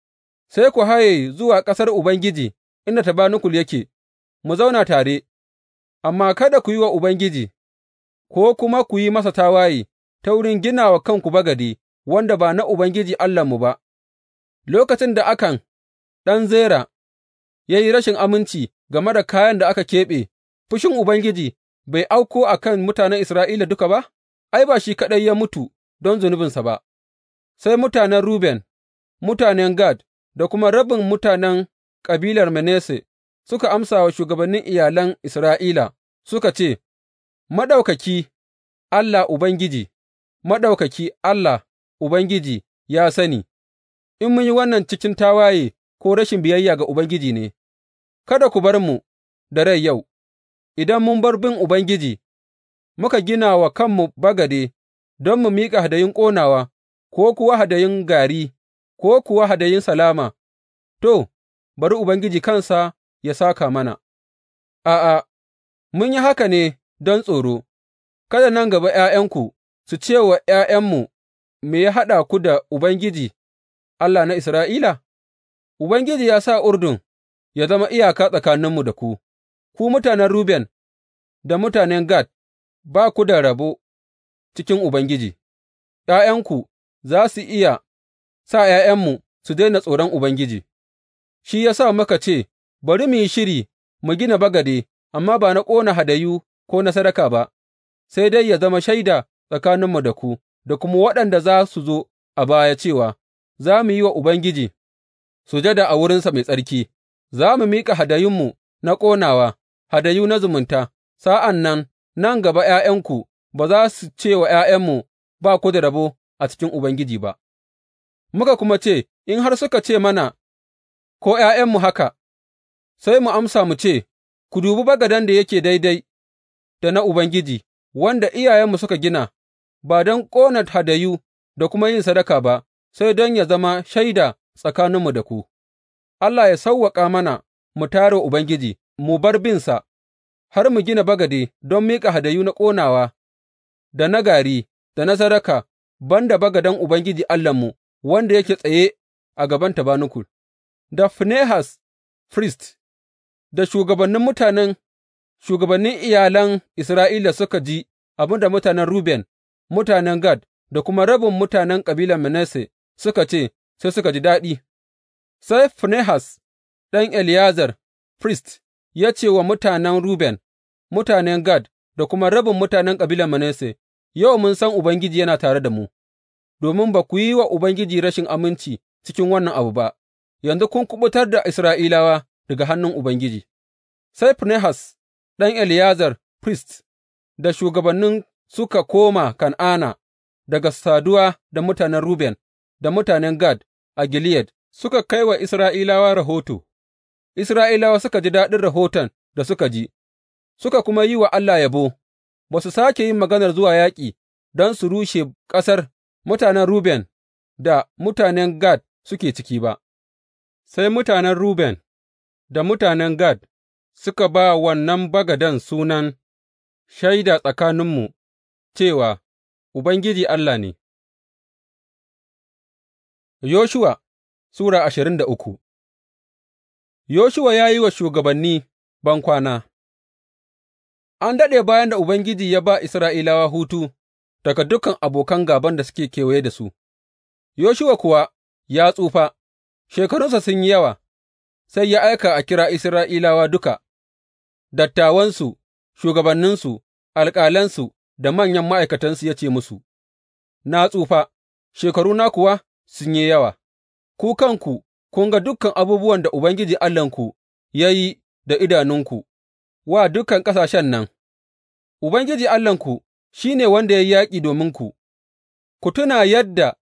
S2: sai ku haye zuwa ƙasar Ubangiji inda tabanakul yake, mu zauna tare, amma kada ku yi wa Ubangiji, ko kuma ku yi masa tawaye ta wurin gina wa kanku bagadi, wanda ba na Ubangiji Allahnmu ba, lokacin da Akan ɗan Zera ya yi rashin aminci game da kayan da aka keɓe, fushin Ubangiji bai auko a kan mutanen Isra'ila duka ba, ai, ba shi kaɗai ya mutu don zunubinsa ba, sai mutanen Ruben, mutanen Gad da kuma rabin mutanen kabilar Manasse suka amsa wa shugabannin iyalan Isra'ila suka ce, Maɗaukaki Allah Ubangiji, Maɗaukaki Allah Ubangiji ya sani, in mun yi wannan cikin tawaye ko rashin biyayya ga Ubangiji ne. Kada ku bar mu da rai yau, idan mun bar bin Ubangiji muka gina wa kanmu bagade don mu miƙa hadayun ƙonawa, ko kuwa hadayun gari, ko kuwa hadayun salama, to, bari Ubangiji kansa ya sāka mana. A'a, mun yi haka ne don tsoro, kada nan gaba ’ya'yanku su ce wa ’ya'yanmu, Me ya haɗa ku da Ubangiji, Allah na Isra'ila? Ubangiji ya sa Urdun. yă zama iyaka tsakaninmu da ku, ku mutanen Ruben da mutanen Gad ba ku da rabo cikin Ubangiji, ’ya'yanku za su iya sa ’ya'yanmu su daina tsoron Ubangiji, shi ya sa muka ce, Bari mu yi shiri mu gina bagade, amma ba na ƙona hadayu ko na sadaka ba, sai dai ya zama shaida tsakaninmu da ku, da kuma waɗanda za su zo a baya cewa, Za mu yi wa Ubangiji sujada a wurinsa mai tsarki. za mu miƙa hadayunmu na ƙonawa, hadayu na zumunta, sa'an nan nan gaba ’ya'yanku ba za su ce wa ’ya'yanmu ba ku da rabo a cikin Ubangiji ba, muka kuma ce, in har suka ce mana ko ’ya'yanmu haka, sai mu amsa mu ce, Ku dubi bagaden da yake daidai da na Ubangiji, wanda iyayenmu suka gina, ba don ƙona hadayu da kuma yin sadaka ba, sai don ya zama shaida tsakaninmu da ku. Allah yă sawwaƙa mana mu tare wa Ubangiji, mu bar binsa, har mu gina bagade don miƙa hadayu na ƙonawa, da na gari, da na sadaka, ban da bagaden Ubangiji Allahnmu, wanda yake tsaye a gaban tabanukul, da Finehas firist, da shugabannin mutanen, shugabannin iyalan Isra'ila suka ji abin da mutanen Ruben, mutanen Gad, da kuma rabin mutanen kabilar Manasse suka ce, sai suka ji daɗi. Sai Finehas ɗan Eleyazar, firist, ya ce wa mutanen Ruben, mutanen Gad da kuma rabin mutanen kabilar Manasse, Yau mun san Ubangiji yana tare da mu, domin ba ku yi wa Ubangiji rashin aminci cikin wannan abu ba, yanzu kun kubutar da Isra'ilawa daga hannun Ubangiji. Sai Finehas ɗan Eleyazar, firist, da shugabannin suka koma Kan'ana daga saduwa da mutanen Ruben da mutanen Gad a Gilead. suka kai wa Isra'ilawa rahoto, Isra'ilawa suka ji daɗin rahoton da suka ji, suka kuma yi wa Allah yabo, ba su sake yin maganar zuwa yaƙi don su rushe ƙasar mutanen Ruben da mutanen Gad suke ciki ba, sai mutanen Ruben da mutanen Gad suka ba wannan bagadan sunan shaida tsakaninmu cewa Ubangiji Allah ne.
S1: yoshua Sura ashirin da uku Yoshuwa
S2: ya yi wa shugabanni bankwana An daɗe bayan da Ubangiji ya ba Isra'ilawa hutu daga dukan abokan gaban da suke kewaye da su, Yoshuwa kuwa ya tsufa, shekarunsa sun yi yawa, sai ya aika a kira Isra'ilawa duka, dattawansu, shugabanninsu, alƙalansu da manyan ma'aikatansu ya ce musu, Na tsufa, shekaruna kuwa sun yi yawa. ku kanku kun ga dukan abubuwan da Ubangiji Allahnku ya yi da idanunku wa dukan ƙasashen nan, Ubangiji Allahnku shi ne wanda ya yi yaƙi dominku, ku tuna yadda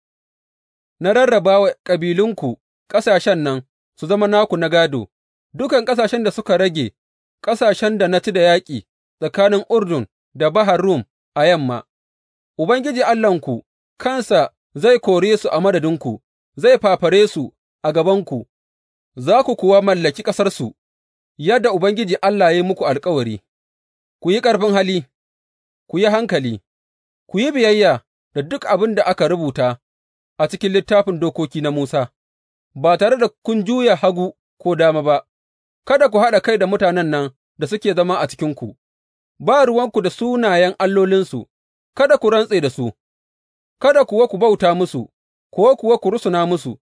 S2: na rarraba wa ƙabilunku ƙasashen nan su zama naku na gado, dukan ƙasashen da suka rage, ƙasashen da na ci da yaƙi tsakanin Urdun da Bahar Rum a yamma, Ubangiji Allahnku kansa zai kore su a madadinku, zai fafare su a gabanku, za ku kuwa mallaki ƙasarsu, yadda Ubangiji Allah ya yi muku alkawari, ku yi ƙarfin hali, ku yi hankali, ku yi biyayya da duk abin da aka rubuta a cikin littafin dokoki na Musa, ba tare da kun juya hagu ko dama ba, kada ku haɗa kai da mutanen nan da suke zama a cikinku, ba ruwanku da sunayen allolinsu, kada ku rantse da su, kada kuwa ku bauta musu. ko kuwa ku rusuna musu,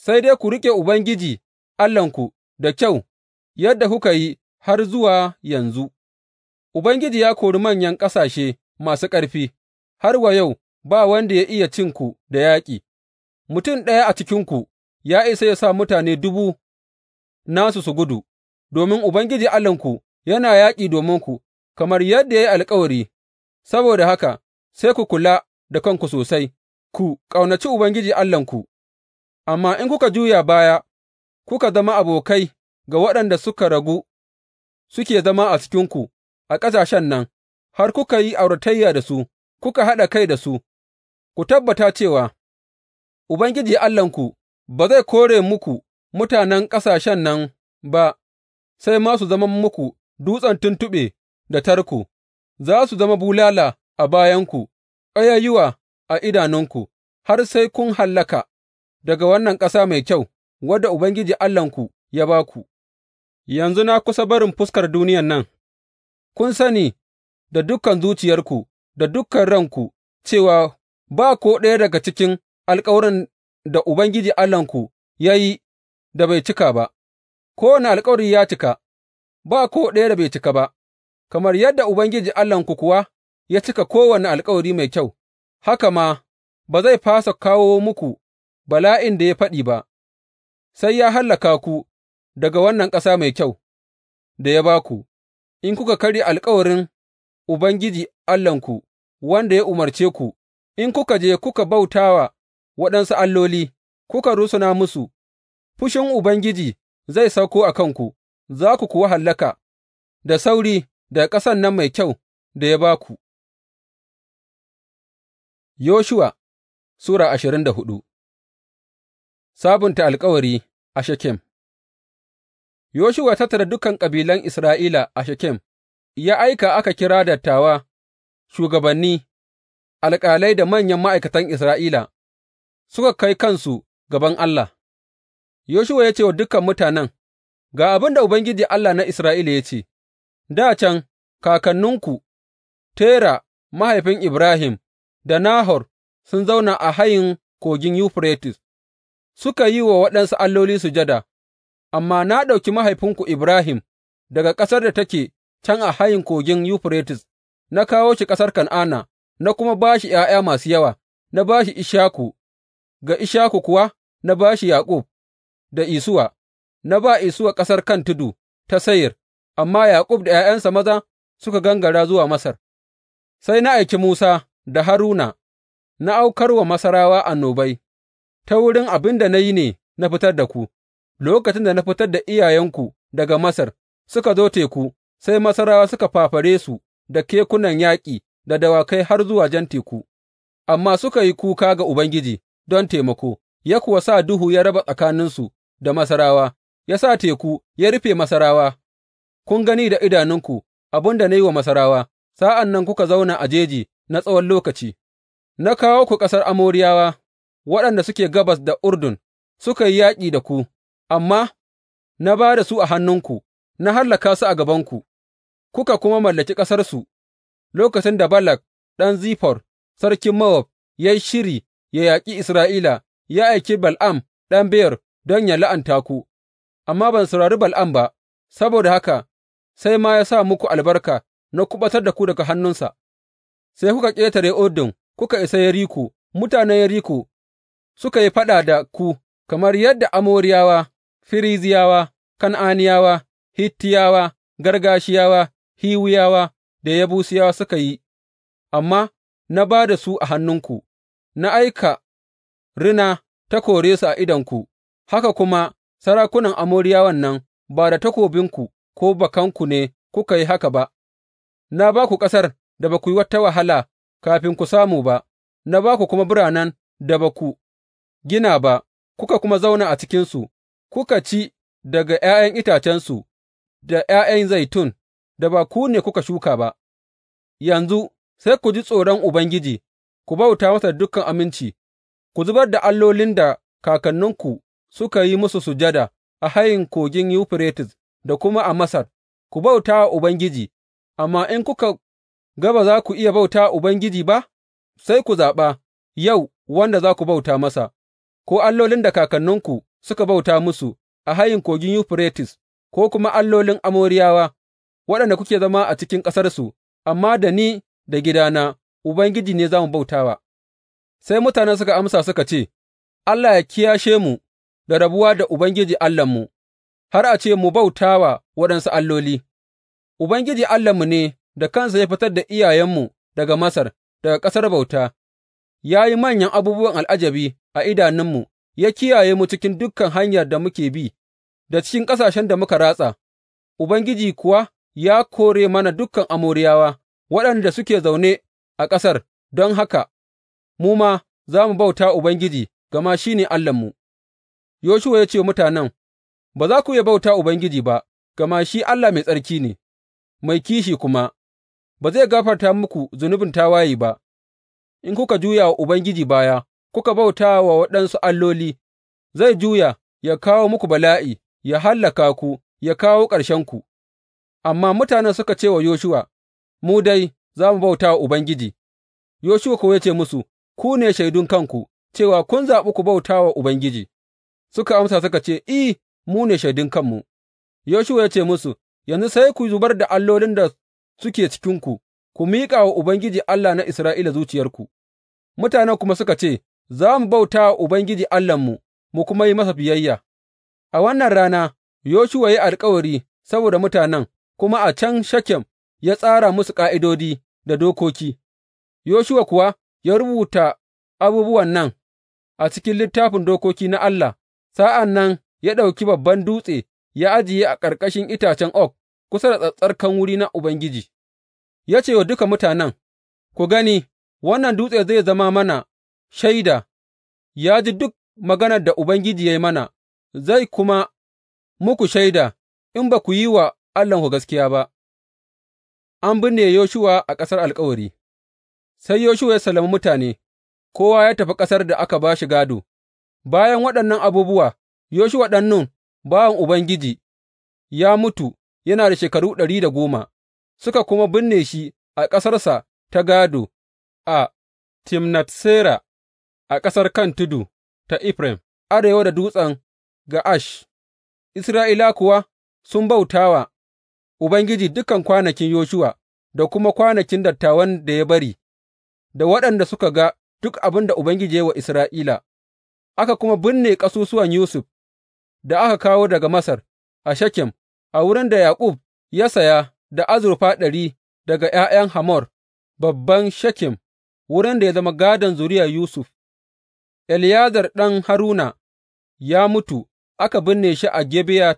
S2: sai dai ku riƙe Ubangiji Allahnku da kyau, yadda kuka yi har zuwa yanzu. Ubangiji ya kori manyan ƙasashe masu ƙarfi, har wa yau ba wanda ya iya cinku da yaƙi, mutum ɗaya a cikinku ya isa ya sa mutane dubu nasu su gudu, domin Ubangiji Allahnku yana yaƙi dominku, kamar yadda ya yi alkawari, saboda haka sai ku kula da kanku sosai. ku ƙaunaci Ubangiji Allahnku, amma in kuka juya baya, kuka zama abokai ga waɗanda suka ragu suke zama a cikinku a ƙasashen nan, har kuka yi auratayya da su, kuka haɗa kai da su, ku tabbata cewa Ubangiji Allahnku ba zai kore muku mutanen ƙasashen nan ba, sai ma su zama muku dutsen tuntuɓe da tarko, za su zama bulala a bayanku, ƙayayyuwa a idanunku har sai kun hallaka daga wannan ƙasa mai kyau wadda Ubangiji Allahnku ya ba ku, yanzu na kusa barin fuskar duniyan nan, kun sani da dukan zuciyarku da dukan ranku cewa ba ko ɗaya daga cikin alkawarin da Ubangiji Allahnku ya yi da bai cika ba, kowane alkawari ya cika, ba ko ɗaya da bai cika ba, kamar yadda Ubangiji Allahnku kuwa ya cika kowane alkawari mai kyau. haka ma ba zai fasa kawo muku bala'in da ya faɗi ba, sai ya hallaka ku daga wannan ƙasa mai kyau da ya ba ku, in kuka karya alkawarin Ubangiji Allahnku, wanda ya umarce ku, in kuka je kuka bauta wa waɗansu alloli, kuka rusuna musu, fushin Ubangiji zai sauko a kanku, za ku kuwa hallaka da sauri daga ƙasan nan mai kyau da ya ba
S1: ku. Yoshuwa Sura ashirin da hudu
S2: Sabunta alkawari a Shekem Yoshuwa tattara dukan kabilan Isra'ila a Shekem, ya aika aka kira dattawa, shugabanni, alƙalai da manyan ma'aikatan Isra'ila, suka kai kansu gaban Allah, Yoshuwa ya ce wa dukan mutanen, Ga abin da Ubangiji Allah na Isra'ila ya ce, Da can kakanninku, Tera mahaifin Ibrahim. da Nahor sun zauna a hayin kogin Yuferites, suka yi wa waɗansu alloli sujada, amma na ɗauki mahaifinku Ibrahim daga ƙasar da take can a hayin kogin Yuferites, na kawo shi ƙasar Kan'ana, na kuma ba shi ’ya'ya masu yawa, na ba shi Ishaku, ga Ishaku kuwa na ba shi Yaƙub da Isuwa, na ba Isuwa ƙasar kan tudu ta Sayir, amma Yaƙub da ’ya'yansa maza suka gangara zuwa Masar. Sai na aiki Musa da Haruna, na aukar wa Masarawa annobai, ta wurin abin da na yi ne na fitar da ku, lokacin da na fitar da iyayenku daga Masar suka zo teku, sai Masarawa suka fafare su da kekunan yaƙi da dawakai har zuwa Jan Teku, amma suka yi kuka ga Ubangiji don taimako, ya kuwa sa duhu ya raba tsakaninsu da Masarawa, ya sa teku ya rufe Masarawa, kun gani da idanunku abin da na yi wa Masarawa, sa'an nan kuka zauna a jeji na tsawon lokaci, na kawo ku ƙasar Amoriyawa waɗanda suke gabas da Urdun suka yi yaƙi da ku, amma na ba da su a hannunku, na hallaka su a gabanku, kuka kuma mallaki ƙasarsu lokacin da Balak ɗan Zifor, sarkin Mowab, ya yi shiri ya yaƙi Isra'ila, ya aiki Bal'am ɗan Beyor don ya la'anta ku, amma ban saurari Bal'am ba, saboda haka sai ma ya sa muku albarka na kuɓatar da ku daga hannunsa. sai kuka ƙetare Urdun kuka isa Yeriko, mutanen Yeriko suka yi faɗa da ku, kamar yadda Amoriyawa, Firiziyawa, Kan'aniyawa, Hittiyawa, Gargashiyawa, Hiwiyawa da Yabusiyawa suka yi, amma na ba da su a hannunku, na aika rina ta kore su a ku. haka kuma sarakunan Amoriyawan nan ba da takobinku ko bakanku ne kuka yi haka ba, na ba ku ƙasar da ba ku yi wata wahala kafin ku samu ba, na ba ku kuma biranen da ba ku gina ba, kuka kuma zauna a cikinsu, kuka ci daga ’ya'yan itacensu da ’ya'yan zaitun da ba ku ne kuka shuka ba, yanzu sai ku ji tsoron Ubangiji, ku bauta masa dukan aminci, ku zubar da allolin da kakanninku suka yi musu sujada a hayin kogin Yuferites da kuma a Masar, ku bauta wa Ubangiji, amma in kuka Ga, ba za ku iya bauta Ubangiji ba, sai ku zaɓa yau wanda za ku bauta masa, ko allolin da kakanninku suka bauta musu a hayin kogin Yufuretis, ko kuma allolin Amoriyawa, waɗanda kuke zama a cikin ƙasarsu, amma da ni da gidana, Ubangiji ne za mu bauta Sai mutanen suka amsa suka ce, Allah ya kiyashe mu da rabuwa da Ubangiji Allahnmu, har a ce mu bauta wa waɗansu alloli, Ubangiji Allahnmu ne da kansa ya fitar da iyayenmu daga Masar, daga ƙasar bauta, ya yi manyan abubuwan al'ajabi a idanunmu, ya kiyaye mu cikin dukan hanyar da muke bi, da cikin ƙasashen da muka ratsa, Ubangiji kuwa ya kore mana dukan Amoriyawa waɗanda suke zaune a ƙasar, don haka, mu ma za mu bauta Ubangiji, gama shi ne Allahnmu. Yoshuwa ya ce mutanen, Ba za ku iya bauta Ubangiji ba, gama shi Allah mai tsarki ne, mai kishi kuma, ba zai gafarta muku zunubin tawaye ba, in kuka juya wa Ubangiji baya, kuka bauta wa waɗansu alloli, zai juya ya kawo muku bala'i, ya hallaka ku, ya kawo ƙarshenku. Amma mutanen suka ce wa Yoshuwa, Mu dai za mu bauta wa Ubangiji, Yoshuwa kuwa ya ce musu, Ku ne shaidun kanku, cewa kun zaɓi ku bauta wa Ubangiji. Suka amsa suka ce, I, mu ne shaidun kanmu. Yoshuwa ya ce musu, Yanzu sai ku zubar da allolin da suke cikinku, ku miƙa wa Ubangiji Allah na Isra'ila zuciyarku. Mutanen kuma suka ce, Za mu bauta wa Ubangiji Allahnmu, mu kuma yi masa biyayya. A wannan rana, Yoshuwa ya alkawari saboda mutanen, kuma a can shaken ya tsara musu ƙa'idodi da dokoki, Yoshuwa kuwa ya rubuta abubuwan nan a cikin littafin dokoki na Allah, sa'an nan ya ɗauki babban dutse ya ajiye a ƙarƙashin itacen ok. kusa da tsattsarkan wuri na Ubangiji, ya ce wa duka mutanen, Ku gani, wannan dutse zai zama mana shaida, ya ji duk maganar da Ubangiji ya yi mana, zai kuma muku shaida in ba ku yi wa Allahnku gaskiya ba. An binne Yoshuwa a ƙasar alkawari Sai Yoshuwa ya salami mutane, kowa ya tafi ƙasar da aka ba shi gado Bayan waɗannan abubuwa, Yoshuwa ɗan Nun, bawan Ubangiji, ya mutu yana da shekaru ɗari da goma, suka kuma binne shi a ƙasarsa ta Gado a Timnat Sera a ƙasar kan tudu ta Efraim, arewa da dutsen Ga'ash, Isra'ila kuwa sun bauta wa Ubangiji dukan kwanakin Yoshuwa da kuma kwanakin dattawan da ya bari, da waɗanda suka ga duk abin da Ubangiji ya wa Isra'ila, aka kuma binne ƙasusuwan Yusuf da aka kawo daga Masar a Shekem a wurin da Yaƙub ya saya da azurfa ɗari daga ’ya'yan Hamor, babban Shekem, wurin da ya zama gādon zuriyar Yusuf, Eliyazar ɗan Haruna ya mutu, aka binne shi a Gibeya,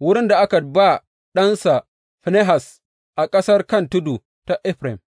S2: wurin da aka ba ɗansa Finehas a ƙasar kan tudu ta Efraim.